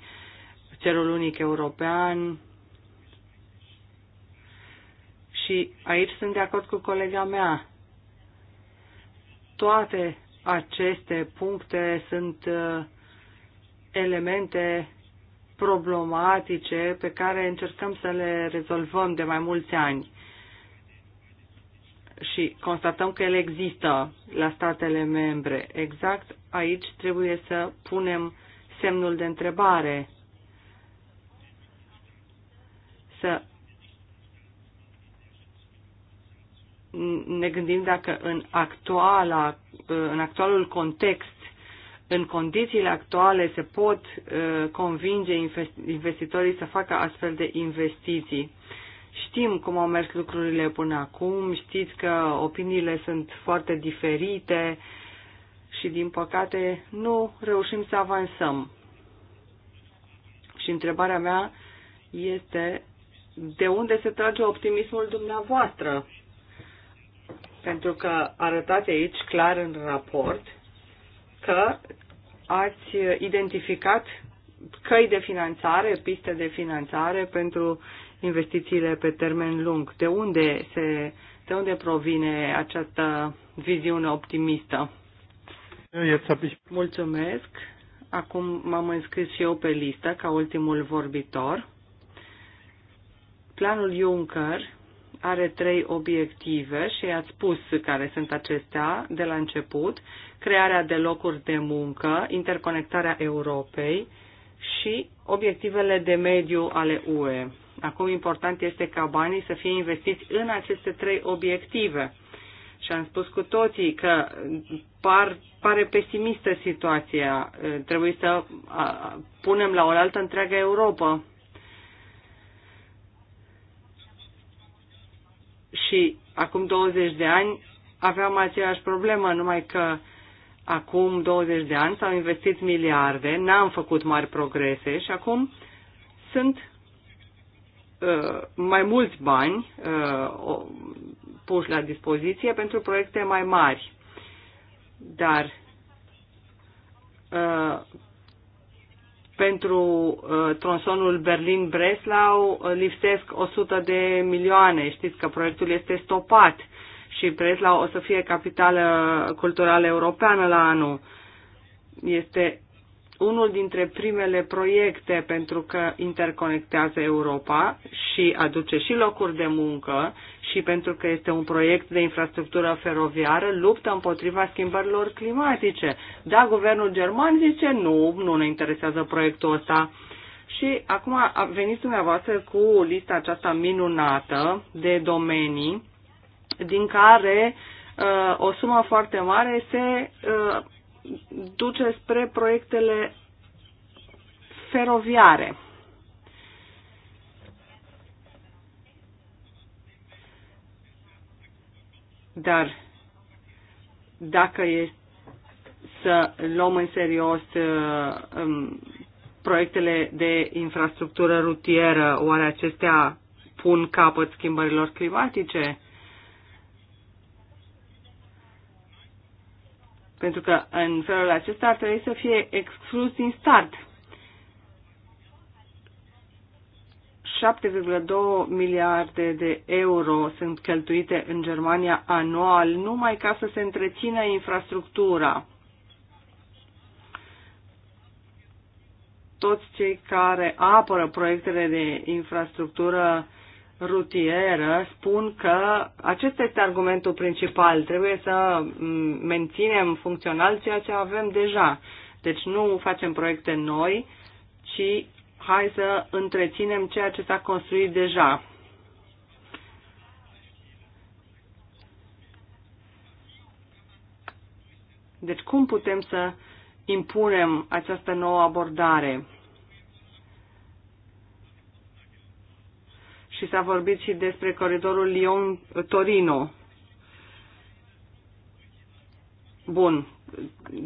cerul unic european, și aici sunt de acord cu colega mea. Toate aceste puncte sunt uh, elemente problematice pe care încercăm să le rezolvăm de mai mulți ani și constatăm că ele există la statele membre. Exact aici trebuie să punem semnul de întrebare. Să ne gândim dacă în, actuala, în actualul context, în condițiile actuale, se pot uh, convinge investitorii să facă astfel de investiții. Știm cum au mers lucrurile până acum, știți că opiniile sunt foarte diferite și, din păcate, nu reușim să avansăm. Și întrebarea mea este de unde se trage optimismul dumneavoastră? Pentru că arătați aici clar în raport că ați identificat căi de finanțare, piste de finanțare pentru investițiile pe termen lung. De unde, se, de unde provine această viziune optimistă? Mulțumesc. Acum m-am înscris și eu pe listă ca ultimul vorbitor. Planul Juncker are trei obiective și i-ați spus care sunt acestea de la început. Crearea de locuri de muncă, interconectarea Europei și obiectivele de mediu ale UE. Acum important este ca banii să fie investiți în aceste trei obiective. Și am spus cu toții că par, pare pesimistă situația. Trebuie să punem la oaltă întreaga Europa. Și acum 20 de ani aveam aceeași problemă, numai că acum 20 de ani s-au investit miliarde, n-am făcut mari progrese și acum sunt Uh, mai mulți bani uh, puși la dispoziție pentru proiecte mai mari. Dar uh, pentru tronsonul Berlin-Breslau lipsesc 100 de milioane. Știți că proiectul este stopat și Breslau o să fie capitală culturală europeană la anul. Este unul dintre primele proiecte pentru că interconectează Europa și aduce și locuri de muncă și pentru că este un proiect de infrastructură feroviară, luptă împotriva schimbărilor climatice. Da, guvernul german zice nu, nu ne interesează proiectul ăsta. Și acum a venit dumneavoastră cu lista aceasta minunată de domenii din care uh, o sumă foarte mare se uh, duce spre proiectele feroviare. Dar dacă e să luăm în serios uh, um, proiectele de infrastructură rutieră, oare acestea pun capăt schimbărilor climatice? Pentru că în felul acesta ar trebui să fie exclus din start 7,2 miliarde de euro sunt cheltuite în Germania anual numai ca să se întrețină infrastructura. Toți cei care apără proiectele de infrastructură rutieră spun că acesta este argumentul principal. Trebuie să mm, menținem funcțional ceea ce avem deja. Deci nu facem proiecte noi, ci hai să întreținem ceea ce s-a construit deja. Deci cum putem să impunem această nouă abordare? și s-a vorbit și despre coridorul Lyon-Torino. Bun,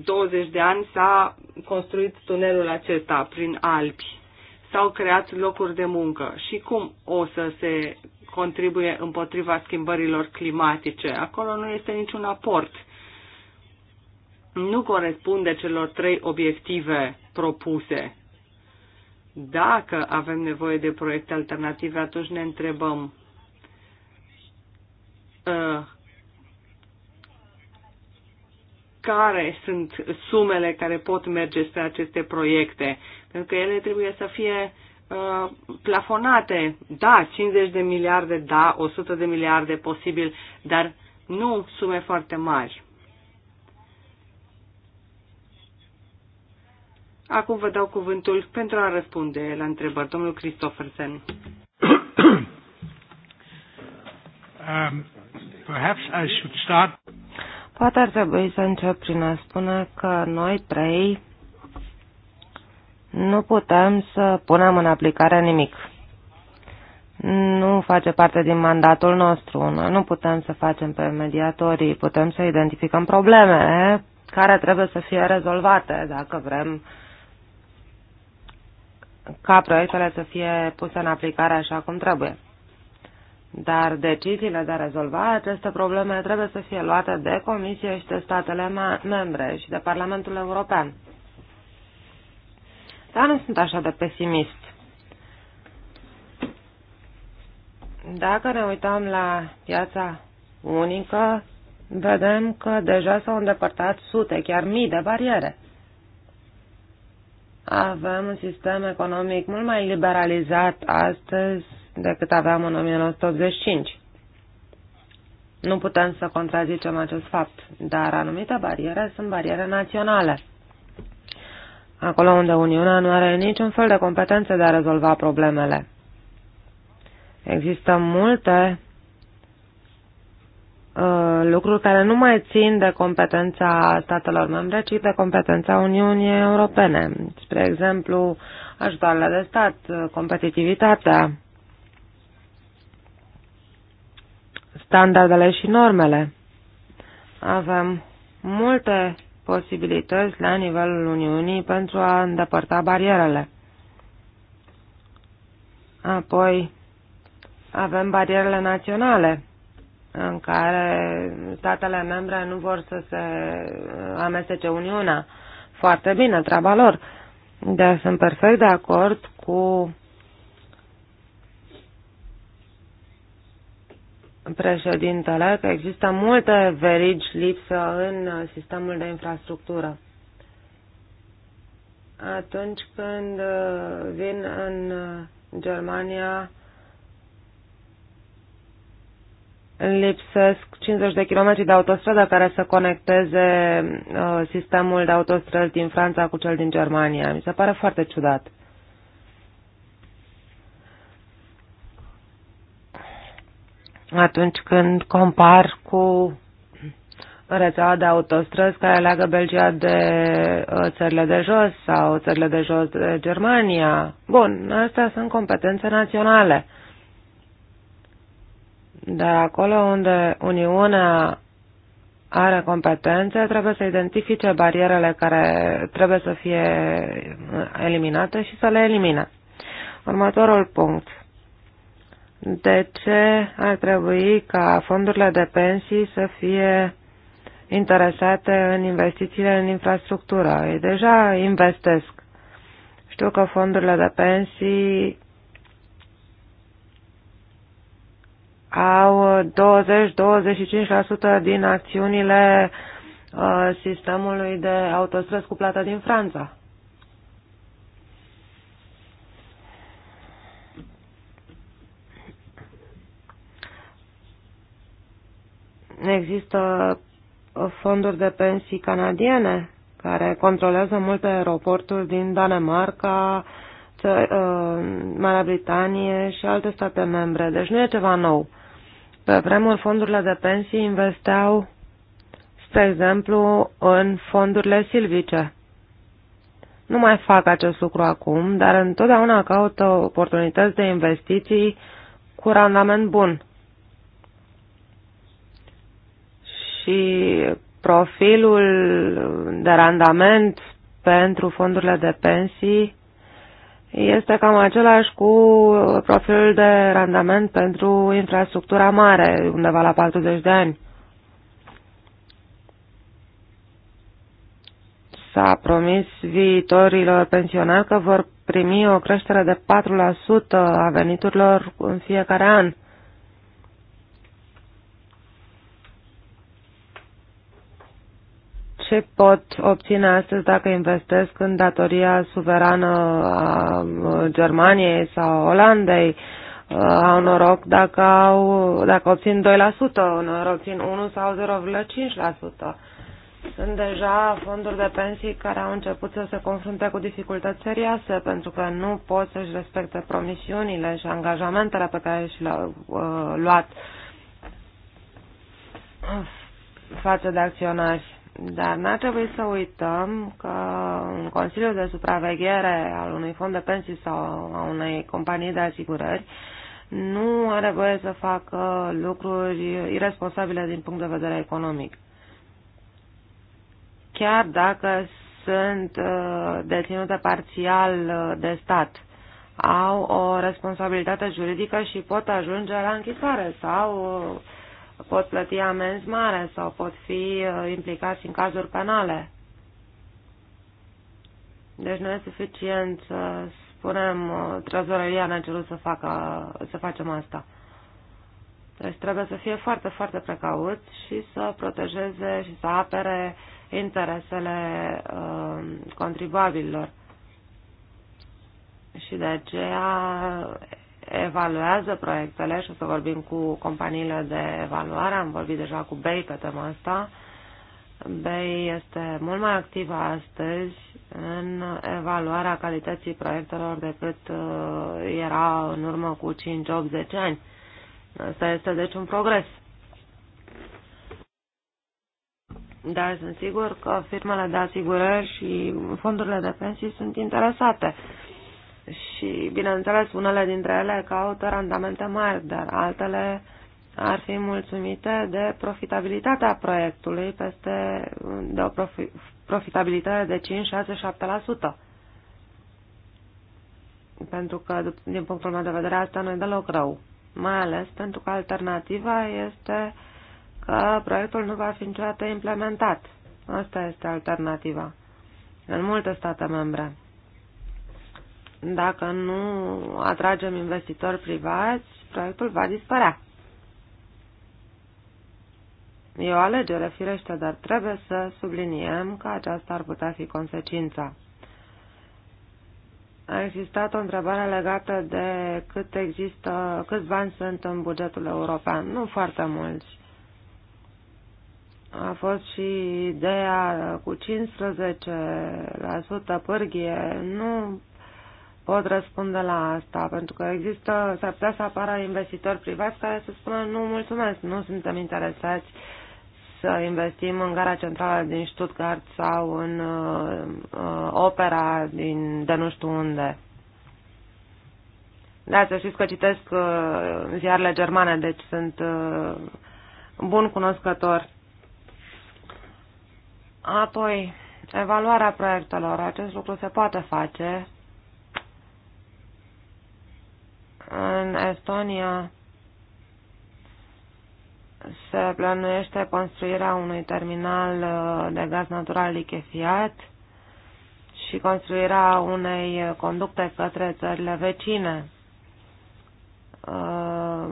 20 de ani s-a construit tunelul acesta prin Alpi. S-au creat locuri de muncă. Și cum o să se contribuie împotriva schimbărilor climatice? Acolo nu este niciun aport. Nu corespunde celor trei obiective propuse dacă avem nevoie de proiecte alternative, atunci ne întrebăm uh, care sunt sumele care pot merge spre aceste proiecte, pentru că ele trebuie să fie uh, plafonate. Da, 50 de miliarde, da, 100 de miliarde posibil, dar nu sume foarte mari. Acum vă dau cuvântul pentru a răspunde la întrebări. Domnul Christoffersen. um, start... Poate ar trebui să încep prin a spune că noi trei nu putem să punem în aplicare nimic. Nu face parte din mandatul nostru. Noi nu putem să facem pe mediatorii, putem să identificăm probleme care trebuie să fie rezolvate dacă vrem uh, ca proiectele să fie puse în aplicare așa cum trebuie. Dar deciziile de a rezolva aceste probleme trebuie să fie luate de Comisie și de statele membre și de Parlamentul European. Dar nu sunt așa de pesimist. Dacă ne uităm la piața unică, vedem că deja s-au îndepărtat sute, chiar mii de bariere. Avem un sistem economic mult mai liberalizat astăzi decât aveam în 1985. Nu putem să contrazicem acest fapt, dar anumite bariere sunt bariere naționale. Acolo unde Uniunea nu are niciun fel de competențe de a rezolva problemele. Există multe Uh, lucruri care nu mai țin de competența statelor membre, ci de competența Uniunii Europene. Spre exemplu, ajutoarele de stat, uh, competitivitatea, standardele și normele. Avem multe posibilități la nivelul Uniunii pentru a îndepărta barierele. Apoi avem barierele naționale în care statele membre nu vor să se amestece Uniunea. Foarte bine, treaba lor. Dar sunt perfect de acord cu președintele că există multe verigi lipsă în sistemul de infrastructură. Atunci când vin în Germania, lipsesc 50 de kilometri de autostradă care să conecteze uh, sistemul de autostrăzi din Franța cu cel din Germania. Mi se pare foarte ciudat. Atunci când compar cu rețeaua de autostrăzi care leagă Belgia de uh, țările de jos sau țările de jos de Germania. Bun, astea sunt competențe naționale dar acolo unde Uniunea are competențe, trebuie să identifice barierele care trebuie să fie eliminate și să le elimine. Următorul punct. De ce ar trebui ca fondurile de pensii să fie interesate în investițiile în infrastructură? Ei deja investesc. Știu că fondurile de pensii au 20-25% din acțiunile uh, sistemului de autostrăzi cu plată din Franța. Există fonduri de pensii canadiene care controlează multe aeroporturi din Danemarca, uh, Marea Britanie și alte state membre. Deci nu e ceva nou. Pe vremuri, fondurile de pensii investeau, spre exemplu, în fondurile silvice. Nu mai fac acest lucru acum, dar întotdeauna caută oportunități de investiții cu randament bun. Și profilul de randament pentru fondurile de pensii este cam același cu profilul de randament pentru infrastructura mare, undeva la 40 de ani. S-a promis viitorilor pensionari că vor primi o creștere de 4% a veniturilor în fiecare an. ce pot obține astăzi dacă investesc în datoria suverană a Germaniei sau Olandei, au noroc dacă, au, dacă obțin 2%, noroc obțin 1 sau 0,5%. Sunt deja fonduri de pensii care au început să se confrunte cu dificultăți serioase pentru că nu pot să-și respecte promisiunile și angajamentele pe care și le-au uh, luat față de acționari. Dar n-ar trebui să uităm că un Consiliu de Supraveghere al unui fond de pensii sau a unei companii de asigurări nu are voie să facă lucruri irresponsabile din punct de vedere economic. Chiar dacă sunt uh, deținute parțial uh, de stat, au o responsabilitate juridică și pot ajunge la închisoare sau uh, pot plăti amenzi mare sau pot fi uh, implicați în cazuri penale. Deci nu e suficient să spunem uh, trezoreria ne-a cerut să, facă, să facem asta. Deci trebuie să fie foarte, foarte precauți și să protejeze și să apere interesele uh, contribuabililor. Și de aceea evaluează proiectele și o să vorbim cu companiile de evaluare. Am vorbit deja cu Bay pe tema asta. Bay este mult mai activă astăzi în evaluarea calității proiectelor decât uh, era în urmă cu 5, 8, 10 ani. Asta este deci un progres. Dar sunt sigur că firmele de asigurări și fondurile de pensii sunt interesate și, bineînțeles, unele dintre ele caută randamente mari, dar altele ar fi mulțumite de profitabilitatea proiectului peste de o profi, profitabilitate de 5, 6, 7%. Pentru că, din punctul meu de vedere, asta nu e deloc rău. Mai ales pentru că alternativa este că proiectul nu va fi niciodată implementat. Asta este alternativa. În multe state membre. Dacă nu atragem investitori privați, proiectul va dispărea. E o alegere firește, dar trebuie să subliniem că aceasta ar putea fi consecința. A existat o întrebare legată de cât există, câți bani sunt în bugetul european. Nu foarte mulți. A fost și ideea cu 15% pârghie. Nu pot răspunde la asta, pentru că există, s-ar putea să apară investitori privați care să spună nu mulțumesc, nu suntem interesați să investim în gara centrală din Stuttgart sau în uh, uh, opera din de nu știu unde. Da, să știți că citesc uh, ziarele germane, deci sunt uh, bun cunoscător. Apoi, evaluarea proiectelor. Acest lucru se poate face În Estonia se plănuiește construirea unui terminal uh, de gaz natural lichefiat și construirea unei conducte către țările vecine. Uh,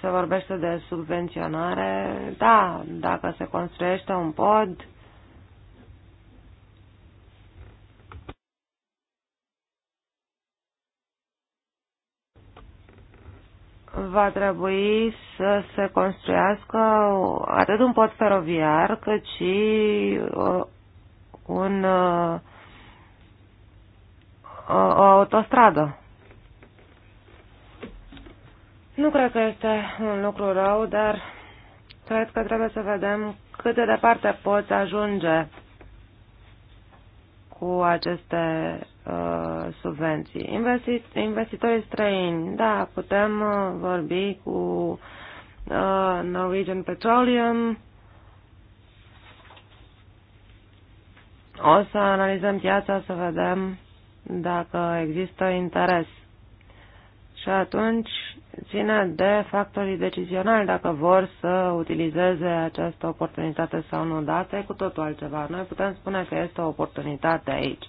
se vorbește de subvenționare. Da, dacă se construiește un pod, va trebui să se construiască atât un pod feroviar cât și uh, un, uh, o autostradă. Nu cred că este un lucru rău, dar cred că trebuie să vedem cât de departe poți ajunge cu aceste Uh, subvenții. Investi investitorii străini, da, putem uh, vorbi cu uh, Norwegian Petroleum, o să analizăm piața să vedem dacă există interes. Și atunci ține de factorii decizionali dacă vor să utilizeze această oportunitate sau nu. date, cu totul altceva. Noi putem spune că este o oportunitate aici.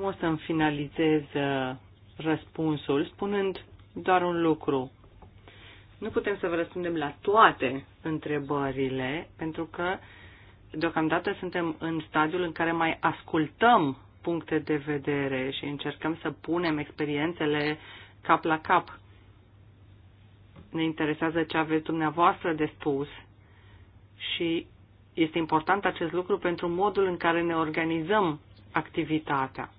O să-mi finalizez uh, răspunsul spunând doar un lucru. Nu putem să vă răspundem la toate întrebările, pentru că deocamdată suntem în stadiul în care mai ascultăm puncte de vedere și încercăm să punem experiențele cap la cap. Ne interesează ce aveți dumneavoastră de spus și este important acest lucru pentru modul în care ne organizăm activitatea.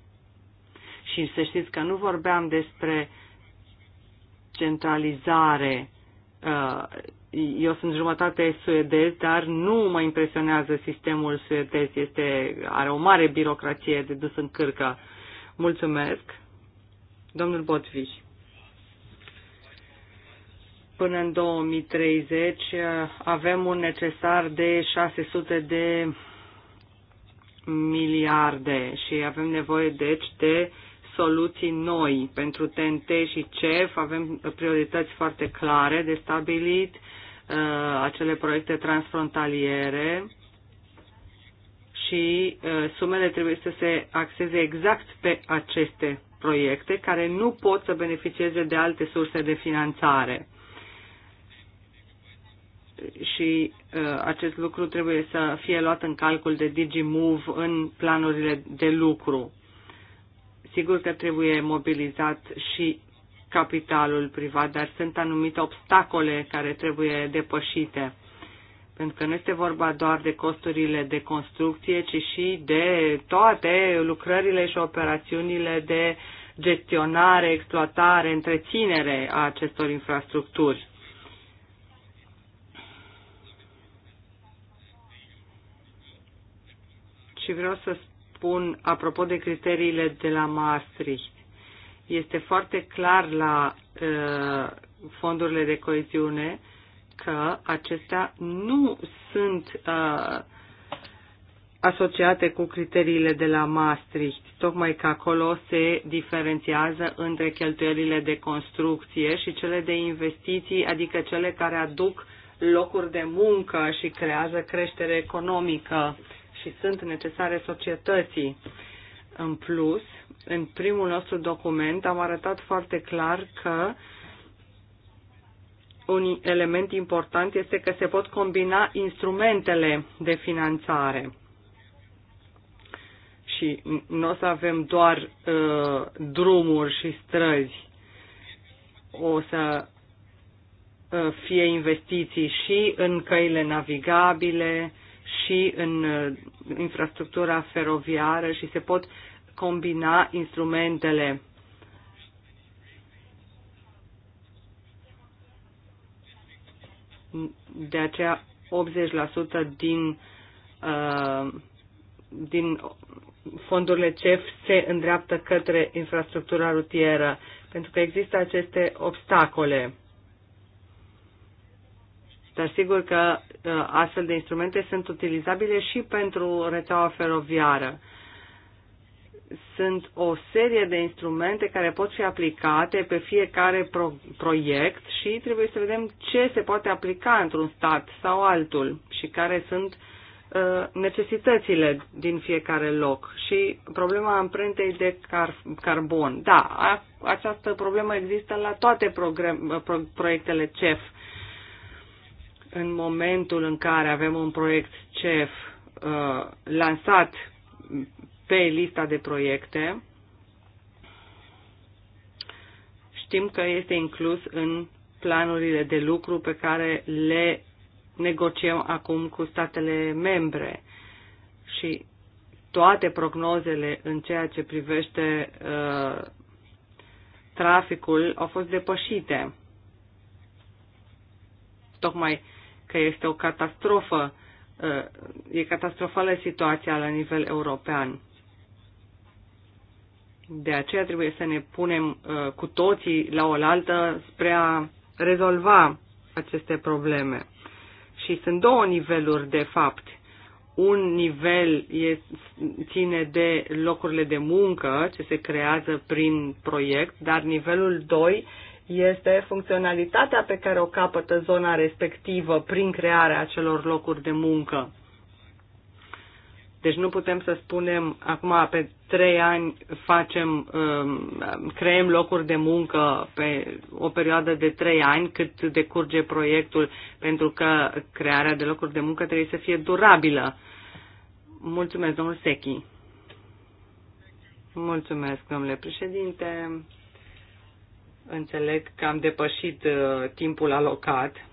Și să știți că nu vorbeam despre centralizare. Uh, eu sunt jumătate suedez, dar nu mă impresionează sistemul suedez. Este, are o mare birocrație de dus în cârcă. Mulțumesc. Domnul Botviș până în 2030 uh, avem un necesar de 600 de miliarde și avem nevoie deci de soluții noi pentru TNT și CEF. Avem priorități foarte clare de stabilit, uh, acele proiecte transfrontaliere și uh, sumele trebuie să se axeze exact pe aceste proiecte care nu pot să beneficieze de alte surse de finanțare și uh, acest lucru trebuie să fie luat în calcul de DigiMove în planurile de lucru. Sigur că trebuie mobilizat și capitalul privat, dar sunt anumite obstacole care trebuie depășite. Pentru că nu este vorba doar de costurile de construcție, ci și de toate lucrările și operațiunile de gestionare, exploatare, întreținere a acestor infrastructuri și vreau să spun apropo de criteriile de la Maastricht. Este foarte clar la uh, fondurile de coeziune că acestea nu sunt uh, asociate cu criteriile de la Maastricht, tocmai că acolo se diferențiază între cheltuielile de construcție și cele de investiții, adică cele care aduc locuri de muncă și creează creștere economică și sunt necesare societății. În plus, în primul nostru document am arătat foarte clar că un element important este că se pot combina instrumentele de finanțare. Și nu o să avem doar uh, drumuri și străzi. O să uh, fie investiții și în căile navigabile, și în uh, infrastructura feroviară și se pot combina instrumentele. De aceea 80% din, uh, din fondurile CEF se îndreaptă către infrastructura rutieră, pentru că există aceste obstacole. Dar sigur că ă, astfel de instrumente sunt utilizabile și pentru rețeaua feroviară. Sunt o serie de instrumente care pot fi aplicate pe fiecare pro- proiect și trebuie să vedem ce se poate aplica într-un stat sau altul și care sunt uh, necesitățile din fiecare loc și problema amprentei de car- carbon. Da, a, această problemă există la toate program- pro- proiectele CEF în momentul în care avem un proiect CEF uh, lansat pe lista de proiecte, știm că este inclus în planurile de lucru pe care le negociem acum cu statele membre și toate prognozele în ceea ce privește uh, traficul au fost depășite. Tocmai că este o catastrofă, uh, e catastrofală situația la nivel european. De aceea trebuie să ne punem uh, cu toții la oaltă spre a rezolva aceste probleme. Și sunt două niveluri, de fapt. Un nivel e, ține de locurile de muncă ce se creează prin proiect, dar nivelul 2 este funcționalitatea pe care o capătă zona respectivă prin crearea acelor locuri de muncă. Deci nu putem să spunem acum pe trei ani facem, um, creăm locuri de muncă pe o perioadă de trei ani cât decurge proiectul, pentru că crearea de locuri de muncă trebuie să fie durabilă. Mulțumesc, domnul Sechi. Mulțumesc, domnule președinte. Înțeleg că am depășit uh, timpul alocat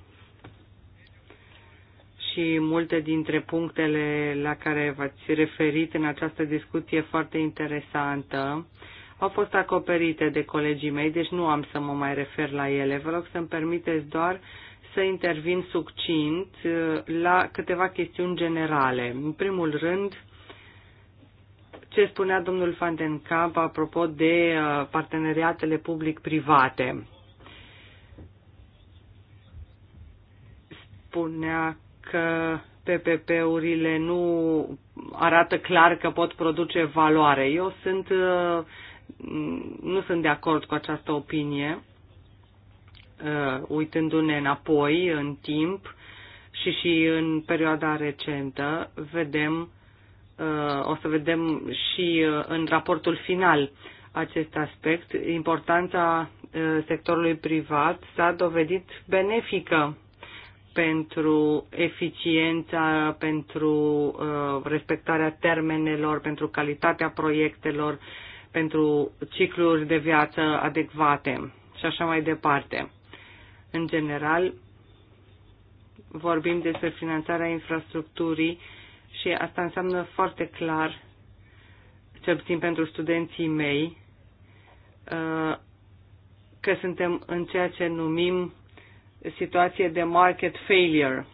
și multe dintre punctele la care v-ați referit în această discuție foarte interesantă au fost acoperite de colegii mei, deci nu am să mă mai refer la ele. Vă rog să-mi permiteți doar să intervin succint uh, la câteva chestiuni generale. În primul rând, ce spunea domnul Fandencamp apropo de uh, parteneriatele public-private. Spunea că PPP-urile nu arată clar că pot produce valoare. Eu sunt, uh, nu sunt de acord cu această opinie, uh, uitându-ne înapoi în timp și și în perioada recentă, vedem Uh, o să vedem și uh, în raportul final acest aspect. Importanța uh, sectorului privat s-a dovedit benefică pentru eficiența, pentru respectarea termenelor, pentru calitatea proiectelor, pentru cicluri de viață adecvate și așa mai departe. În general, vorbim despre finanțarea infrastructurii uh, și asta înseamnă foarte clar, cel puțin pentru studenții mei, uh, că suntem în ceea ce numim situație de market failure.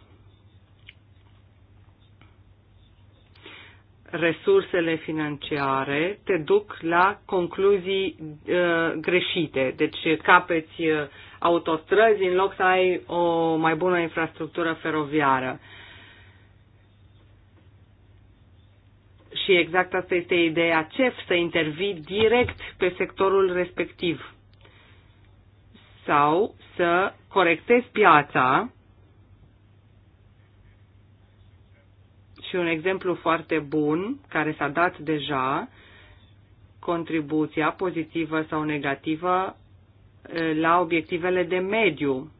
Resursele financiare te duc la concluzii uh, greșite. Deci capeți uh, autostrăzi în loc să ai o mai bună infrastructură feroviară. Uh, și exact asta este ideea CEF, să intervii direct pe sectorul respectiv sau să corectezi piața. Și un exemplu foarte bun care s-a dat deja, contribuția pozitivă sau negativă la obiectivele de mediu.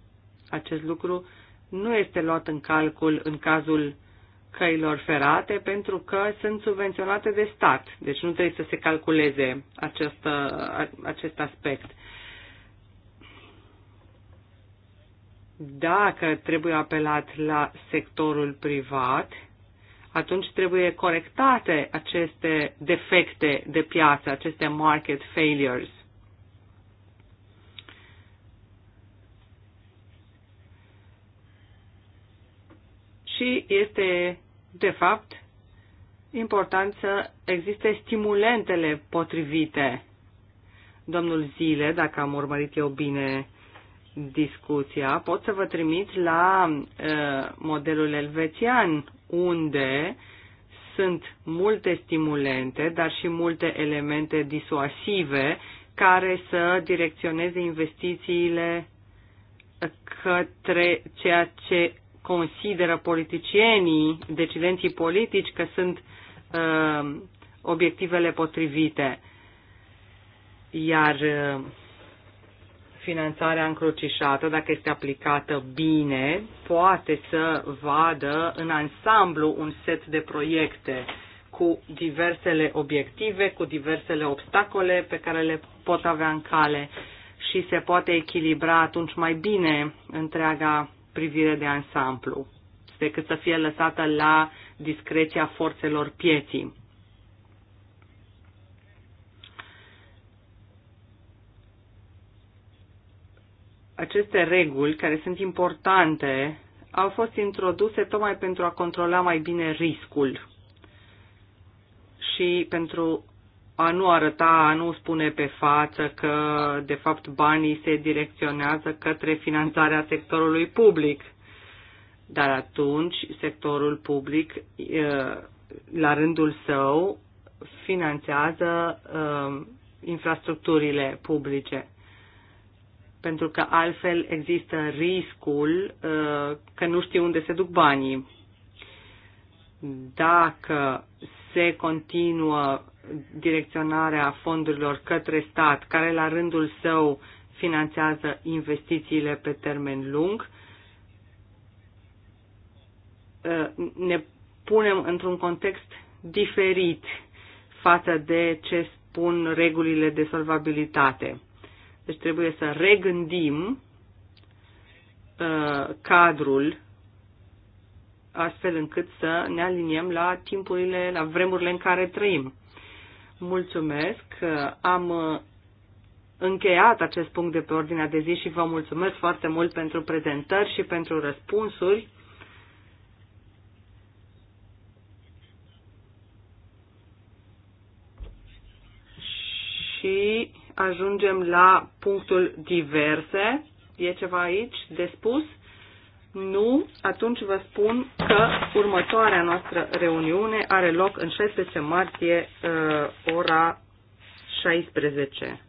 Acest lucru nu este luat în calcul în cazul căilor ferate pentru că sunt subvenționate de stat. Deci nu trebuie să se calculeze acest, acest aspect. Dacă trebuie apelat la sectorul privat, atunci trebuie corectate aceste defecte de piață, aceste market failures. și este de fapt, important să existe stimulentele potrivite. Domnul Zile, dacă am urmărit eu bine discuția, pot să vă trimit la uh, modelul elvețian, unde sunt multe stimulente, dar și multe elemente disuasive care să direcționeze investițiile către ceea ce consideră politicienii, decidenții politici, că sunt uh, obiectivele potrivite. Iar uh, finanțarea încrucișată, dacă este aplicată bine, poate să vadă în ansamblu un set de proiecte cu diversele obiective, cu diversele obstacole pe care le pot avea în cale și se poate echilibra atunci mai bine întreaga privire de ansamblu, decât să fie lăsată la discreția forțelor pieții. Aceste reguli, care sunt importante, au fost introduse tocmai pentru a controla mai bine riscul și pentru a nu arăta, a nu spune pe față că, de fapt, banii se direcționează către finanțarea sectorului public. Dar atunci sectorul public, la rândul său, finanțează infrastructurile publice. Pentru că altfel există riscul că nu știu unde se duc banii. Dacă se continuă direcționarea fondurilor către stat, care la rândul său finanțează investițiile pe termen lung, uh, ne punem într-un context diferit față de ce spun regulile de solvabilitate. Deci trebuie să regândim uh, cadrul astfel încât să ne aliniem la timpurile, la vremurile în care trăim. Mulțumesc. Am uh, încheiat acest punct de pe ordinea de zi și vă mulțumesc foarte mult pentru prezentări și pentru răspunsuri. Și ajungem la punctul diverse. E ceva aici de spus? nu, atunci vă spun că următoarea noastră reuniune are loc în 16 martie, uh, ora 16.